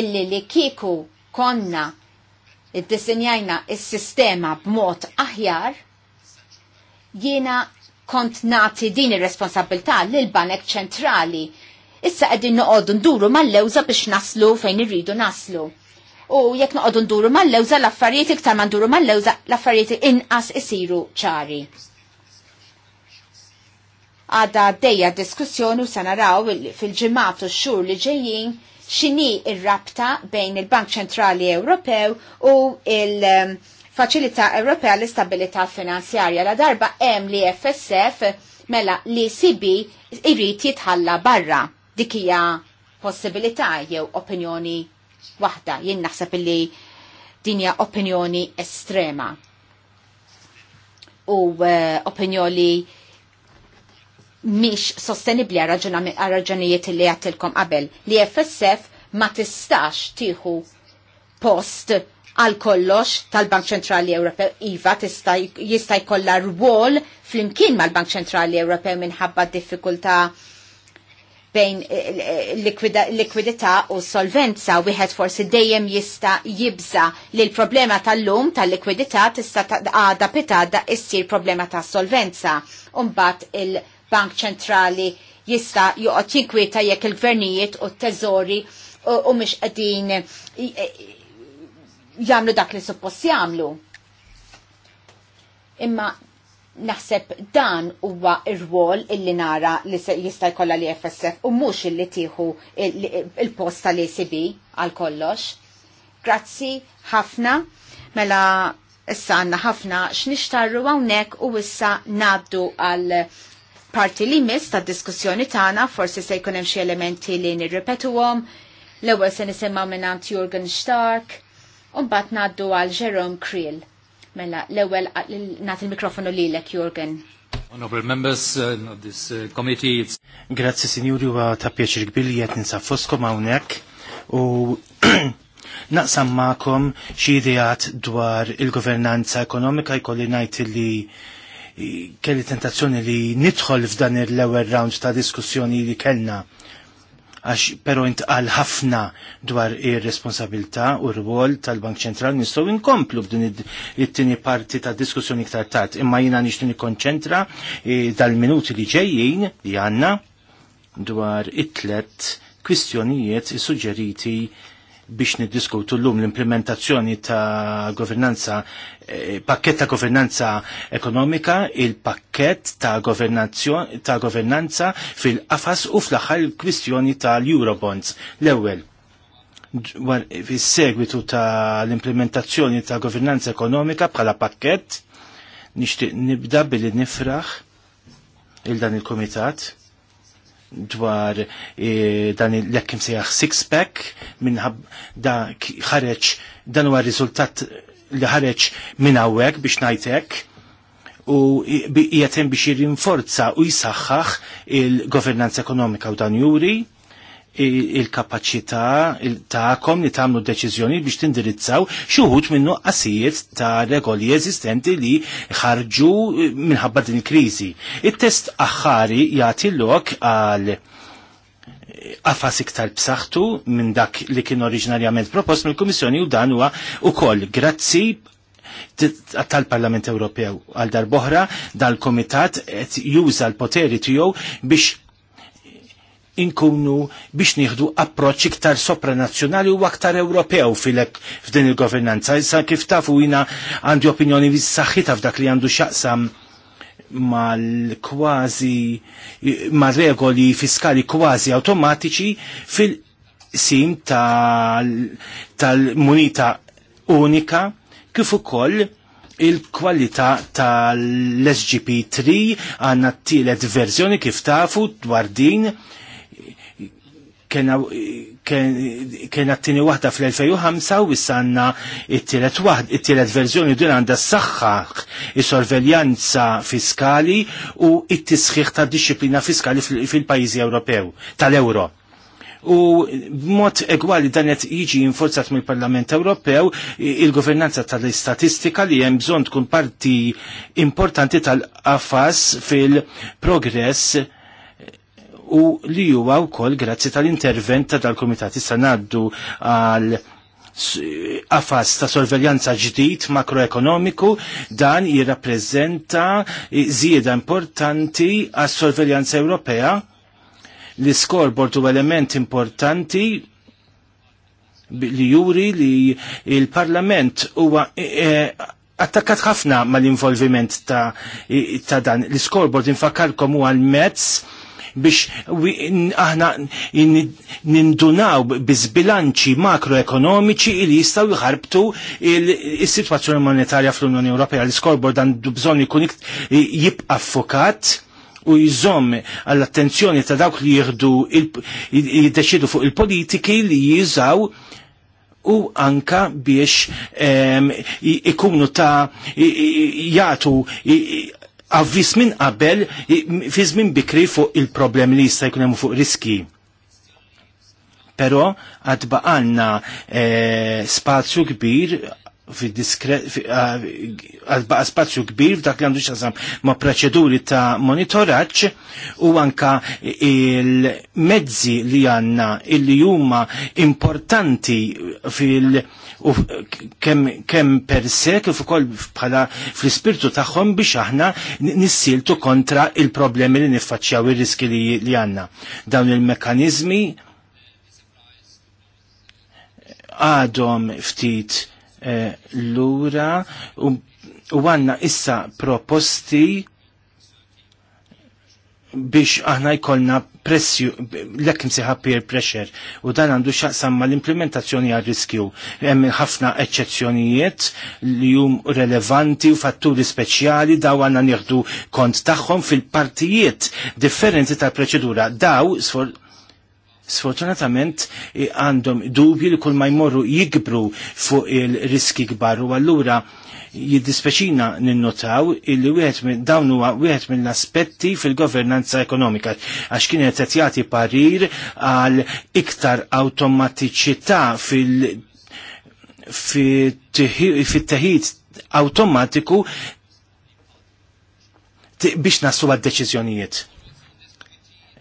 illi li kieku konna id-disinjajna il-sistema b'mod aħjar, jiena kont nati din ir-responsabilità lil banek ċentrali. Issa qegħdin noqogħdu nduru mal-lewża biex naslu fejn irridu naslu u jekk noqogħdu nduru mal-lewża l-affarijiet iktar ma nduru mal-lewża l-affarijiet inqas isiru ċari. Għada dejja diskussjoni u sanaraw fil ġimmat u x-xhur li ġejjin x'inhi ir-rabta bejn il-Bank Ċentrali Ewropew u il- um, Faċilità Ewropea l-Istabilità Finanzjarja la darba hemm li FSF mela li sibi irrit jitħalla barra dikija possibilità jew opinjoni waħda. Jien naħseb illi dinja opinjoni estrema u uh, opinjoni miex sostenibli għal-raġunijiet li għattilkom qabel. Li FSF ma tistax tiħu post għal kollox tal-Bank Ċentrali Ewropew iva jista' jkollha rwol flimkien mal-Bank Ċentrali Ewropew minħabba d diffikultà bejn eh, eh, likwidità u solvenza wieħed forsi dejjem jista' jibża li l-problema tal-lum tal-likwidità tista' għada pitada issir problema ta' solvenza. Umbat il-Bank Ċentrali jista' joqgħod jinkwita jekk il-gvernijiet u t-teżori u mhux qegħdin eh, jagħmlu dak li suppost jagħmlu. Imma naħseb dan huwa ir-rwol illi nara li jista' jkollha li FSF u mhux illi tieħu il-post tal ACB għal kollox. Grazzi ħafna mela issa għandna ħafna x'nixtarru hawnhekk u issa ngħaddu għal parti li mis ta' diskussjoni tagħna forsi se jkun hemm xi elementi li nirripetuhom. L-ewwel se nisimgħu minn Jurgen Stark u mbagħad ngħaddu għal Jerome Creel. Mela, l-ewel, nat il-mikrofonu li l Jorgen. Honorable members uh, of this uh, committee. Grazzi, signori, wa ta' pieċir kbir li jett foskom għawnek u naqsam ma'kom xie ideat dwar il-governanza ekonomika jkolli najt li kelli tentazzjoni li nidħol f'dan il-ewel round ta' diskussjoni li kellna għax pero intqal ħafna dwar ir-responsabilità u r-rwol tal-Bank Ċentrali nistgħu inkomplu b'din it-tieni parti ta' diskussjoni iktar tard, imma jiena nixtieq nikkonċentra eh, dal-minuti li ġejjin li għandna dwar it-tlet kwistjonijiet suġġeriti biex niddiskutu l-lum l-implementazzjoni ta' governanza, eh, pakket ta' governanza ekonomika, il-pakket ta' ta' governanza fil-qafas u fl-axar kwistjoni tal-Eurobonds. L-ewel, fil-segwitu ta' l-implementazzjoni ta' governanza ekonomika bħala pakket, nishtiq nibda billi nifraħ il-dan il-komitat dwar e, dan l-ekkim sejjaħ six-pack minħab da ħareċ dan huwa riżultat li ħareċ minn hawnhekk biex ngħidlek u jgħatem biex jirinforza u jisaxħax il-governanza ekonomika u dan juri il-kapacità il ta'kom li tagħmlu deċizjoni biex tindirizzaw xuħut minnu qasijiet ta' regoli eżistenti li ħarġu eh, minħabba din il-kriżi. It-test aħħari jagħti lok għal għafas eh, iktar b'saħħtu minn dak li kien oriġinarjament propost mill-Kummissjoni u dan huwa ukoll grazzi tal-Parlament Ewropew għal darboħra dal-Komitat juża l-poteri tiegħu biex inkunu biex nieħdu approċċ iktar sopranazzjonali u aktar Ewropew filek f'din il-governanza. Issa kif tafu jina għandi opinjoni saħħita f'dak li għandu xaqsam mal-kważi mal regoli fiskali kważi automatiċi fil-sim tal-munita tal unika kif ukoll il-kwalità tal-SGP3 għanna t-tielet verżjoni kif tafu dwar din kena t-tini wahda fl-2005 u wissanna it-tielet wahda, it-tielet verżjoni din għanda s-saxħax il-sorveljanza fiskali u it-tisħiħ ta' disciplina fiskali fil-pajizi Ewropew, tal-Euro u b'mod egwali dan qed jiġi infurzat mill-Parlament Ewropew il-governanza tal-istatistika li hemm bżonn tkun parti importanti tal afas fil-progress u li huwa wkoll grazzi tal-intervent ta' dal-Kumitat Sanaddu ngħaddu għal għafas ta' sorveljanza ġdid makroekonomiku dan jirrappreżenta zieda importanti għas sorveljanza Ewropea l-scoreboard u element importanti li juri li il-Parlament huwa e, e, attakkat ħafna mal-involviment ta', ta dan. L-scoreboard infakarkom huwa għal mezz biex aħna nindunaw biżbilanċi makroekonomiċi li jistgħu jħarbtu is-sitwazzjoni monetarja fl-Unjoni Ewropea l-iskorbord għandu bżonn jkun jibqa' affokat u jżomm għall-attenzjoni ta' dawk li jieħdu jiddeċidu fuq il-politiki li jiżaw u anka biex ikunu ta' jgħatu avvis minn qabel fi żmien bikri fuq il-problemi li jista' jkun hemm fuq riski. Però għad baqalna eh, spazju kbir eh, għadbaqa spazju kbir f'dak li għandu xasam ma' proċeduri ta' monitoraċ u anka il-mezzi li għanna li huma importanti fil- u kemm kem per se kif ukoll bħala fl-ispirtu tagħhom biex aħna nissiltu kontra il-problemi li niffaċċjaw ir-riski li, li għandna. Dawn il-mekkaniżmi għadhom ftit eh, lura u għanna issa proposti biex aħna jkollna pressju, l-ekkim siħa peer pressure, u dan għandu xaqsam ma l-implementazzjoni għal riskju. Hemm ħafna eccezzjonijiet li jum relevanti u fatturi speċjali daw għanna nieħdu kont tagħhom fil-partijiet differenti tal-proċedura. Daw, sfor sfortunatament għandhom dubju li kull ma jmorru jikbru fuq il-riski kbar u allura jiddispeċina ninnotaw illi wieħed minn dawn huwa wieħed mill-aspetti fil-governanza ekonomika għax kienet qed jagħti parir għal iktar awtomatiċità fil fit-teħid awtomatiku biex naslu għad-deċiżjonijiet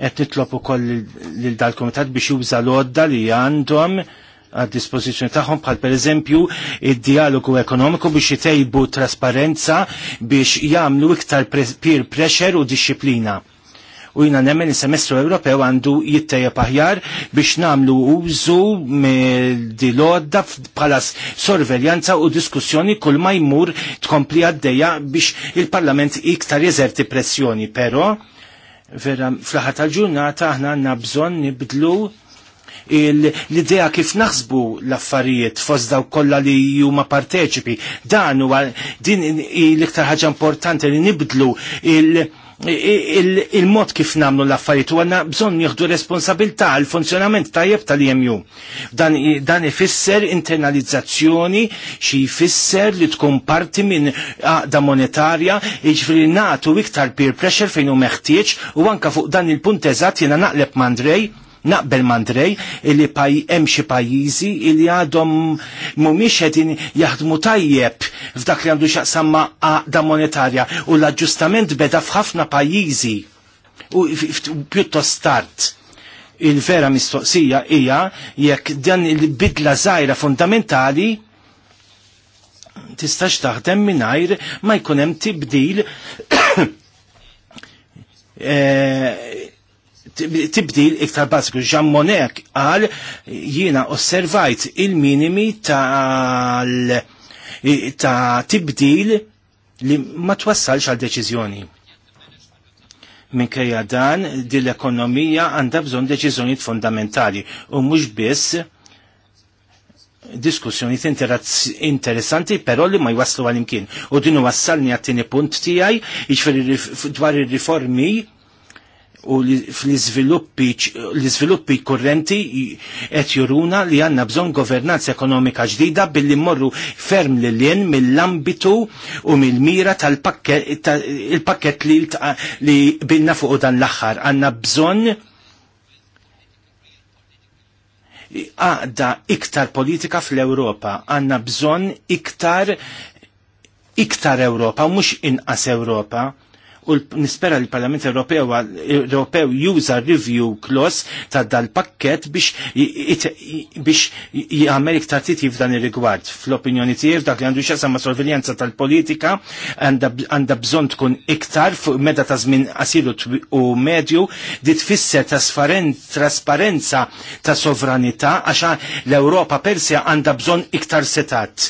qed nitlob ukoll lil dal-kumitat biex juża l-għodda li għandhom għad dispożizzjoni tagħhom bħal pereżempju id-dialogu ekonomiku biex jitejbu trasparenza biex jagħmlu iktar peer pressure u disciplina u jina nemmen il-semestru Ewropew għandu jittejja paħjar biex namlu użu di lodda bħala sorveljanza u diskussjoni kull ma jmur tkompli għaddeja biex il-Parlament iktar jeżerti pressjoni, pero vera fl-ħat tal-ġurnata aħna għandna bżonn nibdlu l-idea kif naħsbu l-affarijiet fost daw kollha li huma parteċipi. Dan huwa din l-iktar ħaġa importanti li nibdlu il- il-mod il kif namlu l-affarijiet u għanna bżon njieħdu responsabilità għal funzjonament tajjeb tal jemju Dan, dan ifisser internalizzazzjoni xi jfisser li tkun parti minn għaqda monetarja iġifri natu iktar peer pressure fejn u meħtieġ u anka fuq dan il-punt eżatt jena naqleb mandrej naqbel mandrej illi hemm xi pajjiżi illi għadhom mhumiex edin jaħdmu tajjeb f'dak li għandu xaqsamma għada monetarja u l-aġġustament beda f'ħafna pajjiżi u pjuttost tard il-vera mistoqsija hija jekk dan il-bidla żgħira fundamentali tistax taħdem mingħajr ma jkun hemm tibdil eh, tibdil iktar basiku. Jean Monnet għal jiena osservajt il-minimi tal ta' tibdil li ma twassalx għal deċiżjoni. Minkejja dan din l-ekonomija għandha bżonn deċiżjonijiet fundamentali u mhux biss diskussjonijiet interessanti però li ma jwasslu għal-imkien. U dinu wassalni għattini punt tijaj, iġferi dwar il-riformi u l iżviluppi korrenti qed juruna li għanna bżon governanza ekonomika ġdida billi morru ferm l jen mill-ambitu u mill-mira tal-pakket li, li bilna fuq dan l aħħar Għanna bżon għada iktar politika fl-Europa, għanna bżon iktar iktar Europa, mux inqas Europa u nispera li l-Parlament Ewropew juża review klos ta' dal-pakket biex jagħmel iktar titji f'dan ir-rigward. Fl-opinjoni tiegħi dak li għandu x'jaqsam ma' sorveljanza tal-politika għandha bżonn tkun iktar fuq meta ta' żmien qasilu u medju di tfisser trasparenza ta' sovranità għax l-Ewropa Persja għandha bżonn iktar setat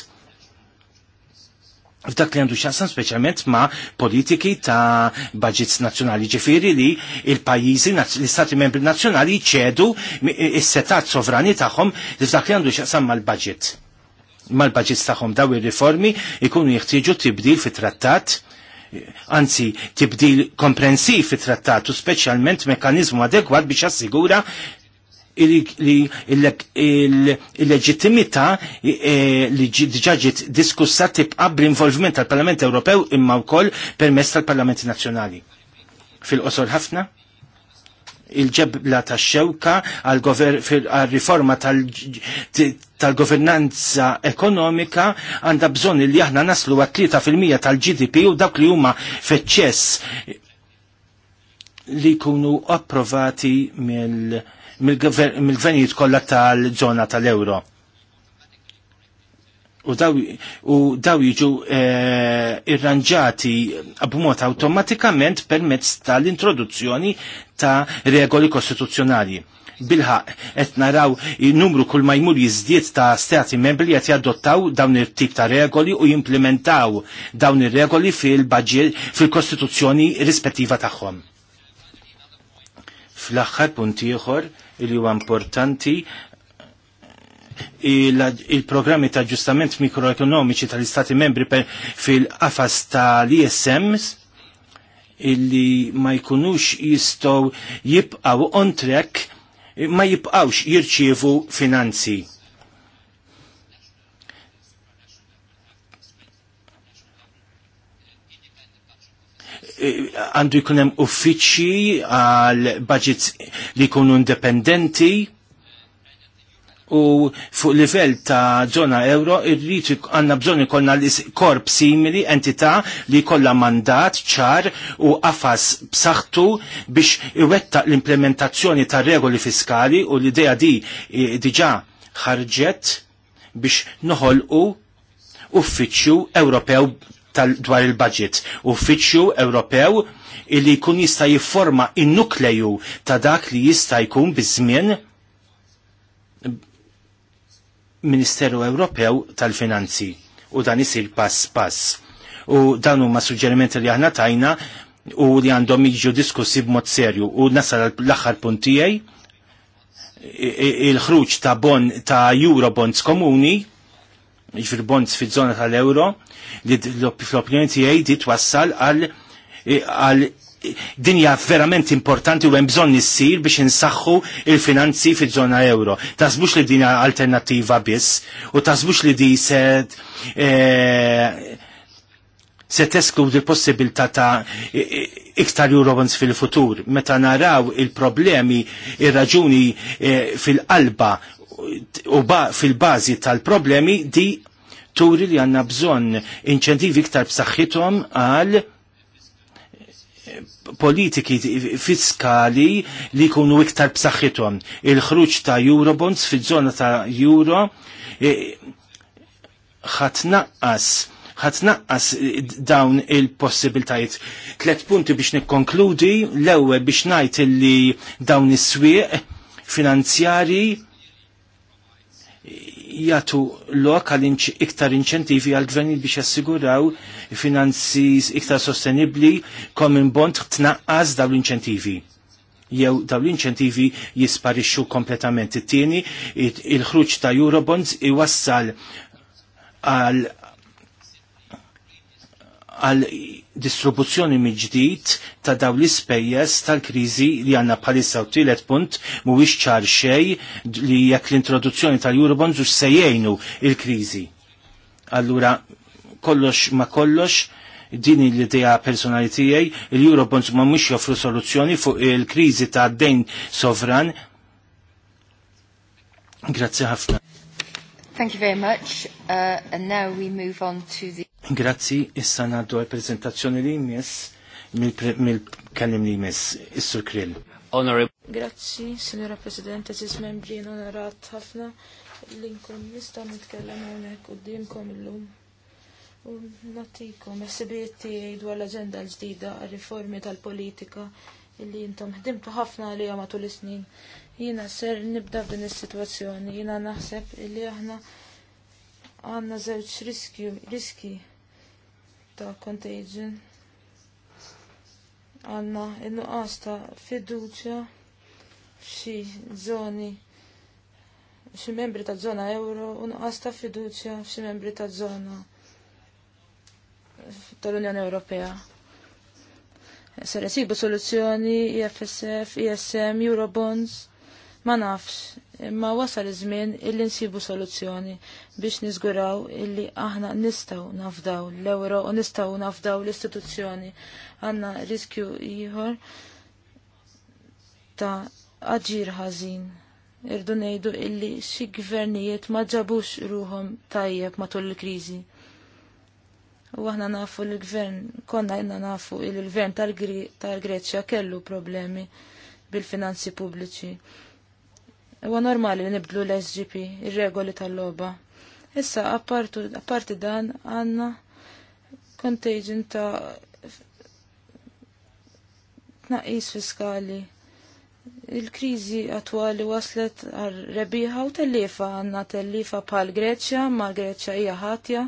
f'dak li għandu xansan speċjalment ma' politiki ta' budgets nazzjonali ġifiri li il-pajizi, l-istati membri nazzjonali ċedu is-setat sovrani tagħhom f'dak li għandu xansan mal-budget. Mal-budgets tagħhom daw ir-riformi ikunu jeħtieġu tibdil fit-trattat anzi tibdil komprensiv fit trattat u speċjalment mekanizmu adegwat biex assigura il-leġittimità eh, li ġiġaġit diskussa tibqa bl-involviment tal-Parlament Ewropew imma wkoll permess tal-Parlamenti Nazzjonali. Fil-qosor ħafna, il-ġebla ta' xewka għal-riforma tal-governanza ekonomika għanda bżon li aħna naslu għat fil-mija tal-GDP u dak li huma feċċess li kunu approvati mill- mill-gvernijiet kollha tal-żona tal-euro. U daw, jiġu eh, irranġati b'mod awtomatikament permezz tal-introduzzjoni ta' regoli kostituzzjonali bilħaq qed naraw numru kull ma jmur jiżdied ta' stati membri qed jadottaw dawn it-tip ta' regoli u jimplementaw dawn ir-regoli fil-baġġiet fil-kostituzzjoni rispettiva tagħhom. Fl-aħħar punt ieħor il huwa importanti il-programmi ta' ġustament mikroekonomiċi tal-istati membri fil-qafas tal-ISMs illi ma jkunux jistow jibqaw on track ma jibqawx jirċievu finanzi għandu jkun hemm uffiċċji għal budgets li jkunu indipendenti u fuq livell ta' zona euro irrid għandna bżonn ikollna korp simili entità li jkollha mandat ċar u għafas b'saħħtu biex iwettaq l-implementazzjoni ta' regoli fiskali u l-idea di diġà ħarġet biex noħolqu uffiċċju Ewropew dwar il-budget u fitxu Ewropew illi jkun jista' jifforma in-nukleju ta' dak li jista' jkun biż-żmien Ministeru Ewropew tal-Finanzi u dan isir pass pass. U dan huma suġġerimenti li aħna tajna u li għandhom jiġu diskussi b'mod serju u nasal l-aħħar punt tiegħi il-ħruġ ta' bon ta' Eurobonds komuni ġifir bonds fi zona tal-euro, li l-opinjoni tiegħi di twassal għal eh, għal eh, dinja verament importanti u hemm bżonn issir biex insaħħu il-finanzi fiż-żona euro. Tasbux li dinja alternattiva biss u tasbux li di se eh, se teskludi l possibilta ta' iktar Eurobonds fil-futur. Meta naraw il-problemi, il raġuni fil-qalba u fil-bazi tal-problemi di turi li għanna bżon inċentivi iktar b'saħħithom għal politiki fiskali li kunu iktar b'saħħithom. Il-ħruġ ta' Eurobonds fil żona ta' Euro e, ħatnaqqas ħatnaqqas dawn il-possibiltajiet. Tlet punti biex nikkonkludi, l-ewwel biex ngħid illi dawn is-swieq finanzjarji jatu lok għal iktar inċentivi għal gverni biex jassiguraw finanzi iktar sostenibli komin bond tnaqqas daw l-inċentivi. Jew daw l-inċentivi jisparixxu kompletament. It-tieni il-ħruġ ta' Eurobonds iwassal għal għal distribuzzjoni miġdijt ta' daw l-ispejjeż tal-kriżi li għandna palissa u tielet punt mhuwiex ċar xej li jekk l-introduzzjoni tal-Eurobonds u sejjejnu il-kriżi. Allura kollox ma kollox din l-idea personali tiegħi il-Eurobonds ma mux joffru soluzzjoni fuq il-kriżi ta' dejn sovran. Grazzi ħafna. Thank you very much. Uh, and now we move on to the Grazzi, issa naddu għal-prezentazzjoni li jmiss mill kellim li jmiss, Issur Krill. Grazzi, Signora Presidente, Aziz Membri, onorat ħafna li nkun nista' nitkellem hawnhekk quddiemkom illum. U natikom s tiegħi dwar l-aġenda l-ġdida għar-riformi tal-politika illi intom ħdimtu ħafna li matul is-snin. Jiena ser nibda f'din is-sitwazzjoni, jiena naħseb illi aħna għandna żewġ riski ta' contagion għanna il-nuqqas ta' fiduċa f'xi zoni xi membri ta' zona euro u nuqqas ta' fiduċa f'xi membri ta' zona tal-Unjoni Ewropea. Ser sikbu soluzzjoni IFSF, e ISM, e Eurobonds, ma nafx imma wasal iż-żmien illi nsibu soluzzjoni biex niżguraw illi aħna nistgħu nafdaw l ewro u nistgħu nafdaw l-istituzzjoni. Għandna riskju ieħor ta' aġir ħażin. Irdu ngħidu illi xi gvernijiet ma ġabux ruhom tajjeb matul il-kriżi. U aħna nafu l-gvern, konna jenna nafu il-gvern tal-Greċja kellu problemi bil-finanzi pubbliċi Ewa normali li nibdlu l-SGP, ir-regoli tal-logħba. Issa apparti dan għandna contagion ta' tnaqqis fiskali. Il-kriżi attwali waslet għal rebiħa u tellifa għanna tellifa pal Greċja, ma Greċja hija ħatja,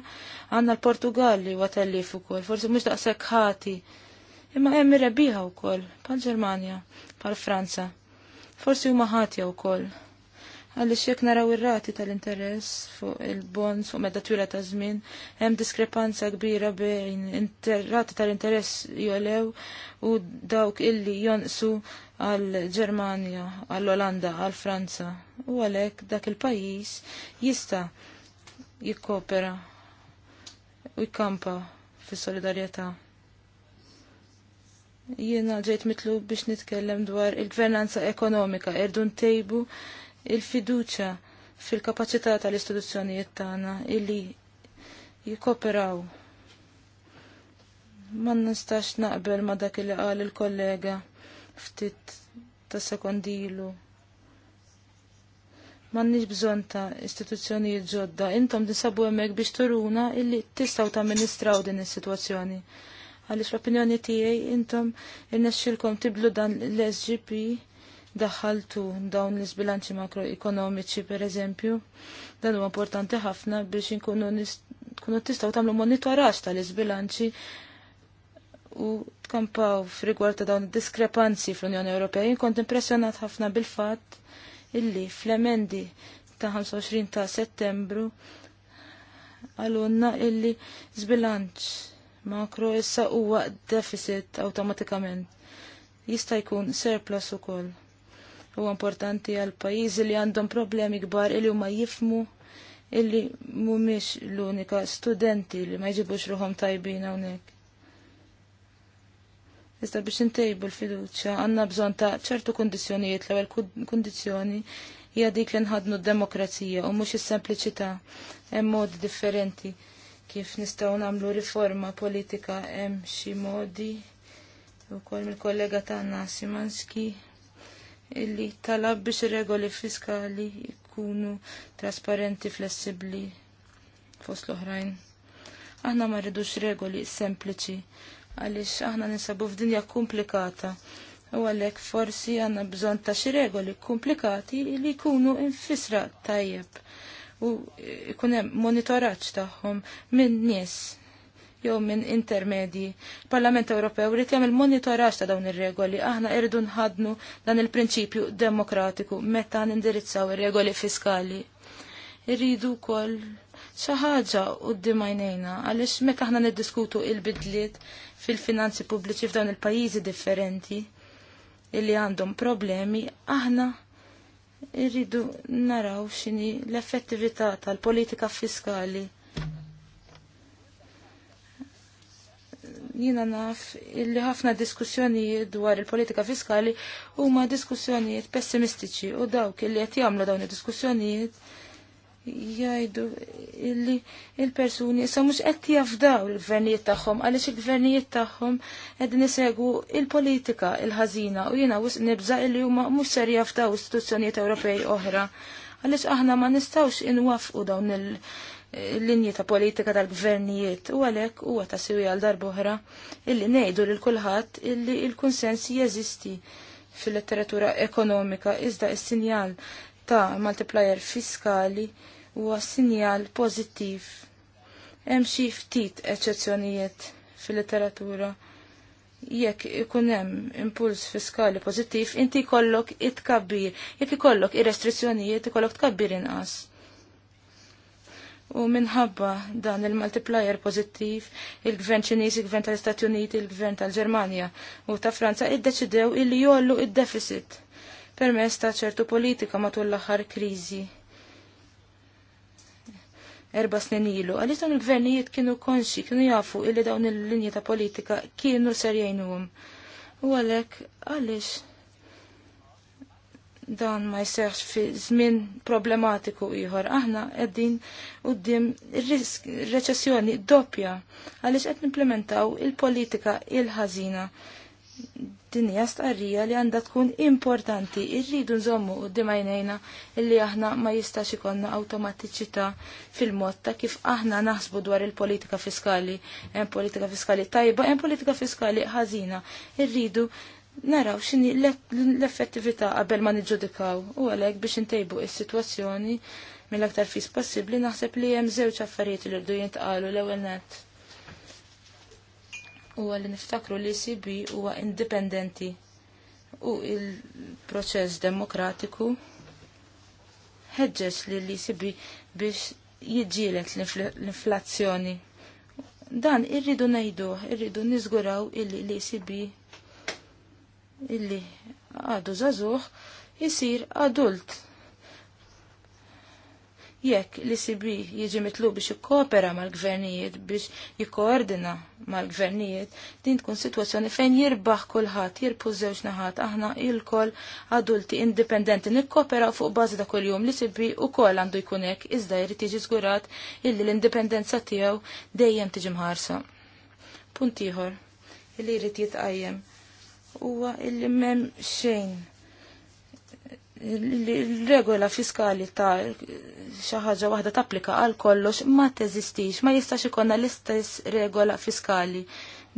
għanna l-Portugalli wa tellif ukoll, forsi mhux daqshekk ħati. Imma hemm rebiħa wkoll pal Ġermanja, pal Franza. Forsi huma ħatja wkoll. Għaliex jekk naraw ir-rati tal-interess fuq il-bonds fuq medda twila ta' żmien, hemm diskrepanza kbira bejn rati tal-interess jolew u dawk illi jonqsu għal Ġermanja, għall Olanda, għal Franza. U għalhekk dak il-pajjiż jista' jikkopera u jkampa fis-solidarjetà. Jiena ġejt mitlu biex nitkellem dwar il-gvernanza ekonomika, irdu ntejbu il-fiduċa fil-kapacità tal-istituzzjonijiet tagħna illi jikoperaw. Ma nistax naqbel ma dak li qal il-kollega ftit ta' sekondilu. M'għandniex bżonn ta' istituzzjonijiet ġodda, intom nisabu hemmhekk biex turuna illi tistgħu tamministraw din is-sitwazzjoni. Għaliex l-opinjoni tiegħi intom irnexxilkom tiblu dan l-SGP daħaltu dawn l-isbilanċi makroekonomiċi per eżempju. Dan huwa importanti ħafna biex inkunu tkunu tistgħu tagħmlu monitoraġġ tal-isbilanċi u tkampaw f'rigward ta' dawn diskrepanzi fl-Unjoni Ewropea. Jien kont impressjonat ħafna bil-fatt illi fl-emendi ta' 25 ta' settembru għalunna illi zbilanċ makro issa huwa deficit awtomatikament. Jista' jkun surplus ukoll. Huwa importanti għal pajjiżi li għandhom problemi kbar illi huma jifmu illi mhumiex l-unika studenti li ma jġibux ruhom tajbin hawnhekk. Iżda biex intejbu l-fiduċja għandna bżonn ta' ċertu kundizzjonijiet l-ewwel kundizzjoni hija dik li nħadnu d-demokrazija u mhux is-sempliċità hemm modi differenti kif nistgħu nagħmlu riforma politika hemm xi modi wkoll mill-kollega tagħna Simanski illi talab biex regoli fiskali jkunu trasparenti, flessibli fost l-oħrajn. Aħna ma rridux regoli sempliċi għaliex aħna ninsabu f'dinja komplikata. U għalhekk forsi għandna bżonn ta' xi regoli komplikati li jkunu infisra tajjeb u jkun hemm monitoraġġ tagħhom minn nies jew minn intermedji. parlament Ewropew rrid jagħmel monitoraġġ ta' dawn ir-regoli aħna irridu nħadnu dan il-prinċipju demokratiku meta nindirizzaw ir-regoli fiskali. Irridu wkoll xi ħaġa quddiem għajnejna għaliex meta aħna niddiskutu il-bidliet fil-finanzi pubbliċi f'dawn il-pajjiżi differenti illi għandhom problemi, aħna irridu naraw xini l-effettività tal-politika fiskali Jina naf illi ħafna diskussjonijiet dwar il-politika fiskali huma diskussjonijiet pessimistiċi u dawk illi qed jagħmlu dawn id-diskussjonijiet jgħidu illi il-persuni sa mhux qed jafdaw il-gvernijiet tagħhom għaliex il-gvernijiet tagħhom qegħdin nisegu il-politika il ħazina u jiena wisq nibża illi huma mhux ser jafdaw istituzzjonijiet Ewropej oħra għaliex aħna ma nistgħux inwafqu dawn il- l linji ta' politika tal-gvernijiet u għalek u ta' siwi għal darboħra illi nejdu l kulħadd illi il-konsens jeżisti fil-letteratura ekonomika iżda is-sinjal ta' multiplier fiskali huwa sinjal pożittiv. Hemm xi ftit eċezzjonijiet fil-letteratura jekk ikun hemm impuls fiskali pożittiv inti jkollok it jekk ikollok ir-restrizzjonijiet ikollok tkabbir inqas U minħabba dan il-multiplier pozittiv, il-gvern ċiniż, il-gvern tal-Istati Uniti, il-gvern tal-Ġermanja u ta' Franza iddeċidew illi jollu id-deficit permess ta' ċertu politika matul l-aħħar kriżi. Erba snin ilu, għaliex dawn il-gvernijiet kienu konxi, kienu jafu illi dawn il-linji ta' politika kienu serjajnum. jgħinuhom. U għalhekk għaliex dan ma jseħx fi żmien problematiku ieħor. Aħna qegħdin quddiem risk reċessjoni doppja għaliex qed implementaw il-politika il-ħażina. Din hija stqarrija li għandha tkun importanti. Irridu nżommu quddiem għajnejna illi aħna ma jistax ikonna awtomatiċità fil-mod ta' kif aħna naħsbu dwar il-politika fiskali. Hemm politika fiskali tajba, hemm politika fiskali ħażina. Irridu naraw xini l-effettività qabel ma niġġudikaw u għalek biex intejbu is-sitwazzjoni mill-aktar fis possibbli naħseb li hemm żewġ affarijiet li rdu jintqalu l-ewwel nett. Huwa li niftakru li CB huwa indipendenti u il-proċess demokratiku ħeġġeġ li l-ECB biex jiġġielet l-inflazzjoni. Dan irridu ngħiduh, irridu niżguraw il l-ECB illi għadu zazuħ jisir adult. Jekk li sibi jiġi mitlu biex jikkopera mal-gvernijiet, biex jikkoordina mal-gvernijiet, din tkun situazzjoni fejn jirbaħ kulħadd, jirpu żewġ naħat, aħna il-kol adulti indipendenti nikkopera fuq bażi ta' kuljum li sibi u kol għandu jkun hekk iżda jrid jiġi żgurat illi l-indipendenza tiegħu dejjem tiġi mħarsa. Punt ieħor, illi jrid jitqajjem huwa illi m'hemm xejn il-regola fiskali ta' xi ħaġa waħda tapplika għal kollox ma teżistix, ma jistax ikonna l-istess regola fiskali.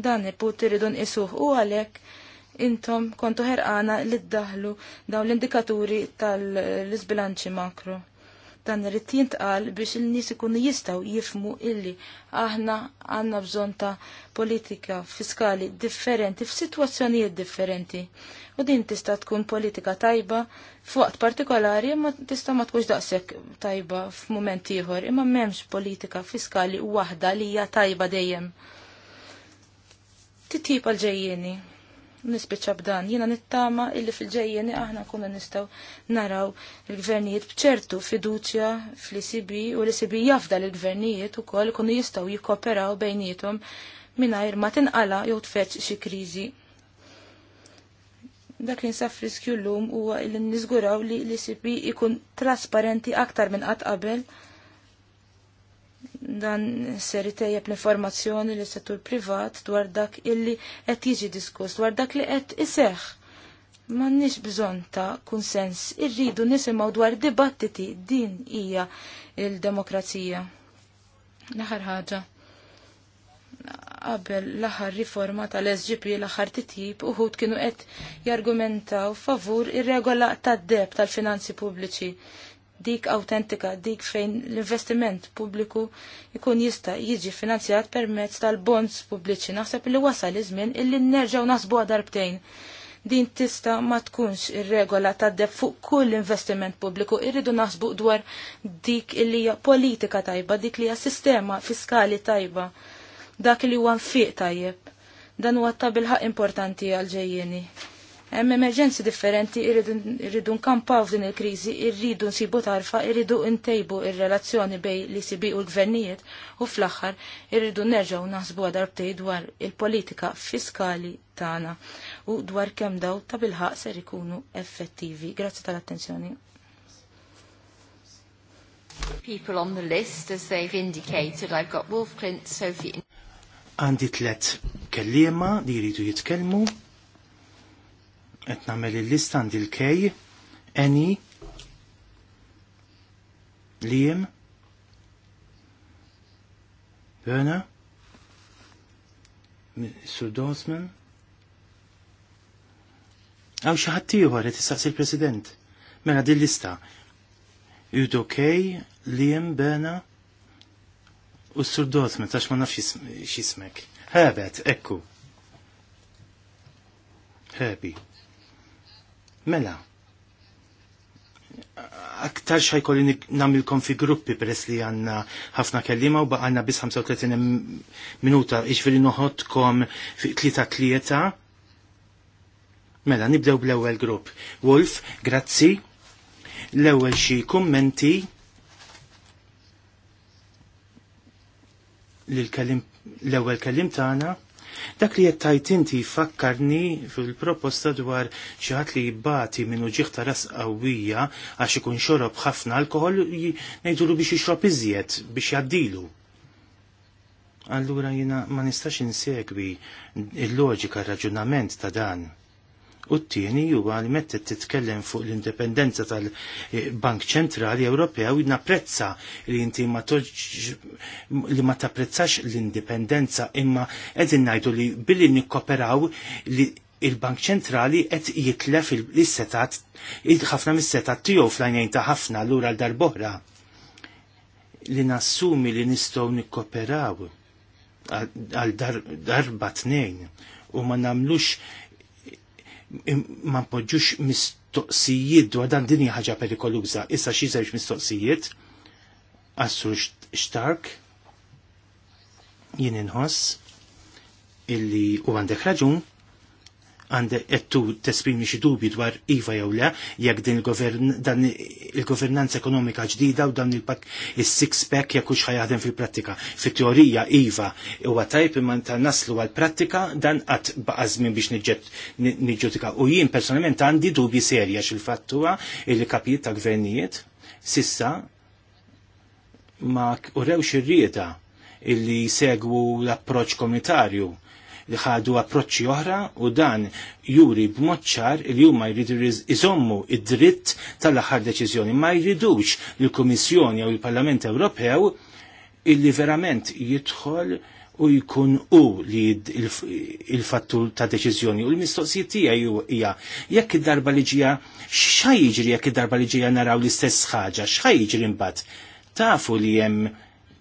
Dan il-put iridu nqisuh u għalhekk intom kontu ħerqana li ddaħlu dawn l-indikaturi tal-isbilanċi makro. Dan irrid jintqal biex il-nies ikunu jistgħu jifmu illi aħna għandna bżonn ta' politika fiskali differenti f'sitwazzjonijiet differenti. U din tista' tkun politika tajba f'waqt partikolari imma tista' ma tkunx daqshekk tajba f'mument ieħor, imma m'hemmx politika fiskali waħda li hija tajba dejjem. Titjib għal-ġejjieni nispiċa b'dan. Jiena nittama illi fil-ġejjeni aħna kuna nistgħu naraw il-gvernijiet bċertu fiduċja fl-ICB u l-ICB jafda l-gvernijiet ukoll kunu jistgħu jikkoperaw bejnietum mingħajr ma tinqala jew tfetx xi kriżi. Dak li nsaf riskju llum huwa li niżguraw li l-ICB ikun trasparenti aktar minn qatt qabel dan seri itejjeb l-informazzjoni li settur privat dwar dak illi qed jiġi diskuss, dwar dak li qed iseħħ. M'għandniex bżonn ta' kunsens, irridu nisimgħu dwar dibattiti din hija il-demokrazija. L-aħħar ħaġa. Qabel l-aħħar riforma tal-SGP l-aħħar titjib uħud kienu qed jargumentaw favur ir-regola tad-deb tal-finanzi pubbliċi dik autentika, dik fejn l-investiment pubbliku jkun jista jiġi finanzjat permezz tal-bonds pubbliċi. Naħseb li wasal iż-żmien illi nerġgħu nasbu darbtejn. Din tista ma tkunx ir-regola ta' deb fuq kull investiment pubbliku, irridu naħsbu dwar dik illi hija politika tajba, dik li hija sistema fiskali tajba, dak li huwa fiq tajjeb. Dan huwa ta' bilħaq importanti għal ġejjeni hemm emerġenzi differenti irridu nkampaw f'din il-kriżi, irridu nsibu tarfa, irridu ntejbu ir-relazzjoni bej li sibi u l-gvernijiet u fl-aħħar irridu nerġgħu naħsbu darbtej dwar il-politika fiskali tagħna u dwar kemm daw ta' bilħaq ser ikunu effettivi. Grazzi tal-attenzjoni. People on the list, as they've indicated, I've got Wolf Clint, Sophie. Għandi tlet kellima li jridu jitkellmu qed nagħmel il-lista għandi l-kej, eni, liem, Böna, Sur Dosman, Għaw xaħat tiħor tistaqs il-President. Mela din lista. Udo Kej, Liem, Bena, u Sur Dosman, tax ma nafx xismek. Hebet, ekku. Hebi. Mela, aktar xajkolli namilkom fi gruppi peress li għanna ħafna kellima u baqanna bis 35 minuta iġveri noħodkom fi tlita tlieta. Mela, nibdew bl-ewel grupp. Wolf, grazzi. L-ewel xi kummenti l-ewel kellim tagħna. Dak li qed tajt inti fakkarni fil-proposta dwar xi ħadd li jibbati minnu ġieħ ta' ras qawwija għax ikun xorob ħafna alkohol ngħidulu biex jixrob iżjed biex jaddilu. Allura jina ma nistax insegwi il-loġika raġunament ta' dan U t-tieni huwa li meta titkellem fuq l-indipendenza tal-Bank Ċentrali Ewropea Ewropew napprezza li inti ma li ma tapprezzax l-indipendenza imma qegħdin ngħidu li billi nikkoperaw li il-Bank ċentrali qed jitlef il-setat, ħafna mis-setat tiegħu fl ta' ħafna ura l-darbohra. Li nassumi li nistgħu nikkoperaw għal darba tnejn u ma namlux ma poġġux mistoqsijiet dwar dan din ħaġa perikoluża. Issa xi żewġ mistoqsijiet għassu xtark jien inħoss illi u għandek raġun għandek qed tesprimi xi dubi dwar iva jew le jekk din il-governanza ekonomika ġdida u dan il-pak il six pack jekk hux ħajaħdem fil-prattika. Fit-teorija iva huwa tajb imma ta' naslu għall-prattika dan qatt baqa' żmien biex niġġudika. U jien personalment għandi dubji serja x'il-fatt huwa il-kapijiet ta' gvernijiet sissa ma urewx ir-rieda illi segwu l-approċ komunitarju li ħadu approċċi oħra u dan juri b'moċċar li huma jridu iżommu id-dritt tal-aħħar deċiżjoni. Ma jridux li l-Kummissjoni u l-Parlament Ewropew illi verament jidħol u jkun u li il-fattur ta' deċizjoni u l-mistoqsijiet tiegħi hija jekk id-darba li ġija x'ha jiġri jekk id-darba li ġija naraw l-istess ħaġa, x'ħajġri jiġri mbagħad. Tafu li hemm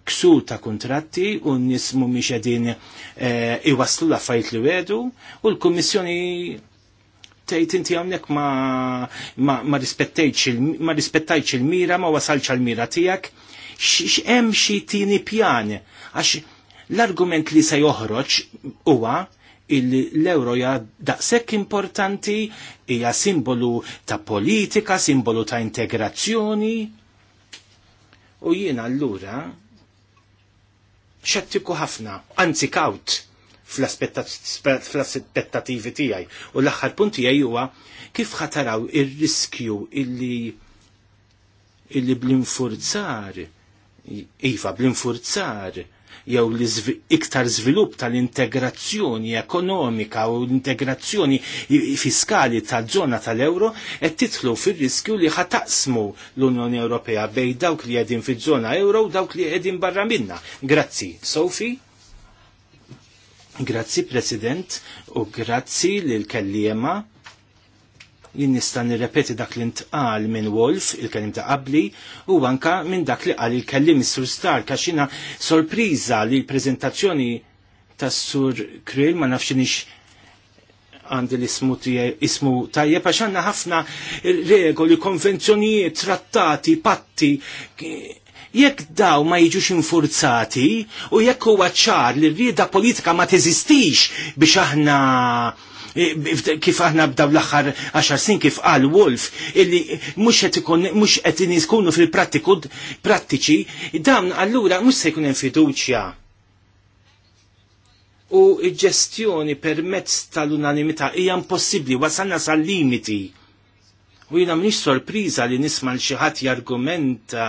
ksu ta' kontratti u nismu nis mumiex edin e, eh, iwaslu la' fajt li wedu u l komissjoni tejt inti għamnek ma, ma, ma rispettajċ il-mira, ma wasalċ għal-mira tijak, xem xie tini pjan, għax l-argument li se joħroċ huwa l-euro ja daqsek importanti, hija simbolu ta' politika, simbolu ta' integrazzjoni, u jiena allura xettiku ħafna, anzi kaut fl-aspettativi tiegħi. U l-aħħar punt tiegħi huwa kif ħataraw ir-riskju illi illi bl-infurzar, iva bl-infurzar jew iktar żvilupp tal-integrazzjoni ekonomika u l-integrazzjoni fiskali tal-żona tal-euro qed titlu fir-riskju li ħataqsmu l-Unjoni Ewropea bej dawk li qegħdin fiż-żona euro u dawk li qegħdin barra minna. Grazzi. Sophie? Grazzi President u grazzi lil kelliema jien nista' nirrepeti dak li ntqal minn Wolf, il-kelim ta' qabli, u anka minn dak li qal il-kellim sur Star kaxina sorpriża li l-preżentazzjoni tas-Sur Krill ma nafxin ix għandi l-ismu ismu tajjeb għax għandna ħafna regoli, konvenzjonijiet, trattati, patti jekk daw ma jiġux infurzati u jekk huwa ċar li rrieda politika ma teżistix biex aħna kif aħna b'daw l-aħħar 10 sin kif qal Wolf illi mhux qed niskunu fil-prattiku prattiċi dan allura mhux se jkun hemm fiduċja u ġestjoni permezz tal-unanimità hija impossibbli wasalna sal-limiti. U jiena mniex sorpriża li nisma' l ħadd jargumenta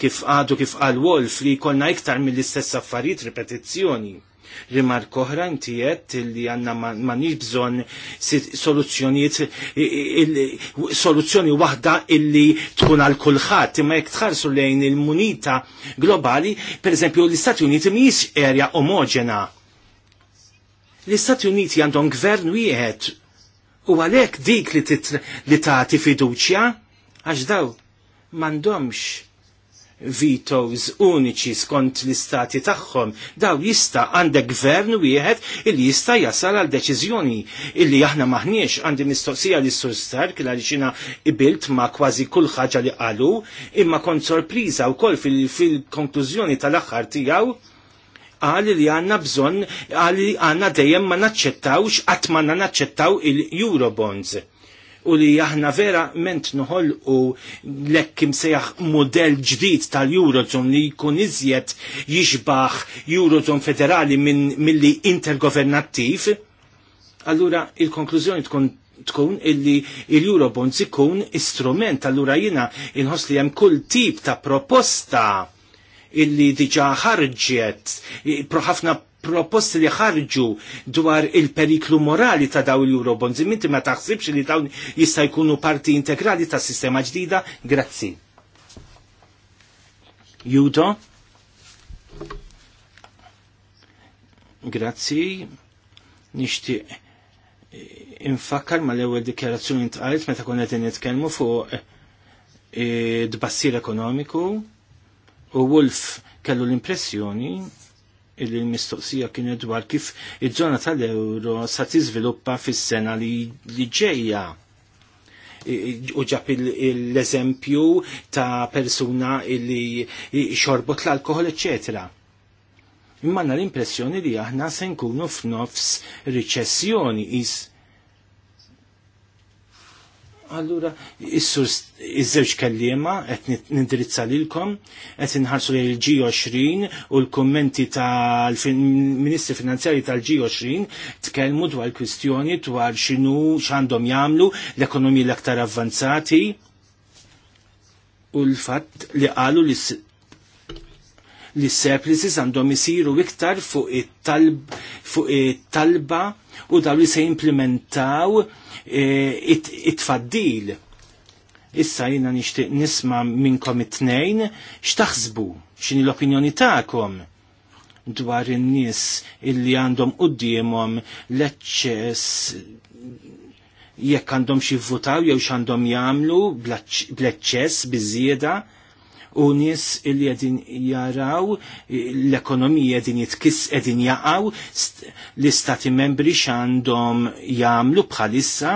kif għadu kif qal Wolf li jkollna iktar mill-istess affarijiet ripetizzjoni rimar koħran tijet li għandna m'għandniex bżonn soluzzjonijiet soluzzjoni waħda illi tkun għal kulħadd imma jekk tħarsu lejn il-munita globali, pereżempju l-Istati Uniti mhijiex erja omogena. L-Istati Uniti għandhom gvern wieħed u għalhekk dik li tagħti fiduċja għax daw m'għandhomx vetoes uniċi skont l-istati tagħhom. Daw jista' għandek gvern wieħed illi jista' jasal għal deċiżjoni illi aħna maħniex għandi mistoqsija li sur Stark li xina ibilt ma' kważi kull ħaġa li qalu, imma kont sorpriża wkoll fil-konklużjoni tal-aħħar tiegħu għal li għanna bżon għal li għanna dejjem ma naċċettawx għatmanna naċċettaw il-Eurobonds u li aħna vera ment nħol u lekk imsejjaħ model ġdid tal-Eurozone li jkun iżjed jixbaħ Eurozone federali minn milli intergovernattiv, allura il-konklużjoni tkun tkun illi il-Eurobonds ikun istrument, allura jina inħoss li hemm kull tip ta' proposta illi diġa ħarġet ħafna proposti li ħarġu dwar il-periklu morali ta' daw l-Eurobonds, minti ma taħsibx li dawn jista' jkunu parti integrali ta' sistema ġdida? Grazzi. Judo? Grazzi. nishti infakkar ma l-ewel dikjarazzjoni tqalet meta konna qed nitkellmu fuq eh, d-bassir ekonomiku u Wolf kellu l-impressjoni il-mistoqsija kienet dwar kif il żona tal-euro sa tiżviluppa fis-sena li ġejja. U ġab l-eżempju ta' persuna li xorbot l-alkohol, eccetera. Imma l-impressjoni li aħna se nkunu f'nofs riċessjoni is Allura, issur iż-żewġ kellima qed nindirizza lilkom, qed inħarsu lil G20 u l-kummenti tal-Ministri Finanzjari tal-G20 tkellmu dwar kwistjoni dwar x'inhu x'għandhom jagħmlu l-ekonomiji l-aktar avvanzati u l-fatt li qalu li li surpluses għandhom isiru iktar fuq it-talba u daw li se jimplementaw Eh, it-tfaddil. Issa jina nishtiq nisma minnkom it-tnejn, xtaħsbu, xini l-opinjoni ta'kom dwar in-nies illi għandhom qudiemhom l-eċċess jekk għandhom xivvutaw jew x'għandhom jagħmlu bl-eċċess biżjieda. Bl u nies li qegħdin jaraw l-ekonomija għedin jitkis qegħdin jaqgħu l-istati membri xandom jagħmlu bħalissa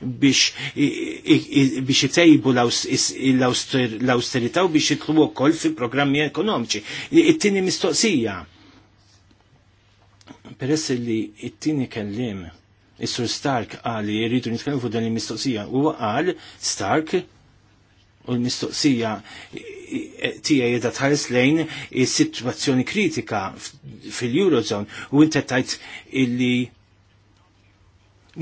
biex jitejbu l-austerità u biex jitlu wkoll fi programmi ekonomiċi. It-tieni mistoqsija. Peress li it-tieni kellim Is-sur Stark qal li jridu nitkellmu fuq dan il-mistoqsija. Huwa qal Stark u l-mistoqsija tiegħi qiegħda tħares lejn is-sitwazzjoni kritika fil-Eurozone u inta tajt illi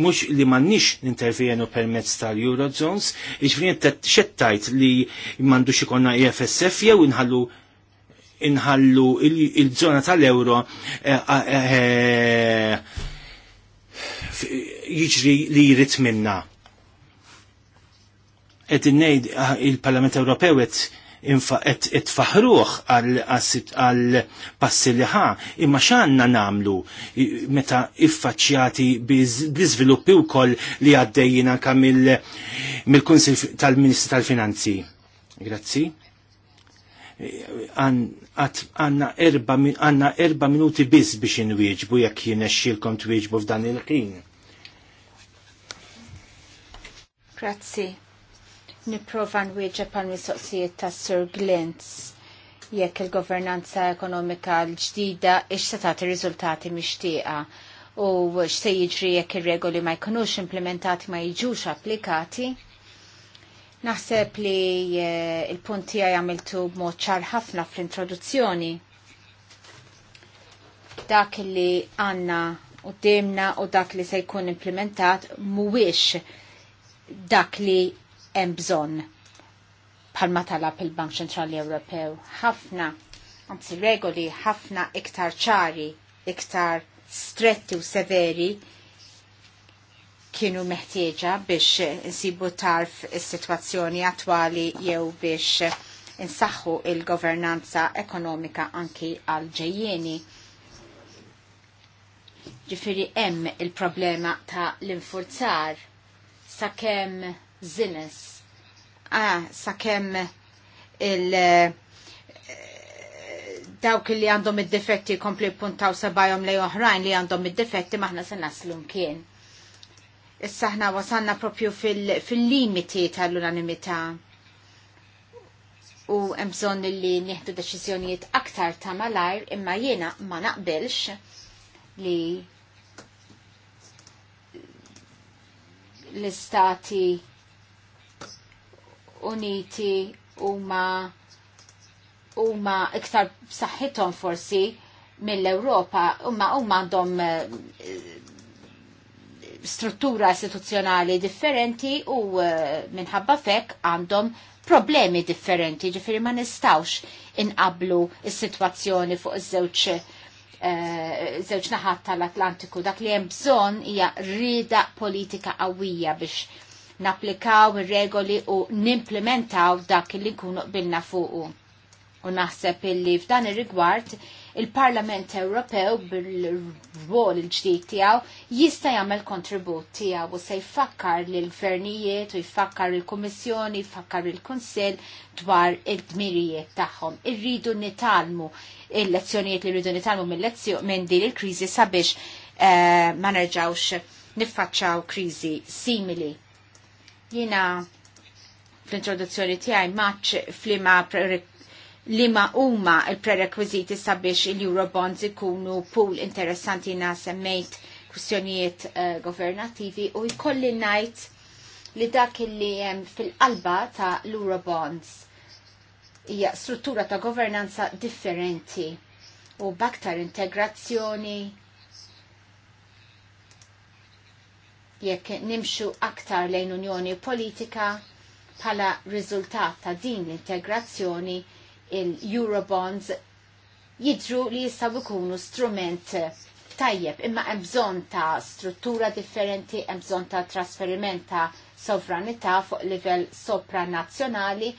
mux li mannix nintervjenu permezz tal-Eurozones, iġvien xettajt li mandu xikonna EFSF jew inħallu inħallu il-zona tal-euro eh, eh, eh, jiġri li jrit minna. Ed ah, il-Parlament Ewropew et it-faħruħ għal passi li ħa, imma xanna namlu meta iffaċjati bizviluppi u koll li għaddejjina kamil mil kunsil tal ministri tal-Finanzi. Grazzi. Għanna erba minuti biz biex nwieġbu jekk jinexxilkom twieġbu f'dan il-ħin. Grazzi. Niprofa nwieġeb għal mistoqsijiet ta' Sir Glintz jekk il-governanza ekonomika l-ġdida ix se tagħti riżultati mixtieqa u x'se jiġri jekk ir-regoli ma jkunux implementati ma jiġux applikati. Naħseb li eh, il-punti għaj għamiltu b'mod ċar ħafna fl-introduzzjoni. Dak li għanna u demna u dak li se jkun implementat mhuwiex dak li hemm bżonn bħalma talab il-Bank Ċentrali Ewropew ħafna anzi regoli ħafna iktar ċari, iktar stretti u severi kienu meħtieġa biex nsibu tarf is-sitwazzjoni attwali jew biex insaħħu il-governanza ekonomika anki għal ġejjeni. Ġifiri hemm il-problema ta' l-infurzar sakemm Zines. Ah, sakemm il- eh, dawk li għandhom id-defetti kompli puntaw sabajom li oħrajn li għandhom id-defetti maħna se naslu mkien. Issa ħna wasanna propju fil-limiti fil tal-unanimità u emżon li nieħdu deċiżjonijiet aktar ta' malajr imma jiena ma naqbilx li l-istati Uniti huma ma iktar b'saħħithom forsi mill-Ewropa huma huma għandhom eh, struttura istituzzjonali differenti u eh, minħabba fekk għandhom problemi differenti, ġifiri ma nistawx inqablu s sitwazzjoni fuq iż-żewġ eh, żewġ naħat tal-Atlantiku dak li hemm bżonn hija rida politika qawwija biex naplikaw regoli u nimplementaw dak li kunu bilna fuqu. U naħseb illi f'dan ir-rigward il-Parlament Ewropew bil-rwol il-ġdid tiegħu jista' jagħmel kontribut tiegħu u se jfakkar l gvernijiet u jfakkar il-Kummissjoni, jfakkar il-Kunsill dwar il-dmirijiet tagħhom. Irridu nitalmu il-lezzjonijiet li rridu nitalmu minn din il-kriżi sabiex eh, ma nerġawx niffaċċaw kriżi simili Jina fl-introduzzjoni tiegħi maċ flima li ma huma il-prerekwiziti sabiex il-Eurobonds ikunu pool interessanti na semmejt kwistjonijiet uh, governativi u jkolli najt li dak li jem fil-qalba ta' l-Eurobonds hija struttura ta' governanza differenti u baktar integrazzjoni jekk nimxu aktar lejn unjoni politika bħala riżultat ta' din l-integrazzjoni il-Eurobonds jidru li jistaw ikunu strument tajjeb imma hemm bżonn ta' struttura differenti, hemm bżonn ta' trasferiment ta' sovranità fuq livell sopranazzjonali,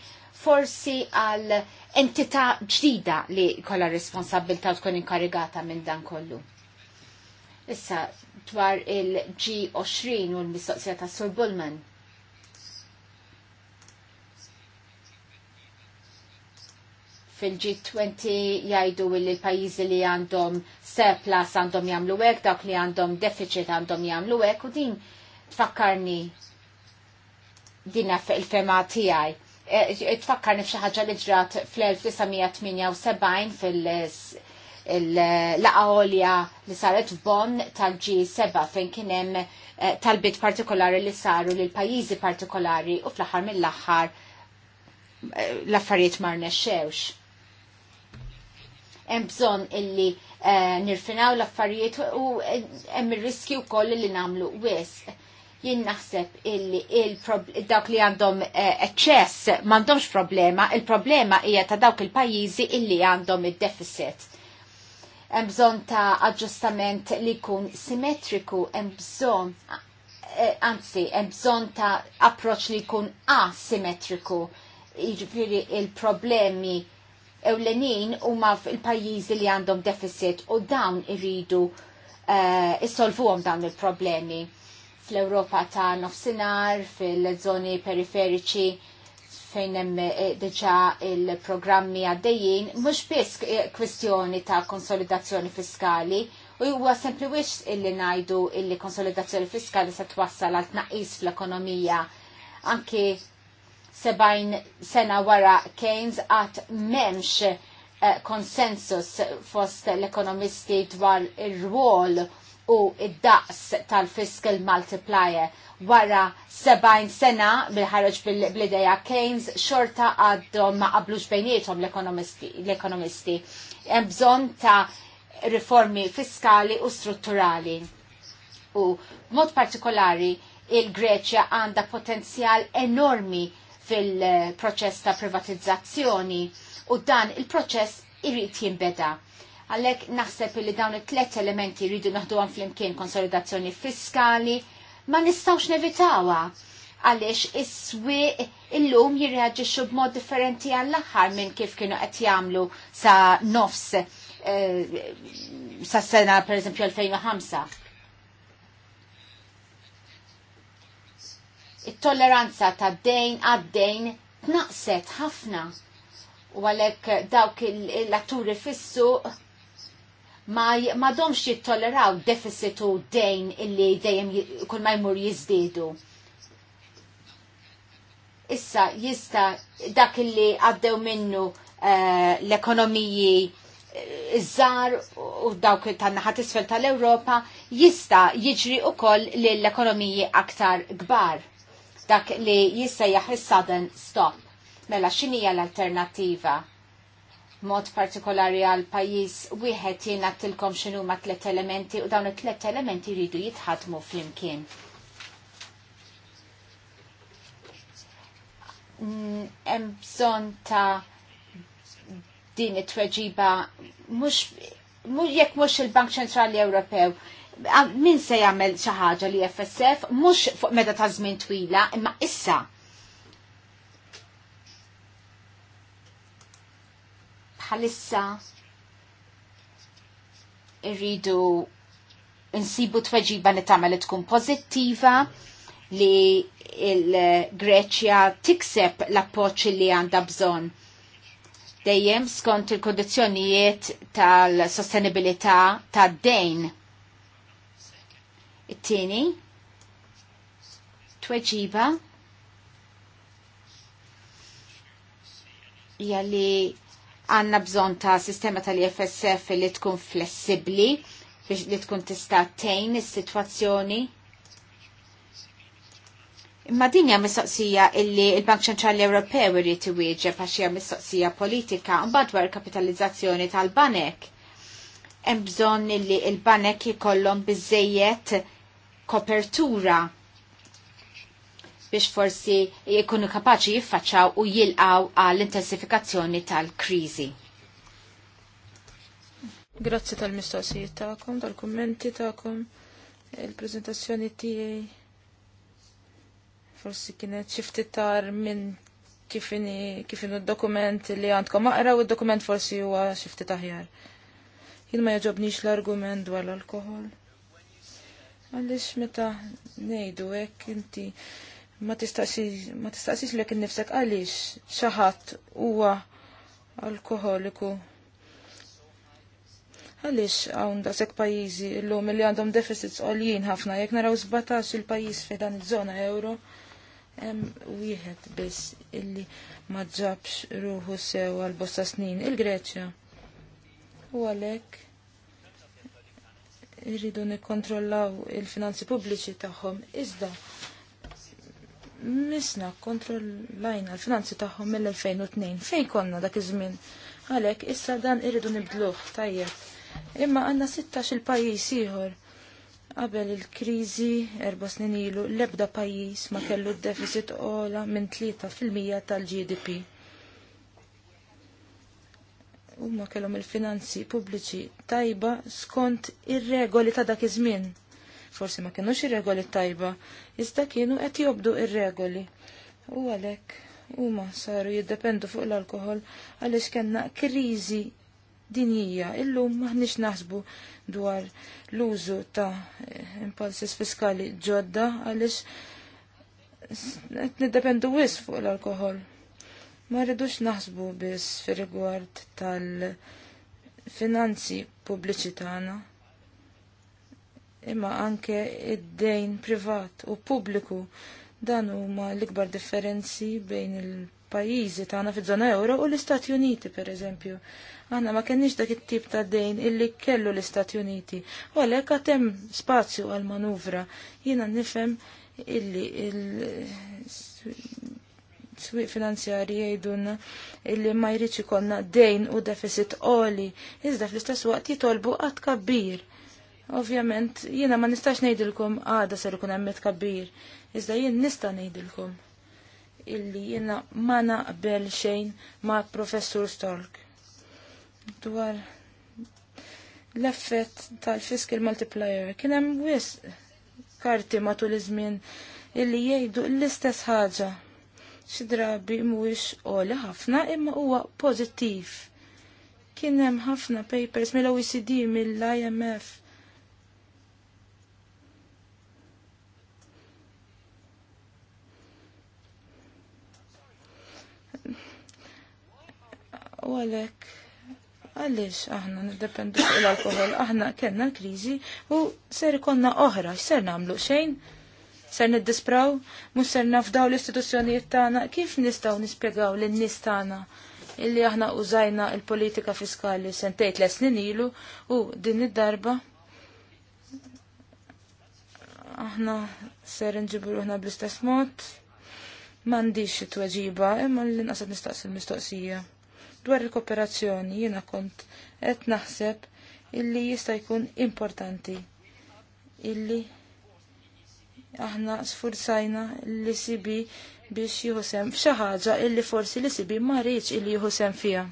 forsi għal entità ġdida li kolla responsabilta tkun inkarigata minn dan kollu. Issa dwar il-G20 u l-mistoqsija ta' Sur Bullman. fil-G20 jajdu li l-pajizi li għandhom surplus għandhom jamlu għek, dawk li għandhom deficit għandhom jamlu għek, u din tfakkarni dinna fil-fema tijaj. E, tfakkarni fxaħġa li ġrat fl-1978 fil- l aqolja li saret f'Bonn tal-G7 fejn kien hemm eh, talbit partikolari li saru lil pajjiżi partikolari u fl-aħħar mill-aħħar eh, l-affarijiet ma rnexxewx. Hemm bżonn illi eh, nirfinaw l-affarijiet u hemm ir-riskju wkoll li nagħmlu wisq jien naħseb il-dawk li għandhom eċċess m'għandhomx problema, il-problema hija ta' dawk il-pajjiżi illi għandhom id-deficit hemm bżonn ta' aġġustament li jkun simmetriku, hemm bżonn eh, anzi, hemm bżonn ta' approċċ li jkun asimmetriku. Jiġifieri il-problemi ewlenin huma fil-pajjiżi li għandhom deficit u dawn iridu eh, issolvuhom dawn il-problemi fl-Ewropa ta' nofsinhar, fil-żoni periferiċi fejn hemm eh, diġà il-programmi għaddejjin mhux biss eh, kwistjoni ta' konsolidazzjoni fiskali u huwa sempli wiex illi ngħidu illi konsolidazzjoni fiskali se twassal għal tnaqqis fl-ekonomija anki sebajn sena wara Keynes għat memx eh, konsensus fost l-ekonomisti dwar ir-rwol u id-daqs tal-fiscal multiplier wara 70 sena bil-ħarġ bil-ideja Keynes xorta għaddhom ma qablux bejnietom l-ekonomisti. Hemm bżonn ta' riformi fiskali u strutturali. U mod partikolari il-Greċja għandha potenzjal enormi fil-proċess ta' privatizzazzjoni u dan il-proċess irrit jimbeda. Għalhekk naħseb li dawn it-tlet elementi jridu naħduhom flimkien konsolidazzjoni fiskali, ma nistgħux nevitawha għaliex is-swieq illum jirreaġixxu b'mod differenti għall-aħħar minn kif kienu qed jagħmlu sa nofs eh, sa sena per eżempju 2005. It-tolleranza tad dejn għad-dejn tnaqset ħafna u għalek dawk l-atturi fissu ma domx jittoleraw deficit u dejn illi dejjem kull ma jmur jizdidu. Issa jista dak illi għaddew minnu uh, l-ekonomiji eh, iż-żar u dawk tan-naħat isfel tal-Ewropa jista jiġri ukoll l-ekonomiji aktar kbar dak li jista jaħ sudden stop. Mela x'inhija l-alternattiva? mod partikolari għal pajis wieħed jiena tilkom xinu ma tlet elementi u dawn it-tlet elementi jridu jitħadmu flimkien. Mm, hemm bżonn ta' din it-tweġiba mhux jekk mhux il-Bank Ċentrali Ewropew min se jagħmel xi ħaġa li FSF mhux fuq meta ta' żmien twila imma issa bħalissa irridu insibu tweġiba li tagħmel li tkun pożittiva li il-Greċja tikseb l-appoċ li għandha bżonn dejjem skont il-kondizjonijiet tal-sostenibilità tad-dejn. It-tieni tweġiba jalli li għanna bżon ta' sistema tal-IFSF li tkun flessibli biex li tkun tista' tejn is-sitwazzjoni. Imma din hija mistoqsija illi l-Bank Ċentrali Ewropew irid iwieġeb għax hija mistoqsija politika mbagħad dwar kapitalizzazzjoni tal-banek. Hemm bżonn illi l-banek jkollhom ikollhom biżejjed kopertura biex forsi jkunu kapaċi jiffaċċaw u jilqaw għall-intensifikazzjoni tal-kriżi. Grazzi tal-mistoqsijiet tagħkom, tal-kummenti tagħkom, il-preżentazzjoni tiegħi forsi kienet xi tar minn kif inu d-dokument li għandkom aqra u d-dokument forsi huwa xi ftit aħjar. Jien ma jaġobnix l-argument dwar l-alkohol. Għaliex meta ngħidu hekk inti ma tistaqsix lek innifsek għaliex xi ħadd huwa alkoholiku. Għaliex hawn daqshekk pajjiżi llum li għandhom deficits għoljien ħafna jekk naraw 17 il-pajjiż fi dan iż-żona euro hemm wieħed biss illi ma ġabx ruħu sew għal bosta snin il-Greċja. U għalhekk irridu nikkontrollaw il-finanzi pubbliċi tagħhom iżda misna kontrollajna l-finanzi tagħhom mill-2002 fejn konna dak iż-żmien. Għalhekk issa dan irridu nibdluh tajjeb. Imma għandna 16 il-pajjiż ieħor qabel il-kriżi erba snin ilu l-ebda pajjiż ma kellu d-deficit ola minn 3% tal-GDP. Huma kellhom il-finanzi pubbliċi tajba skont ir-regoli ta' dak iż-żmien Forsi ma kienux ir-regoli tajba, iżda kienu qed jobdu ir-regoli. U għalhekk huma saru jiddependu fuq l-alkohol għaliex kellna kriżi dinjija. Illum maħniex naħsbu dwar l-użu ta' impulsis fiskali ġodda għaliex qed niddependu wis fuq l-alkohol. Ma rridux naħsbu biss fir rigward tal-finanzi pubbliċi tagħna imma anke id-dejn privat u pubbliku dan huma l-ikbar differenzi bejn il-pajjiżi tagħna fiż-żona euro u l-Istati Uniti pereżempju. Għanna ma kenniex dak it-tip ta' dejn illi kellu l-Istati Uniti. U għalhekk għad hemm spazju għal manuvra. Jiena nifhem illi il swieq finanzjari jgħidulna illi ma jridx ikollna dejn u deficit qoli, iżda fl-istess waqt jitolbu qatt kabbir. Ovvjament, jiena ma nistax ngħidilkom għada ser ikun hemm kabbir, iżda jien nista' ngħidilkom illi jiena ma naqbel xejn ma' Professur Stork dwar l-effett tal-fiscal multiplier kien hemm wis karti matul iż-żmien illi jgħidu l-istess ħaġa. Xi drabi mhuwiex qoli ħafna imma huwa pożittiv. Kien hemm ħafna papers mill-OECD mill-IMF U għalek, għalix aħna nirdependu fuq l-alkohol, aħna kena l-krizi u ser konna oħra, ser namlu xejn, ser niddispraw, mux ser nafdaw l-istituzzjonijiet tagħna, kif nistaw nispjegaw l nies tagħna illi aħna użajna il-politika fiskali sentejt l snin ilu u din id-darba aħna ser nġibu aħna bl-istess mod, mandiċ it-tweġiba, imma l-inqasad nistaqsi l-mistoqsija. Dwar il-kooperazzjoni jiena kont qed naħseb illi jista' jkun importanti illi aħna sfurzajna li sibi biex jieħu sehem f'xi ħaġa illi forsi li sibi ma rridx illi jieħu sehem fiha.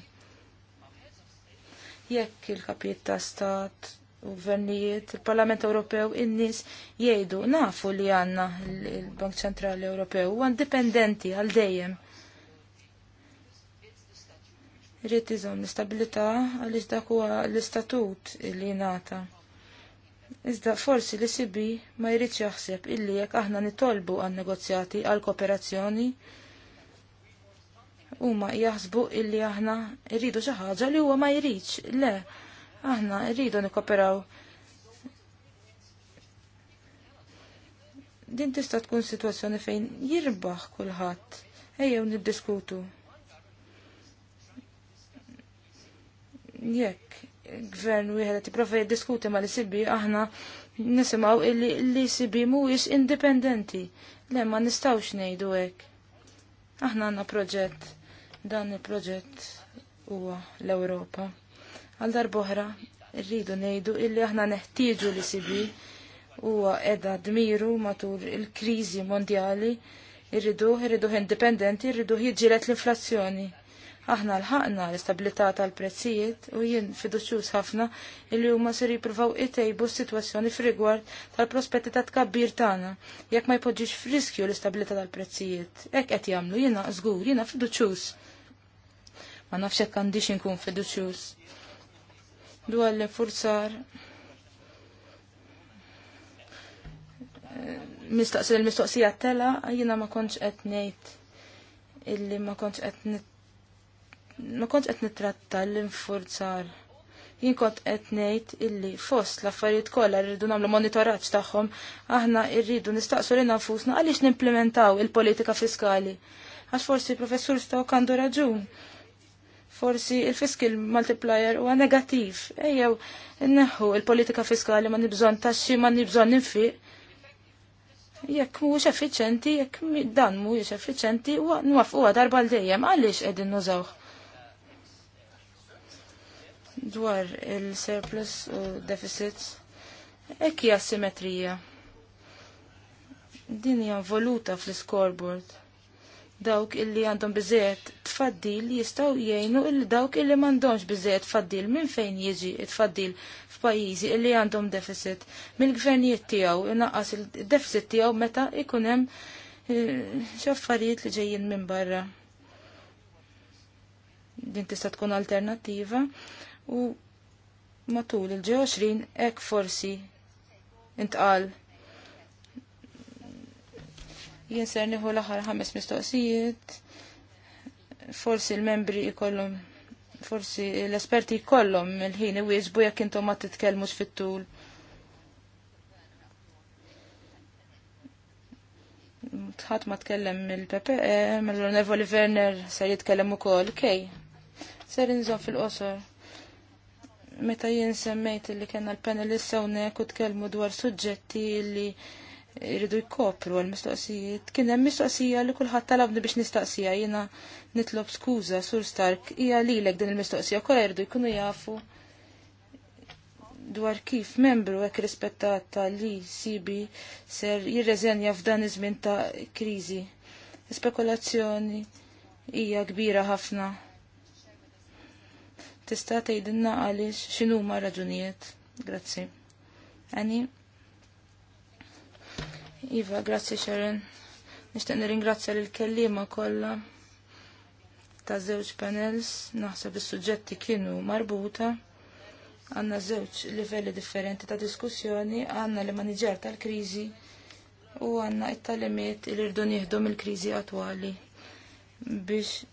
Jekk il-kapijiet ta' stat u gvernijiet, il-Parlament Ewropew, in-nies jgħidu nafu li għandna l bank Ċentrali Ewropew huwa indipendenti għal dejjem Rrid iżomm l-istabilità għaliex dak huwa l-istatut li nata. Iżda forsi li sibi ma jridx jaħseb illi jekk aħna nitolbu għan negozjati għal kooperazzjoni huma jaħsbu illi aħna rridu xi ħaġa li huwa ma jridx. Le, aħna rridu nikkoperaw din tista' tkun sitwazzjoni fejn jirbaħ kulħadd. Ejjew niddiskutu jekk gvern wieħed jipprova jiddiskuti ma li e icb aħna nisimgħu illi l-ICB e mhuwiex indipendenti. Le ma nistgħux ngħidu hekk. Aħna għandna proġett dan il-proġett huwa l-Ewropa. Għal darboħra rridu ngħidu illi aħna neħtieġu l-ICB e huwa qiegħda dmiru matul il-kriżi mondjali irridu, irridu indipendenti, irridu jiġilet l-inflazzjoni. Aħna l-ħakna l-istabilità tal-prezzijiet u jien fiduċjuż ħafna illi huma ser jippruvaw itejbu s-sitwazzjoni f'rigward tal-prospetti ta' tkabbir tagħna jekk ma jpoġġiex f'riskju l-istabilità tal-prezzijiet. Hekk qed jagħmlu jiena żgur, jiena fiduċjuż. Ma nafx hekk għandix inkun fiduċjuż. Dwar l-infurzar mistaqsi l-mistoqsija tela, jiena ma konċ qed ngħid illi ma konċ qed ma kont qed nittratta l-infurzar. Jien kont qed ngħid illi fost l-affarijiet kollha rridu nagħmlu monitoraġġ tagħhom, aħna rridu nistaqsu lil nfusna għaliex nimplementaw il-politika fiskali. Għax forsi professur stgħu għandu raġun. Forsi il-fiskil multiplier huwa negattiv. Ejjew inneħħu il-politika fiskali ma nibżon taxxi ma nibżon ninfiq jekk mhuwiex effiċenti, jekk dan mhuwiex effiċenti, huwa nwafquha darba l dejjem għaliex qegħdin nużawh dwar il-surplus u deficits ekki asimetrija. Din hija voluta fl-scoreboard. Dawk illi għandhom biżejjed tfaddil jistgħu jgħinu illi dawk illi m'għandhomx biżejjed tfaddil minn fejn jiġi tfaddil f'pajjiżi illi għandhom deficit. Mill-gvernijiet tiegħu inaqqas il-deficit tiegħu meta ikun hemm eh, xaffarijiet li ġejjin minn barra. Din tista' tkun alternattiva u matul il-20 ek forsi intqal jien ser nieħu l-aħħar ħames mistoqsijiet forsi l-membri jkollhom forsi l-esperti jkollhom il-ħin iwieġbu jekk intom ma titkellmux fit-tul. Tħat ma tkellem il-PPE, eh, mill-Onorevoli Werner ser jitkellem ukoll, kej. Ser inżom fil-qosor. Meta jien semmejt li kena l-panelist hawnhekk u tkellmu dwar suġġetti li jridu jkopru għal-mistoqsijiet, kien hemm mistoqsija li kulħadd talabni biex nistaqsija jiena nitlob skuża sur Stark hija lilek din il-mistoqsija kollha jridu jkunu jafu dwar kif membru hekk rispettata li sibi ser jirreżenja f'dan iż-żmien ta' kriżi. Spekulazzjoni hija kbira ħafna tista' tgħidilna għaliex x'inhuma raġunijiet. Grazzi. Għani? Iva, grazzi Sharon. Nixtieq nirringrazzja lil kelliema kollha ta' żewġ panels, naħseb is-suġġetti kienu marbuta għanna żewġ livelli differenti ta' diskussjoni, għanna li maniġer tal-krizi u għanna it-talimiet il irdu nieħdu il krizi attwali biex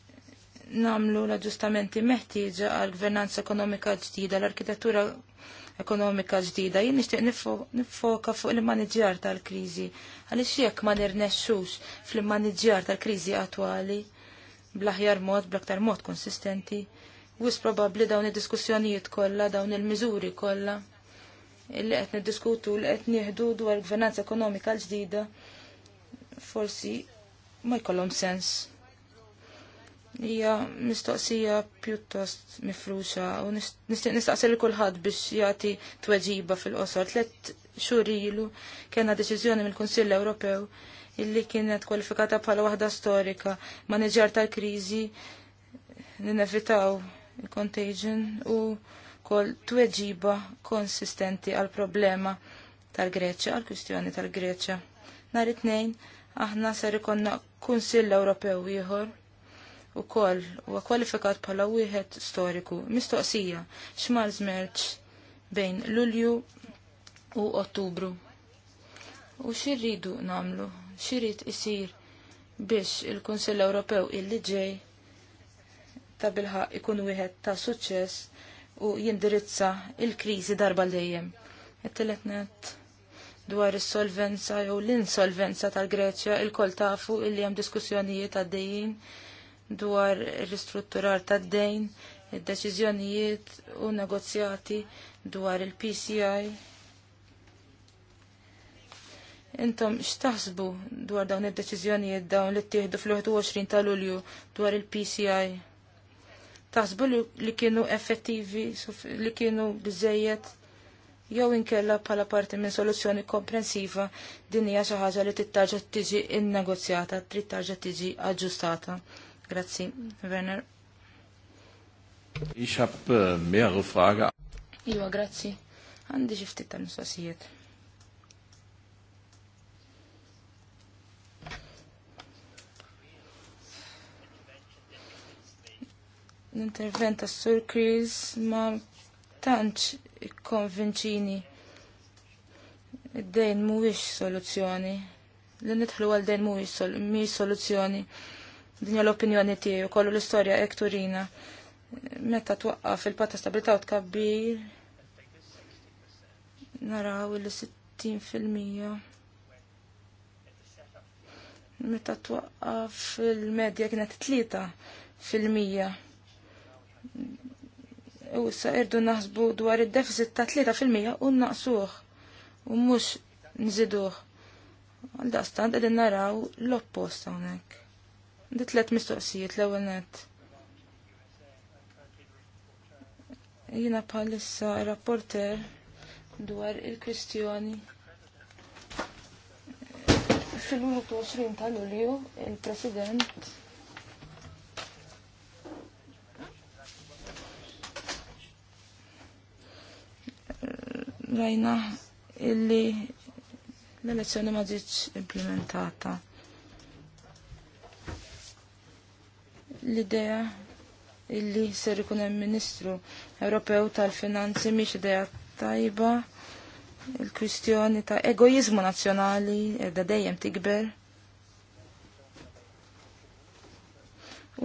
namlu l-aġġustamenti meħtieġa għal gvernanza ekonomika ġdida, l-arkitettura ekonomika ġdida. Jien nixtieq nifoka fuq il-maniġjar tal-kriżi. Għaliex jekk ma nirnexxux fil-maniġjar tal-kriżi attwali bl-aħjar mod, bl-aktar mod konsistenti, wis probabbli dawn id-diskussjonijiet kollha, dawn il-miżuri kollha illi qed niddiskutu li qed nieħdu dwar gvernanza ekonomika l ġdida forsi ma jkollhom sens hija mistoqsija pjuttost mifruxa u nistaqsi li kulħadd biex jagħti tweġiba fil-qosor. Tlet xur ilu kellna deċiżjoni mill-Kunsill Ewropew illi kienet kwalifikata bħala waħda storika neġar tal-kriżi ninevitaw il-contagion u kol tweġiba konsistenti għal problema tal-Greċja, għal kwistjoni tal-Greċja. Nhar it-tnejn aħna ser ikonna Kunsill Ewropew ieħor u koll u kwalifikat bħala wieħed storiku. Mistoqsija, xmal zmerċ bejn Lulju u Ottubru. U xirridu namlu, xirrid isir biex il-Kunsill Ewropew illi ġej ta' bilħaq ikun wieħed ta' suċċess u jindirizza il-kriżi darba dejjem. Et-telet dwar is-solvenza jew l-insolvenza tal-Greċja il-kol tafu illi hemm diskussjonijiet għaddejjin dwar ristrutturar tad dejn, id-deċiżjonijiet u negozjati dwar il-PCI. Intom x'taħsbu dwar dawn id-deċiżjonijiet dawn li ttieħdu fl-21 ta' Lulju dwar il-PCI? Taħsbu li kienu effettivi, li kienu biżejjed jew inkella bħala parti minn soluzzjoni komprensiva din hija xi ħaġa li tittaġa tiġi innegozjata, trid tarġa' tiġi aġġustata Grazzi, Werner. Ich habe uh, äh, mehrere Fragen. Ja, iva, grazzi. Andi ci ta' mistoqsijiet. L-intervent ta' Sir Chris ma tantx ikkonvinċini. Id-dejn mhuwiex soluzzjoni. Li nidħlu għal dejn mhuwiex soluzzjoni. Sol Dinja l-opinjoni tiegħi kollu l-istorja hekk turina. Meta twaqqaf il-patta stabilità u tkabbir naraw il-60 Meta twaqqaf il-medja kienet 3 fil-mija. U issa irdu naħsbu dwar id-deficit ta' fil-Mija u naqsuh u mhux nżiduh. Għal daqstant qegħdin naraw l-oppost hawnhekk. Di tlet mistoqsijiet l-ewwel net. Jiena bħalissa rapporter dwar il-kwistjoni fil-21 ta' Lulju il-President rajna illi l-elezzjoni ma ġietx implementata. L-idea illi ser ikun hemm Ministru Ewropew tal-Finanzi mhix idea tajba il-kwistjoni ta' egoizmu nazzjonali edha dejjem tikber.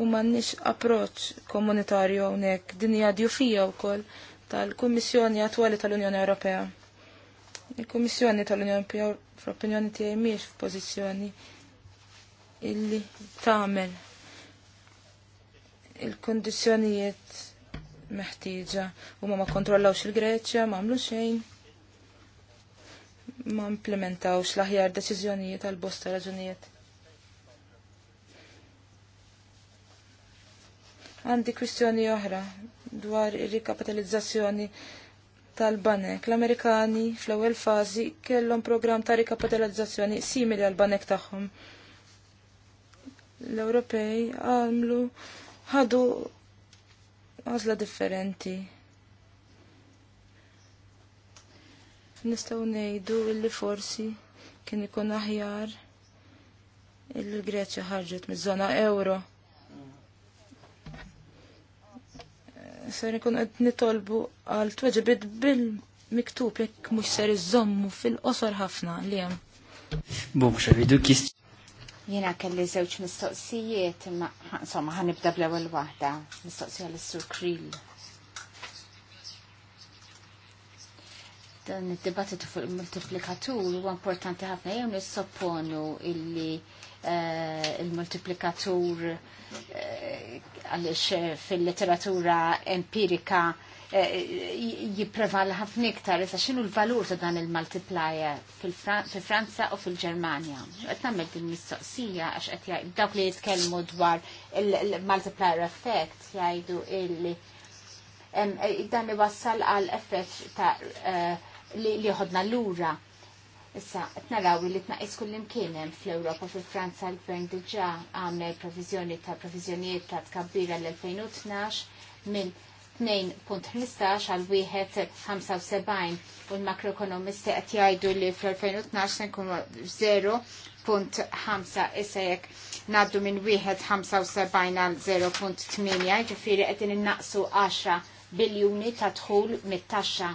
U m'għandniex approċċ komunitarju hawnhekk din hija djufija wkoll tal-Kummissjoni Attwali tal-Unjoni Ewropea. Il-Kummissjoni tal-Unjoni Ewropea fl-opinjoni tiegħi mhijiex f'pożizzjoni illi tagħmel il-kondizjonijiet meħtieġa huma ma kontrollawx il-Greċja, ma għamlu xejn, ma implementawx l-aħjar deċiżjonijiet għal bosta raġunijiet. Għandi kwistjoni oħra dwar ir-rikapitalizzazzjoni tal-banek. L-Amerikani fl-ewwel fażi kellhom programm ta' rikapitalizzazzjoni simili għal banek tagħhom. L-Ewropej għamlu ħadu għazla differenti. Nistaw nejdu illi forsi kien ikun aħjar l greċja ħarġet miż-żona euro. Ser ikun qed nitolbu għal tweġibit bil-miktub jekk mhux ser iżommu fil-qosor ħafna li jem. Bum, j'avais deux Jena kelli zewċ mistoqsijiet, imma insomma ħanibda bl-ewwel waħda, mistoqsija l-Sur Krill. Dan id-dibattitu fuq il-multiplikatur huwa importanti ħafna jew nissopponu illi eh, il-multiplikatur eh, għaliex fil-literatura empirika Eh, eh, jipprevala ħafna iktar, issa xinu l-valur ta' dan il-multiplier fil Franza u fil-Germania. Qed nagħmel din mistoqsija għax qed dawk li jitkellmu dwar il-multiplier effect jgħidu illi eh, dan iwassal għal effett ta' li ħodna lura. Issa, qed naraw li tnaqis kullimkien hemm fl ewropa u fil-Franza l-gvern diġà għamel proviżjoni ta' proviżjonijiet ta' tkabbira l-2012 minn 2.15 għal 1.75 u l-makroekonomisti qed jgħidu li fl-2012 nkunu 0.5 issa jekk ngħaddu minn 1.75 għal 0.8 ġifieri qegħdin innaqsu 10 biljuni ta' dħul mit-taxxa.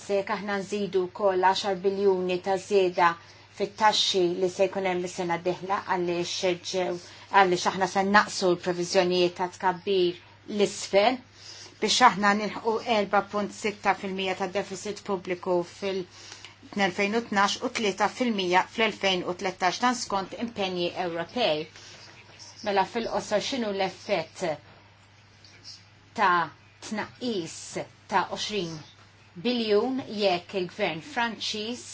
Issa jekk aħna nżidu wkoll 10 biljuni ta' żieda fit-taxxi li se jkun hemm is-sena d-dieħla għaliex ġew għaliex aħna se naqsu l proviżjonijiet ta' tkabbir l-isfel biex aħna nilħu 4.6% ta' deficit pubbliku fil-2012 u 3% fl-2013 tan skont impenji Ewropej. Mela fil-qosor xinu l-effett ta' tnaqis ta' 20 biljun jekk il-gvern Franċiż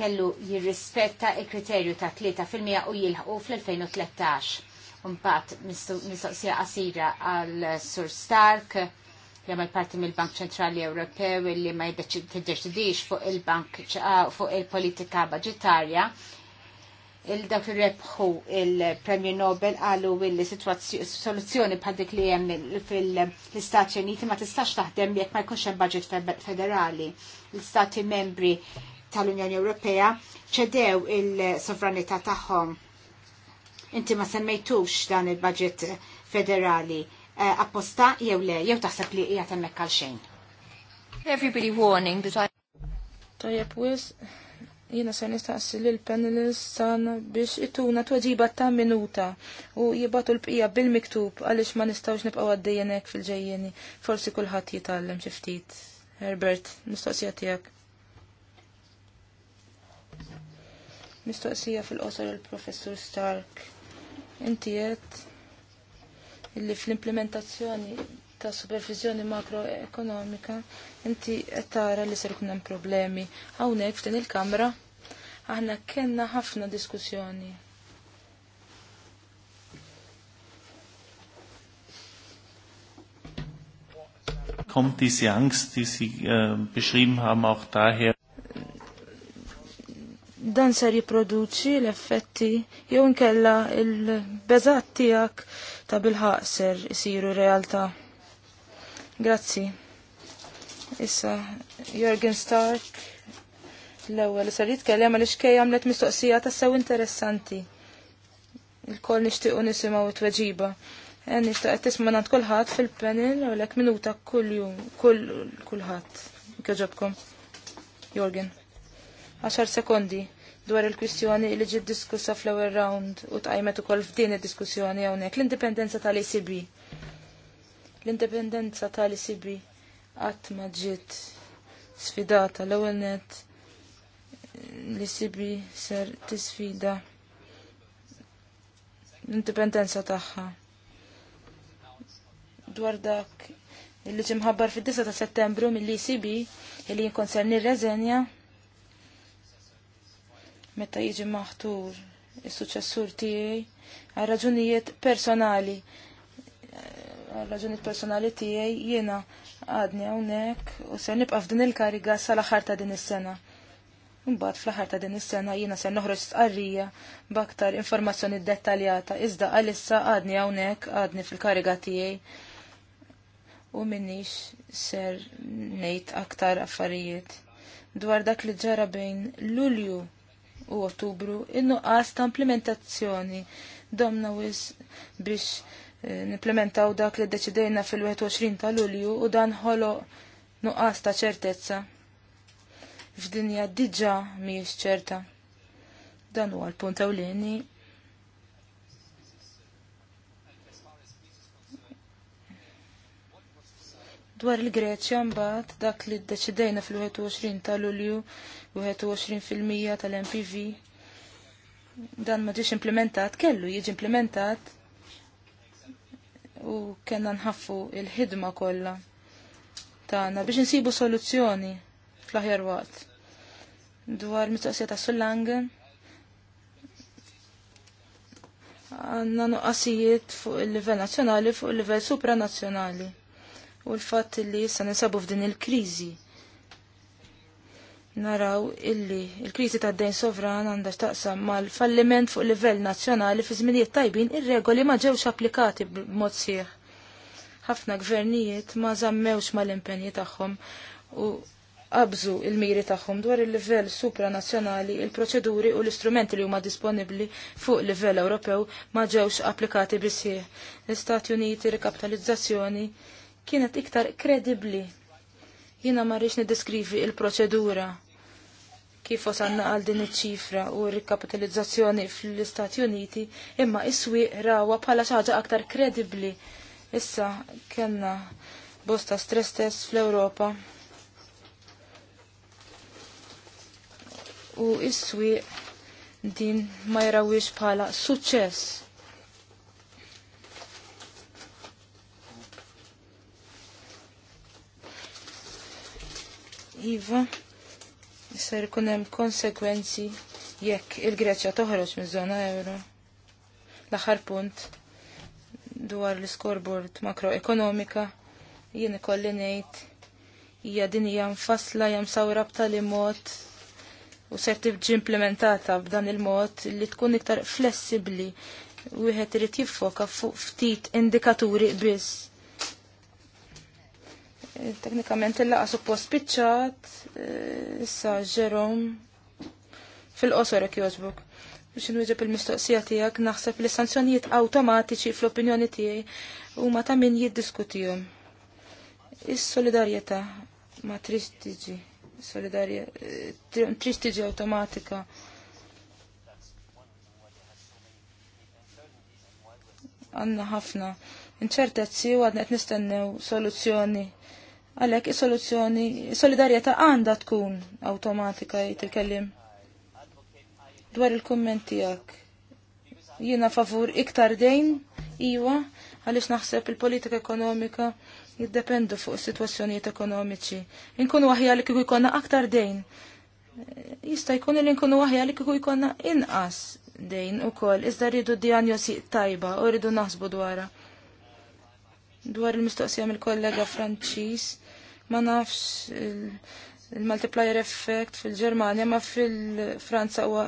kellu jirrispetta il-kriterju ta' 3% u jilħu fl-2013 Mbagħad mistoqsija qasira għal Sur Stark li għamal parti mill-Bank Ċentrali Ewropew li ma jiddeċidix fuq il-bank fuq il-politika budgetarja il-dak li rebħu il-Premju Nobel għalu il soluzzjoni bħal dik li hemm fil-Istati Uniti ma tistax taħdem jekk ma jkunx hemm budget federali. L-Istati membri tal-Unjoni Ewropea ċedew il-sovranità tagħhom Inti ma semmejtux dan il-budget federali eh, apposta jew le, jew taħseb li hija temmek għal xejn. Everybody warning that I... Tajjeb wis, jiena se nistaqsi lil panelist sana biex ituna tweġiba ta' minuta u jibatu l-bqija bil-miktub għaliex ma nistgħux nibqgħu għaddejjen hekk fil-ġejjeni. Forsi kulħadd jitgħallem xi ftit. Herbert, mistoqsija tiegħek. Mistoqsija fil-qosor il-Professur Stark Inti jett illi fl-implementazzjoni ta' supervizjoni makroekonomika inti qed tara li ser hemm problemi. Hawnhekk f'din il-Kamra aħna kenna ħafna diskussjoni. Kommt diese Angst, die Sie äh, beschrieben haben, auch daher? dan ser jiproduċi l-effetti jew nkella il-beżat tiegħek ta' bilħaq ser isiru realtà. Grazzi. Issa Jorgen Stark l-ewwel li ser jitkellem għal xkej għamlet mistoqsija ta' sew interessanti. Il-koll nixtiequ nisimgħu t-tweġiba. Għen nixtaq tisma' nagħt kulħadd fil-panel u l-ek minuta kull jum, kull kulħadd. Kieġobkom. Jorgen għaxar sekondi dwar il-kwistjoni li ġiet diskussa fl-ewwel round u tqajmet ukoll f'din id-diskussjoni hawnhekk l-indipendenza tal-ECB. L-indipendenza tal-ECB qatt ma ġiet sfidata l-ewwel net l-ECB ser tisfida l-indipendenza tagħha. Dwar dak li ġimħabbar fid-9 ta' settembru mill-ECB il-li jinkonserni r-reżenja meta jiġi maħtur is-suċessur tiegħi għal raġunijiet personali. Għal raġunijiet personali tiegħi jiena għadni hawnhekk u se nibqa' f'din il-kariga sal-aħħar ta' din is-sena. Mbagħad fl-aħħar ta' din is-sena jiena se noħroġ stqarrija b'aktar informazzjoni dettaljata iżda għalissa għadni hawnhekk għadni fil-kariga tiegħi u minnix ser ngħid aktar affarijiet dwar dak li ġara bejn Lulju u Ottubru in-nuqqas ta' implementazzjoni domna wis biex eh, nimplementaw dak li deċidejna fil-21 ta' Lulju u dan ħolo nuqqas ta' ċertezza. F'dinja diġa miex ċerta. Dan huwa l-punt ewlieni. Dwar il-Greċja mbagħad dak li deċidejna fil-21 ta' Lulju 21% tal-MPV. Dan ma ġiex implementat, kellu jiġi implementat u kena nħaffu il-ħidma kollha tagħna biex insibu soluzzjoni fl-aħjar waqt. Dwar mistoqsija ta' Sullangen għanna nuqqasijiet fuq il-livell nazjonali, fuq il level supranazzjonali. U l fat li issa nisabu f'din il-kriżi naraw illi il-kriżi tad-dejn sovran għandha x'taqsam mal-falliment fuq livell nazzjonali fi żminijiet tajbin ir-regoli ma ġewx applikati b'mod sieħ. Ħafna gvernijiet ma żammewx mal-impenji tagħhom u qabżu il-miri tagħhom dwar il-livell supranazzjonali, il-proċeduri u l-istrumenti li huma disponibbli fuq livell Ewropew ma ġewx applikati bisħieħ. L-Istati Uniti rikapitalizzazzjoni kienet iktar kredibbli Jina marriċ nidiskrivi il-proċedura kif osanna għal din iċ-ċifra u r fl-Istati Uniti imma iswi rawa bħala ħaġa aktar kredibli. Issa kellna bosta stress test fl-Ewropa. U iswi din ma jrawix bħala suċċess Iva, ser kunem konsekwenzi jekk il-Greċja toħroġ minn zona euro. L-aħħar punt dwar l-scoreboard makroekonomika jien ikolli ngħid hija din hija mfassla hija msawra b'tali mod u ser tibġi implementata b'dan il-mod li tkun iktar flessibbli wieħed irid jiffoka fuq ftit indikaturi biss Teknikament il-laqa suppost pitchat eh, issa Ġerom fil-qosor ek jozbuk. Biex nwieġeb il-mistoqsija tiegħek naħseb li sanzjonijiet awtomatiċi fl-opinjoni tiegħi huma ta' min jiddiskutihom. Is-solidarjetà ma tristiġi. tiġi eh, tristiġi automatika. Għanna ħafna. Inċertezzi u għadna qed nistennew soluzzjoni Għalhekk is-soluzzjoni, is-solidarjetà għandha tkun awtomatika jgħid il-kellim. Dwar il-kumment tiegħek. Jiena favur iktar dejn, iwa, għaliex naħseb il-politika ekonomika jiddependu fuq situazzjonijiet ekonomiċi. Inkunu għahja li kieku jkollna aktar dejn. Jista' jkun li nkunu għahja li kieku jkollna inqas dejn ukoll, iżda rridu diagnosi tajba u rridu naħsbu dwarha. Dwar il-mistoqsija mill-kollega Franċiż ma nafx il-multiplier effect fil-Ġermanja ma fil-Franza huwa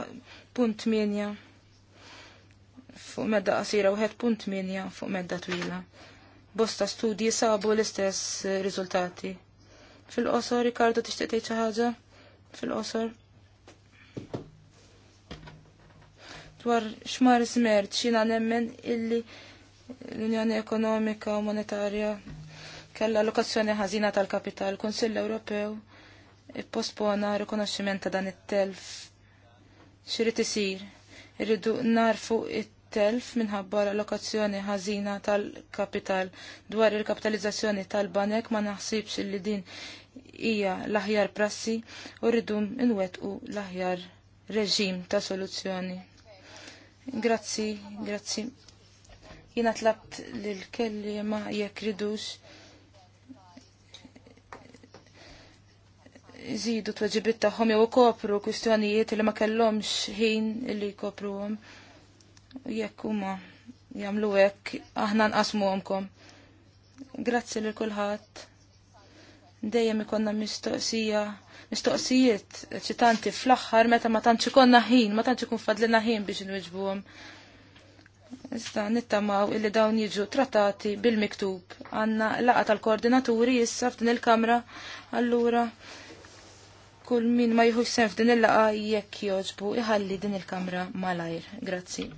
punt minja fuq medda qasira u punt minja fuq medda twila. Bosta studji sabu l-istess eh, riżultati. Fil-qosor, Ricardo, tixtieq tgħid xi ħaġa? Fil-qosor. Dwar xmar smert xina nemmen illi l-Unjoni Ekonomika u Monetarja kella Lokazzjoni ħażina tal-kapital, Kunsill Ewropew ippospona rikonoxximent ta' dan it-telf. Xirrid isir, irridu narfu it-telf minħabba l allokazzjoni ħażina tal-kapital dwar il-kapitalizzazzjoni tal-banek ma naħsibx li din hija l-aħjar prassi u rridu nwettqu l-aħjar reġim ta' soluzzjoni. Grazzi, grazzi. Jina tlabt l-kelli ma jekk ridux jżidu tweġibit tagħhom jew ikopru kwistjonijiet li ma kellhomx ħin li jkopruhom. Jekk huma jagħmlu hekk aħna nqasmuhomkom. Grazzi lil kulħadd. Dejjem ikonna mistoqsija, mistoqsijiet ċitanti fl-aħħar meta ma tantx ikonna ħin, ma tantx ikun fadlina ħin biex inwiġbuhom. Iżda nittamaw illi dawn jiġu trattati bil-miktub. Għanna laqa tal-koordinaturi jissa f'din il-kamra. Allura, kull min ma jħux sen f'din il-laqa jekk jogħġbu, iħalli din il-kamra malajr. Grazzi.